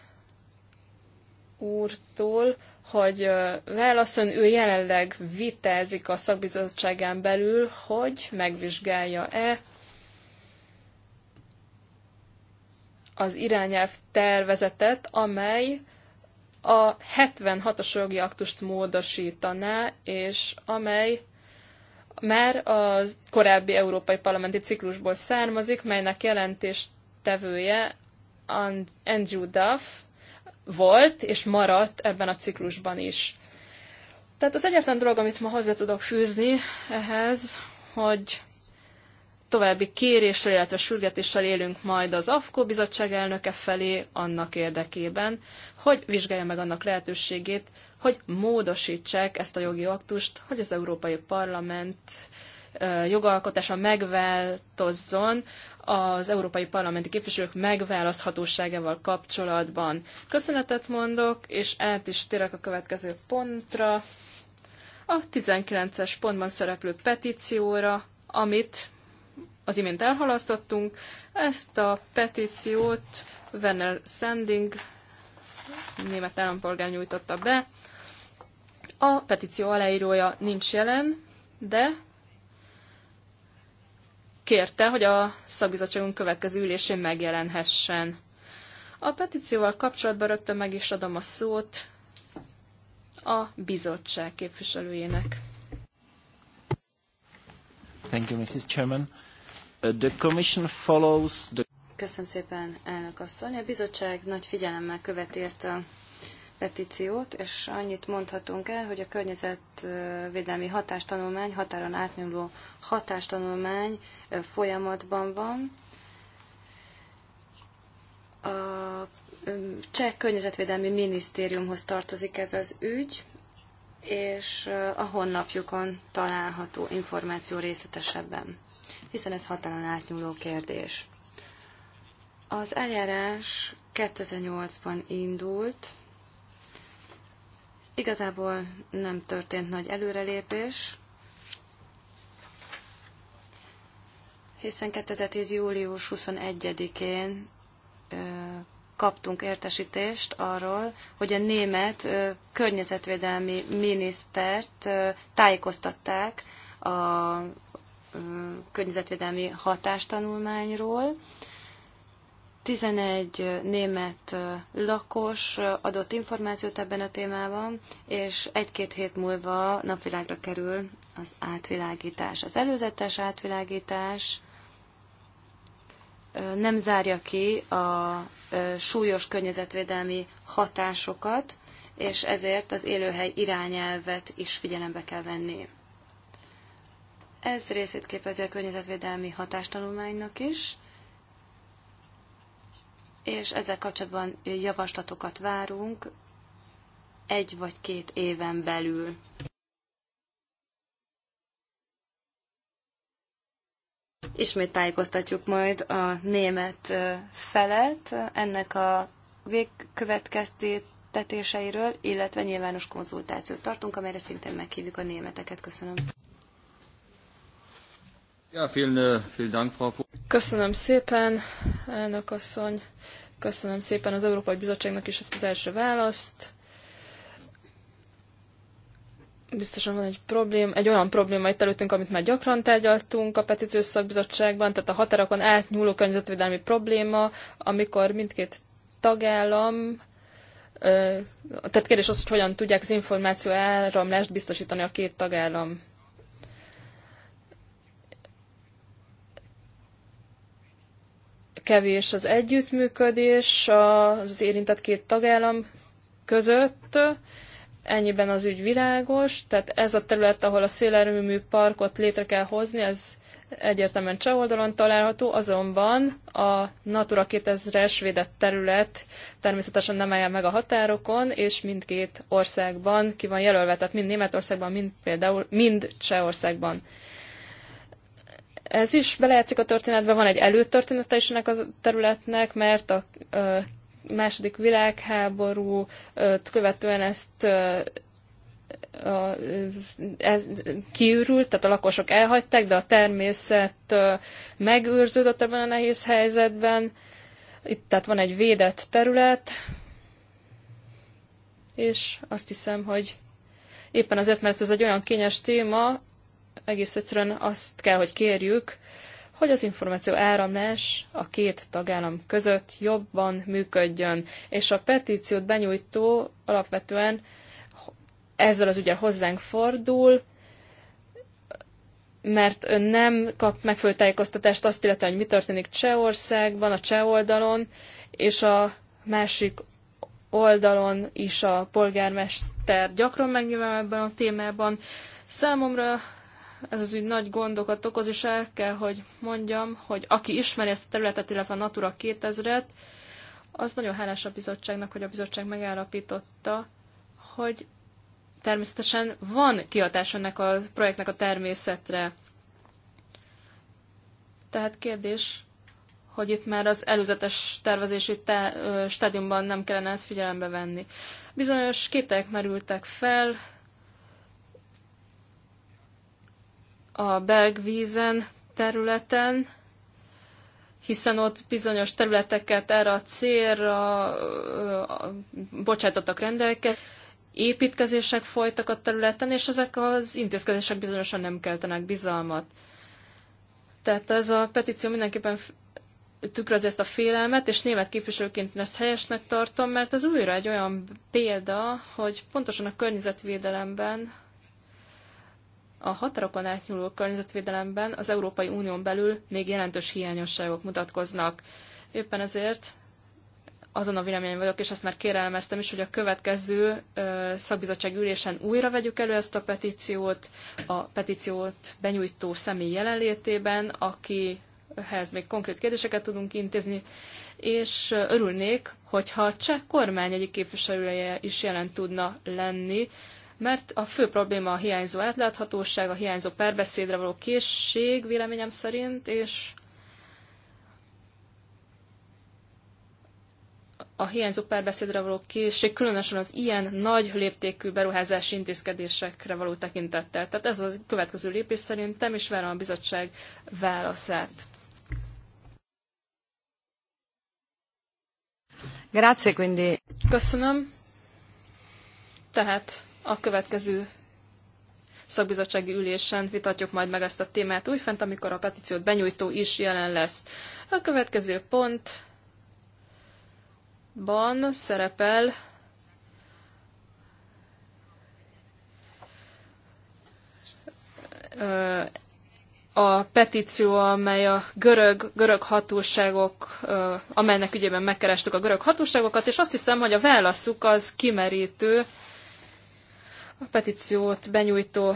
úrtól, hogy válaszol, ő jelenleg vitázik a szakbizottságán belül, hogy megvizsgálja-e az irányelv tervezetet, amely a 76-os jogi aktust módosítaná, és amely már a korábbi európai parlamenti ciklusból származik, melynek jelentéstevője Andrew Duff, volt és maradt ebben a ciklusban is. Tehát az egyetlen dolog, amit ma hozzá tudok fűzni ehhez, hogy további kéréssel, illetve sürgetéssel élünk majd az AFKO bizottság elnöke felé annak érdekében, hogy vizsgálja meg annak lehetőségét, hogy módosítsák ezt a jogi aktust, hogy az Európai Parlament jogalkotása megváltozzon az európai parlamenti képviselők megválaszthatóságával kapcsolatban. Köszönetet mondok, és át is térek a következő pontra, a 19-es pontban szereplő petícióra, amit az imént elhalasztottunk. Ezt a petíciót Werner Sending, német állampolgár nyújtotta be. A petíció aláírója nincs jelen, de kérte, hogy a szakbizottságunk következő ülésén megjelenhessen. A petícióval kapcsolatban rögtön meg is adom a szót a bizottság képviselőjének. Thank you, Mrs. Chairman. Uh, the commission follows the... Köszönöm szépen, elnök asszony. A bizottság nagy figyelemmel követi ezt a petíciót, és annyit mondhatunk el, hogy a környezetvédelmi hatástanulmány, határon átnyúló hatástanulmány folyamatban van. A Cseh Környezetvédelmi Minisztériumhoz tartozik ez az ügy, és a honlapjukon található információ részletesebben, hiszen ez határon átnyúló kérdés. Az eljárás 2008-ban indult, Igazából nem történt nagy előrelépés, hiszen 2010. július 21-én kaptunk értesítést arról, hogy a német környezetvédelmi minisztert tájékoztatták a környezetvédelmi hatástanulmányról, 11 német lakos adott információt ebben a témában, és egy-két hét múlva napvilágra kerül az átvilágítás. Az előzetes átvilágítás nem zárja ki a súlyos környezetvédelmi hatásokat, és ezért az élőhely irányelvet is figyelembe kell venni. Ez részét képezi a környezetvédelmi hatástanulmánynak is, és ezzel kapcsolatban javaslatokat várunk egy vagy két éven belül. Ismét tájékoztatjuk majd a német felet ennek a végkövetkeztetéseiről, illetve nyilvános konzultációt tartunk, amelyre szintén meghívjuk a németeket. Köszönöm. Äh, Köszönöm szépen, elnök asszony. Köszönöm szépen az Európai Bizottságnak is ezt az első választ. Biztosan van egy problém, egy olyan probléma itt előttünk, amit már gyakran tárgyaltunk a petíciós szakbizottságban, tehát a határokon átnyúló környezetvédelmi probléma, amikor mindkét tagállam tehát kérdés az, hogy hogyan tudják az információ áramlást biztosítani a két tagállam kevés az együttműködés az érintett két tagállam között, ennyiben az ügy világos, tehát ez a terület, ahol a szélerőmű parkot létre kell hozni, ez egyértelműen cseh oldalon található, azonban a Natura 2000-es védett terület természetesen nem állja meg a határokon, és mindkét országban ki van jelölve, tehát mind Németországban, mind például mind Csehországban. Ez is belejátszik a történetbe, van egy előtörténete is ennek a területnek, mert a második világháború követően ezt a, ez kiürült, tehát a lakosok elhagyták, de a természet megőrződött ebben a nehéz helyzetben. Itt tehát van egy védett terület, és azt hiszem, hogy éppen azért, mert ez egy olyan kényes téma, egész egyszerűen azt kell, hogy kérjük, hogy az információ áramlás a két tagállam között jobban működjön, és a petíciót benyújtó alapvetően ezzel az ügyel hozzánk fordul, mert ön nem kap megfelelő tájékoztatást azt illetve, hogy mi történik Csehországban, a cseh oldalon, és a másik oldalon is a polgármester gyakran megnyilván ebben a témában. Számomra ez az ügy nagy gondokat okoz, és el kell, hogy mondjam, hogy aki ismeri ezt a területet, illetve a Natura 2000-et, az nagyon hálás a bizottságnak, hogy a bizottság megállapította, hogy természetesen van kihatás ennek a projektnek a természetre. Tehát kérdés, hogy itt már az előzetes tervezési te, ö, stádiumban nem kellene ezt figyelembe venni. Bizonyos kétek merültek fel, a belgvízen területen, hiszen ott bizonyos területeket erre a célra bocsátottak rendelkezésre, építkezések folytak a területen, és ezek az intézkedések bizonyosan nem keltenek bizalmat. Tehát ez a petíció mindenképpen tükrözi ezt a félelmet, és német képviselőként én ezt helyesnek tartom, mert ez újra egy olyan példa, hogy pontosan a környezetvédelemben a határokon átnyúló környezetvédelemben az Európai Unión belül még jelentős hiányosságok mutatkoznak. Éppen ezért azon a véleményen vagyok, és ezt már kérelmeztem is, hogy a következő ö, szakbizottság ülésen újra vegyük elő ezt a petíciót, a petíciót benyújtó személy jelenlétében, aki még konkrét kérdéseket tudunk intézni, és örülnék, hogyha a cseh kormány egyik képviselője is jelen tudna lenni, mert a fő probléma a hiányzó átláthatóság, a hiányzó párbeszédre való készség véleményem szerint, és a hiányzó párbeszédre való készség, különösen az ilyen nagy léptékű beruházási intézkedésekre való tekintettel. Tehát ez a következő lépés szerintem, és várom a bizottság válaszát. Grazie, quindi. Köszönöm. Tehát a következő szakbizottsági ülésen vitatjuk majd meg ezt a témát újfent, amikor a petíciót benyújtó is jelen lesz. A következő pontban szerepel a petíció, amely a görög, görög hatóságok, amelynek ügyében megkerestük a görög hatóságokat, és azt hiszem, hogy a válaszuk az kimerítő, a petíciót benyújtó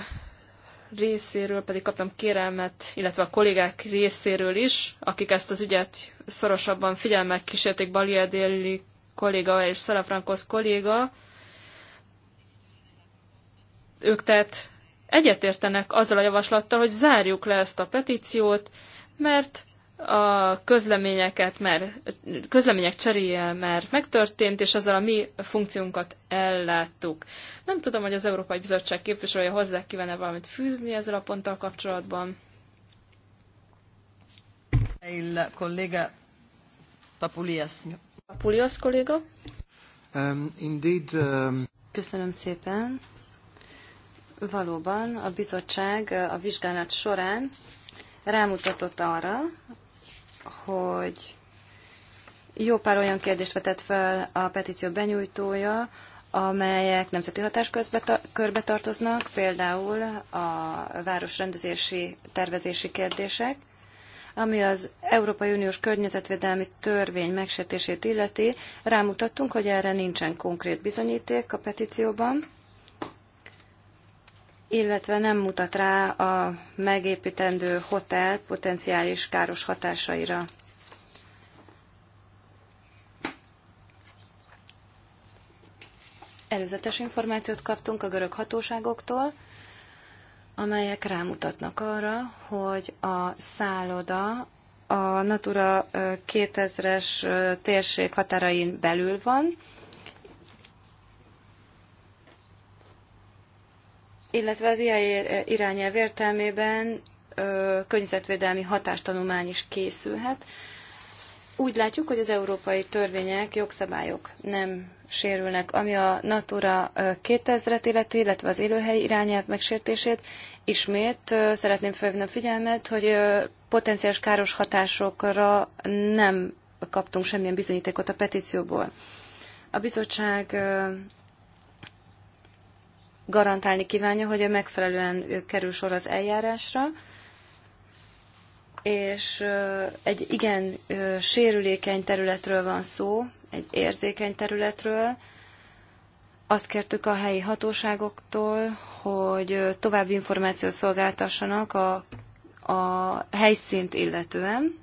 részéről pedig kaptam kérelmet, illetve a kollégák részéről is, akik ezt az ügyet szorosabban figyelmek kísérték, Balia déli kolléga és Szalafrankosz kolléga. Ők tehát egyetértenek azzal a javaslattal, hogy zárjuk le ezt a petíciót, mert a közleményeket mert közlemények cseréje már megtörtént, és azzal a mi funkciónkat elláttuk. Nem tudom, hogy az Európai Bizottság képviselője hozzá kívánne valamit fűzni ezzel a ponttal kapcsolatban. Il Papulias. Papulias kolléga. Um, indeed, um... Köszönöm szépen. Valóban a bizottság a vizsgálat során rámutatott arra, hogy jó pár olyan kérdést vetett fel a petíció benyújtója, amelyek nemzeti hatáskörbe tartoznak, például a városrendezési tervezési kérdések, ami az Európai Uniós Környezetvédelmi Törvény megsértését illeti, rámutattunk, hogy erre nincsen konkrét bizonyíték a petícióban illetve nem mutat rá a megépítendő hotel potenciális káros hatásaira. Előzetes információt kaptunk a görög hatóságoktól, amelyek rámutatnak arra, hogy a szálloda a Natura 2000-es térség határain belül van, illetve az IA irányelv értelmében ö, környezetvédelmi hatástanulmány is készülhet. Úgy látjuk, hogy az európai törvények, jogszabályok nem sérülnek, ami a Natura 2000-et illeti, illetve az élőhely irányelv megsértését. Ismét ö, szeretném felvinni a figyelmet, hogy ö, potenciális káros hatásokra nem kaptunk semmilyen bizonyítékot a petícióból. A bizottság garantálni kívánja, hogy megfelelően kerül sor az eljárásra, és egy igen sérülékeny területről van szó, egy érzékeny területről. Azt kértük a helyi hatóságoktól, hogy további információt szolgáltassanak a, a helyszínt illetően,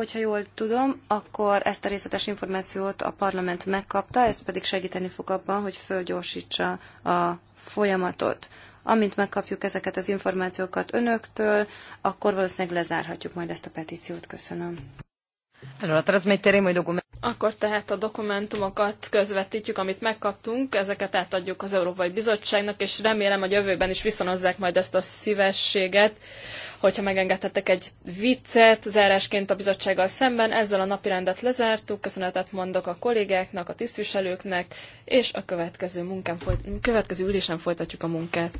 Hogyha jól tudom, akkor ezt a részletes információt a parlament megkapta, ez pedig segíteni fog abban, hogy fölgyorsítsa a folyamatot. Amint megkapjuk ezeket az információkat önöktől, akkor valószínűleg lezárhatjuk majd ezt a petíciót. Köszönöm. Allora, i documenti. Akkor tehát a dokumentumokat közvetítjük, amit megkaptunk, ezeket átadjuk az Európai Bizottságnak, és remélem, hogy jövőben is viszonozzák majd ezt a szívességet, hogyha megengedhetek egy viccet zárásként a bizottsággal szemben. Ezzel a napirendet lezártuk, köszönetet mondok a kollégáknak, a tisztviselőknek, és a következő, munkán, következő ülésen folytatjuk a munkát.